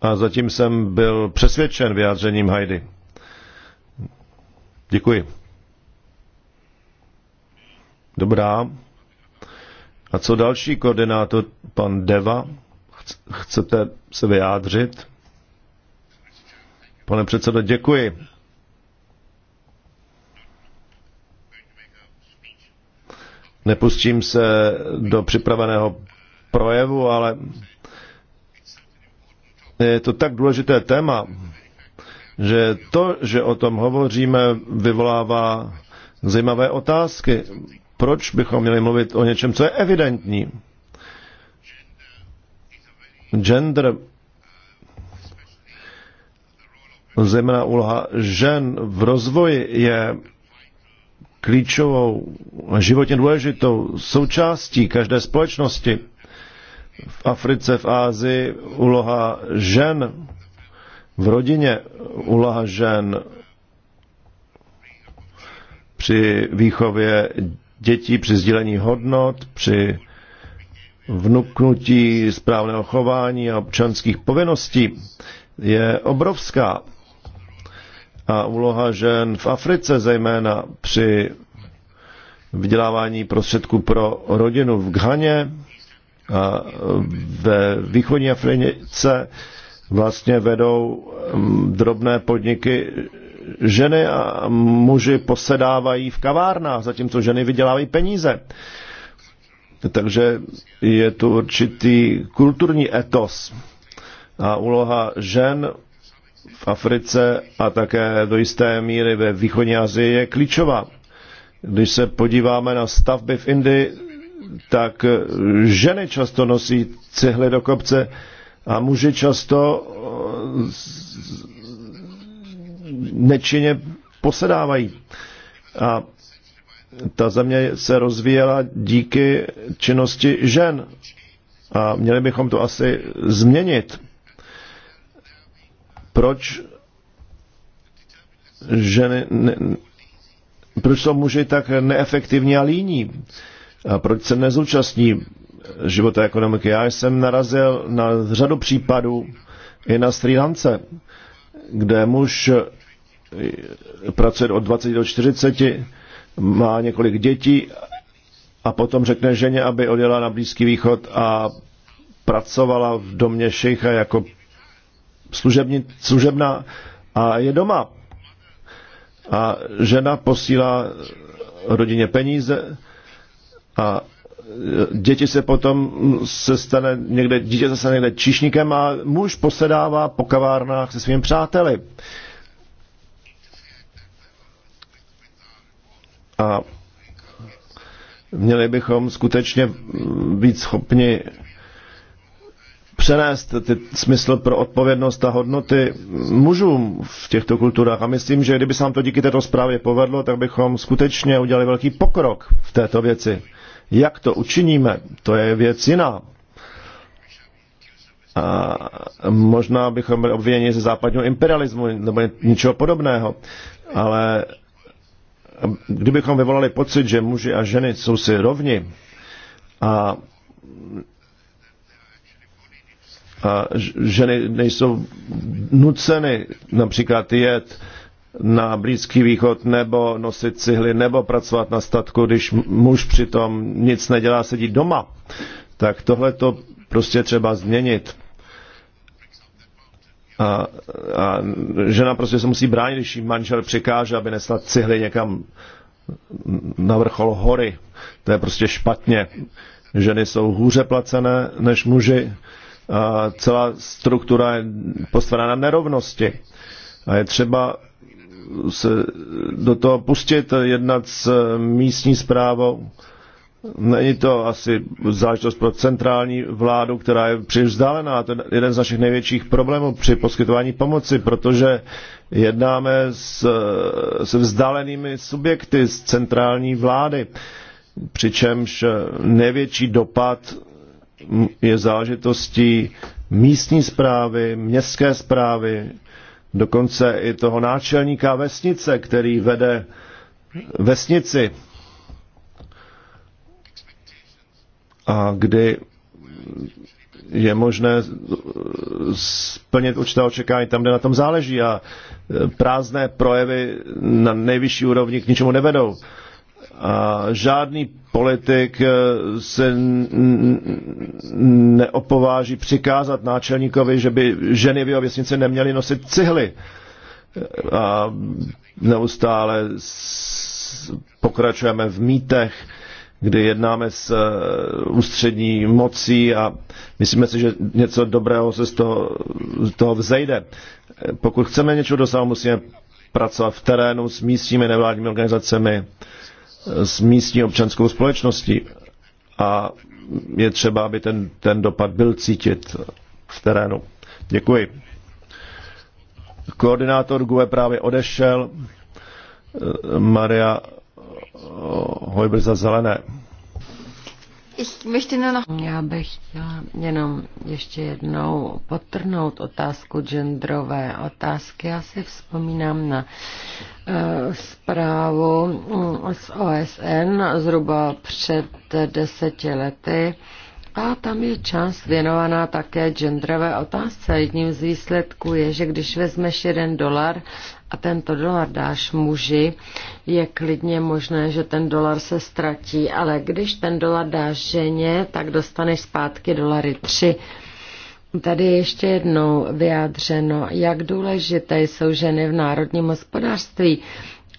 C: A zatím jsem byl přesvědčen vyjádřením Heidi. Děkuji. Dobrá. A co další koordinátor, pan Deva? Chcete se vyjádřit? Pane předsedo, děkuji. Nepustím se do připraveného projevu, ale je to tak důležité téma, že to, že o tom hovoříme, vyvolává zajímavé otázky. Proč bychom měli mluvit o něčem, co je evidentní? Gender, zejména úloha žen v rozvoji, je klíčovou, životně důležitou součástí každé společnosti. V Africe, v Ázii úloha žen v rodině úloha žen při výchově dětí, při sdílení hodnot, při vnuknutí správného chování a občanských povinností je obrovská. A úloha žen v Africe zejména při vydělávání prostředků pro rodinu v Ghaně a ve východní Africe vlastně vedou mm, drobné podniky ženy a muži posedávají v kavárnách, zatímco ženy vydělávají peníze. Takže je tu určitý kulturní etos a úloha žen v Africe a také do jisté míry ve východní Asii je klíčová. Když se podíváme na stavby v Indii, tak ženy často nosí cihly do kopce, a muži často eh, nečinně posedávají. A ta země se rozvíjela díky činnosti žen. A měli bychom to asi změnit. Proč ženy, ne, proč jsou muži tak neefektivní a líní? A proč se nezúčastní života ekonomiky. Já jsem narazil na řadu případů i na Sri Lance, kde muž eh, pracuje od 20 do 40, má několik dětí a potom řekne ženě, aby odjela na Blízký východ a pracovala v domě šejcha jako služební, služebná a je doma. A žena posílá rodině peníze a děti se potom se stane někde, dítě se stane někde číšníkem a muž posedává po kavárnách se svými přáteli. A měli bychom skutečně být schopni přenést ty smysl pro odpovědnost a hodnoty mužům v těchto kulturách. A myslím, že kdyby se nám to díky této zprávě povedlo, tak bychom skutečně udělali velký pokrok v této věci. Jak to učiníme, to je věc jiná. A možná bychom byli obviněni ze západního imperialismu nebo něčeho podobného, ale kdybychom vyvolali pocit, že muži a ženy jsou si rovni a, a ženy nejsou nuceny například jet na Blízký východ nebo nosit cihly nebo pracovat na statku, když muž přitom nic nedělá, sedí doma. Tak tohle to prostě třeba změnit. A, a žena prostě se musí bránit, když jí manžel přikáže, aby nesla cihly někam na vrchol hory. To je prostě špatně. Ženy jsou hůře placené než muži. A celá struktura je postavena na nerovnosti. A je třeba se do toho pustit, jednat s místní zprávou. Není to asi záležitost pro centrální vládu, která je příliš vzdálená. To je jeden z našich největších problémů při poskytování pomoci, protože jednáme s, s vzdálenými subjekty z centrální vlády, přičemž největší dopad je záležitostí místní zprávy, městské zprávy, dokonce i toho náčelníka vesnice, který vede vesnici. A kdy je možné splnit určité očekávání tam, kde na tom záleží a prázdné projevy na nejvyšší úrovni k ničemu nevedou. A žádný politik eh, se neopováží přikázat náčelníkovi, že by ženy v jeho věsnici neměly nosit cihly. A neustále pokračujeme v mýtech, kdy jednáme s eh, ústřední mocí a myslíme si, že něco dobrého se z toho, z toho vzejde. Pokud chceme něčeho dosáhnout, musíme pracovat v terénu s místními nevládními organizacemi, s místní občanskou společností a je třeba, aby ten, ten dopad byl cítit v terénu. Děkuji. Koordinátor GUE právě odešel. Maria Hojbrza zelené.
D: Já bych chtěla jenom ještě jednou potrhnout otázku genderové otázky. Já si vzpomínám na eh, zprávu mm, z OSN zhruba před deseti lety. A tam je část věnovaná také genderové otázce. Jedním z výsledků je, že když vezmeš jeden dolar a tento dolar dáš muži, je klidně možné, že ten dolar se ztratí, ale když ten dolar dáš ženě, tak dostaneš zpátky dolary tři. Tady je ještě jednou vyjádřeno, jak důležité jsou ženy v národním hospodářství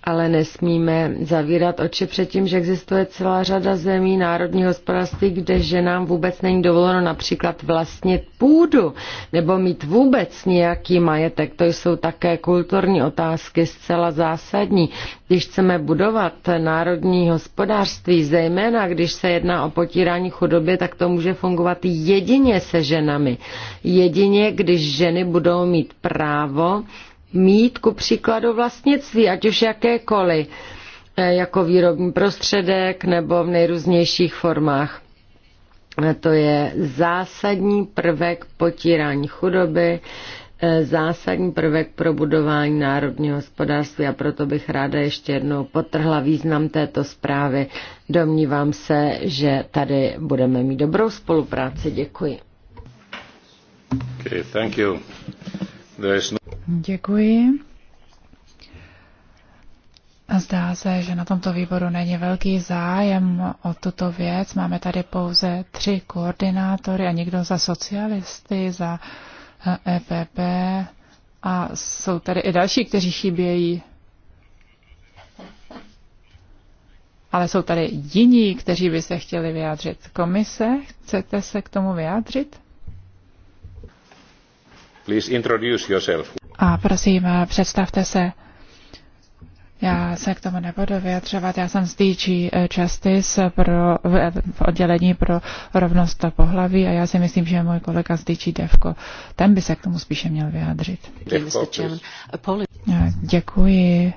D: ale nesmíme zavírat oči před tím, že existuje celá řada zemí národní hospodářství, kde ženám vůbec není dovoleno například vlastnit půdu nebo mít vůbec nějaký majetek. To jsou také kulturní otázky zcela zásadní. Když chceme budovat národní hospodářství, zejména když se jedná o potírání chudoby, tak to může fungovat jedině se ženami. Jedině, když ženy budou mít právo mít ku příkladu vlastnictví, ať už jakékoliv, eh, jako výrobní prostředek nebo v nejrůznějších formách. Eh, to je zásadní prvek potírání chudoby, eh, zásadní prvek pro budování národního hospodářství a proto bych ráda ještě jednou potrhla význam této zprávy. Domnívám se, že tady budeme mít dobrou spolupráci. Děkuji.
A: Okay, thank you.
D: Děkuji.
B: Zdá se, že na tomto výboru není velký zájem o tuto věc. Máme tady pouze tři koordinátory a někdo za socialisty, za EPP eh, e a jsou tady i další, kteří chybějí. Ale jsou tady jiní, kteří by se chtěli vyjádřit. Komise, chcete se k tomu vyjádřit?
A: Please introduce yourself.
B: A prosím, eh, představte se. Já se k tomu nebudu vyjadřovat. Já jsem z DG eh, Justice pro, v, eh, v oddělení pro rovnost a pohlaví a já si myslím, že můj kolega z DG Devko, ten by se k tomu spíše měl vyjádřit. Děkuji.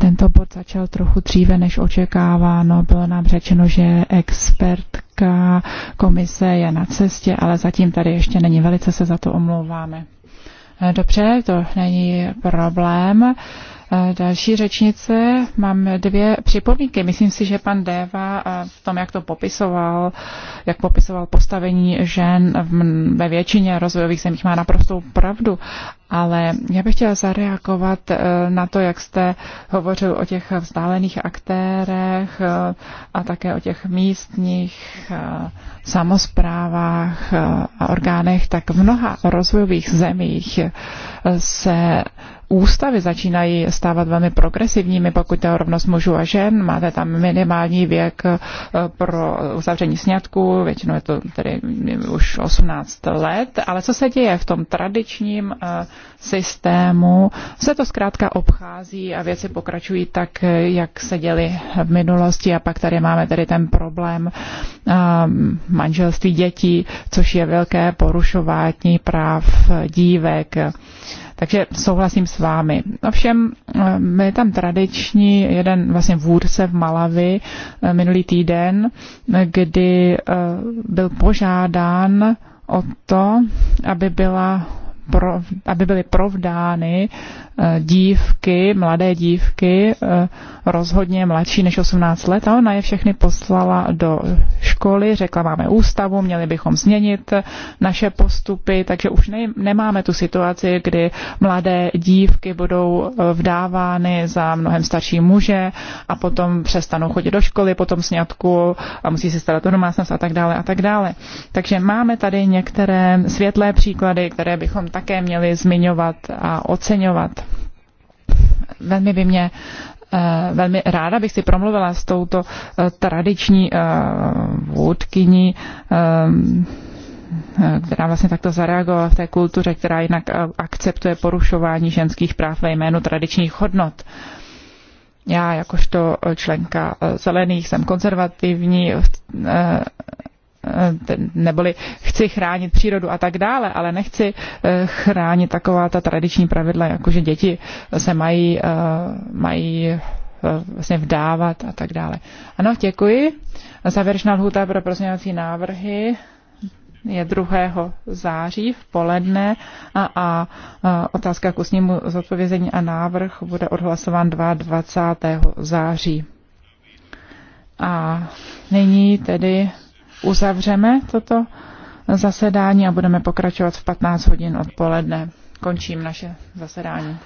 B: Tento bod začal trochu dříve, než očekáváno. Bylo nám řečeno, že expertka komise je na cestě, ale zatím tady ještě není. Velice se za to omlouváme. Dobře, to není problém další řečnice. Mám dvě připomínky. Myslím si, že pan Deva v tom, jak to popisoval, jak popisoval postavení žen ve většině rozvojových zemích, má naprostou pravdu. Ale já bych chtěla zareagovat e, na to, jak jste hovořil o těch vzdálených aktérech e, a také o těch místních e, samozprávách a orgánech, tak v mnoha rozvojových zemích se ústavy začínají stávat velmi progresivními, pokud je o rovnost mužů a žen. Máte tam minimální věk eh, pro uzavření sňatku, většinou je to tedy už 18 let, ale co se děje v tom tradičním eh, systému, se to zkrátka obchází a věci pokračují tak, eh, jak se děli v minulosti a pak tady máme tedy ten problém manželství dětí, což je velké porušování práv dívek. Takže souhlasím s vámi. Ovšem, je eh, tam tradiční jeden vlastně vůdce v Malavi eh, minulý týden, kdy eh, byl požádán o to, aby byla aby byly provdány Eh, dívky, mladé dívky, eh, rozhodně mladší než 18 let a ona je všechny poslala do školy, řekla máme ústavu, měli bychom změnit eh, naše postupy, takže už ne, nemáme tu situaci, kdy mladé dívky budou vdávány za mnohem starší muže a potom přestanou chodit do školy, potom sňatku a musí se starat o domácnost a tak dále a tak dále. Takže máme tady některé světlé příklady, které bychom také měli zmiňovat a oceňovat velmi by mě eh, velmi ráda bych si promluvila s touto eh, tradiční eh, vůdkyní, která vlastně takto zareagovala v té kultuře, která jinak akceptuje porušování ženských práv ve jménu tradičních hodnot. Já jakožto členka zelených jsem konzervativní, Eh, neboli chci chránit přírodu a tak dále, ale nechci eh, chránit taková ta tradiční pravidla, jako že děti se mají, eh, mají vlastně vdávat a tak dále. Ano, děkuji. Závěrečná lhůta pro pozměňovací návrhy je 2. září v poledne a, a, a otázka k ústnímu zodpovězení a návrh bude odhlasován 22. září. A nyní tedy uzavřeme toto zasedání a budeme pokračovat v 15 hodin odpoledne. Končím naše zasedání.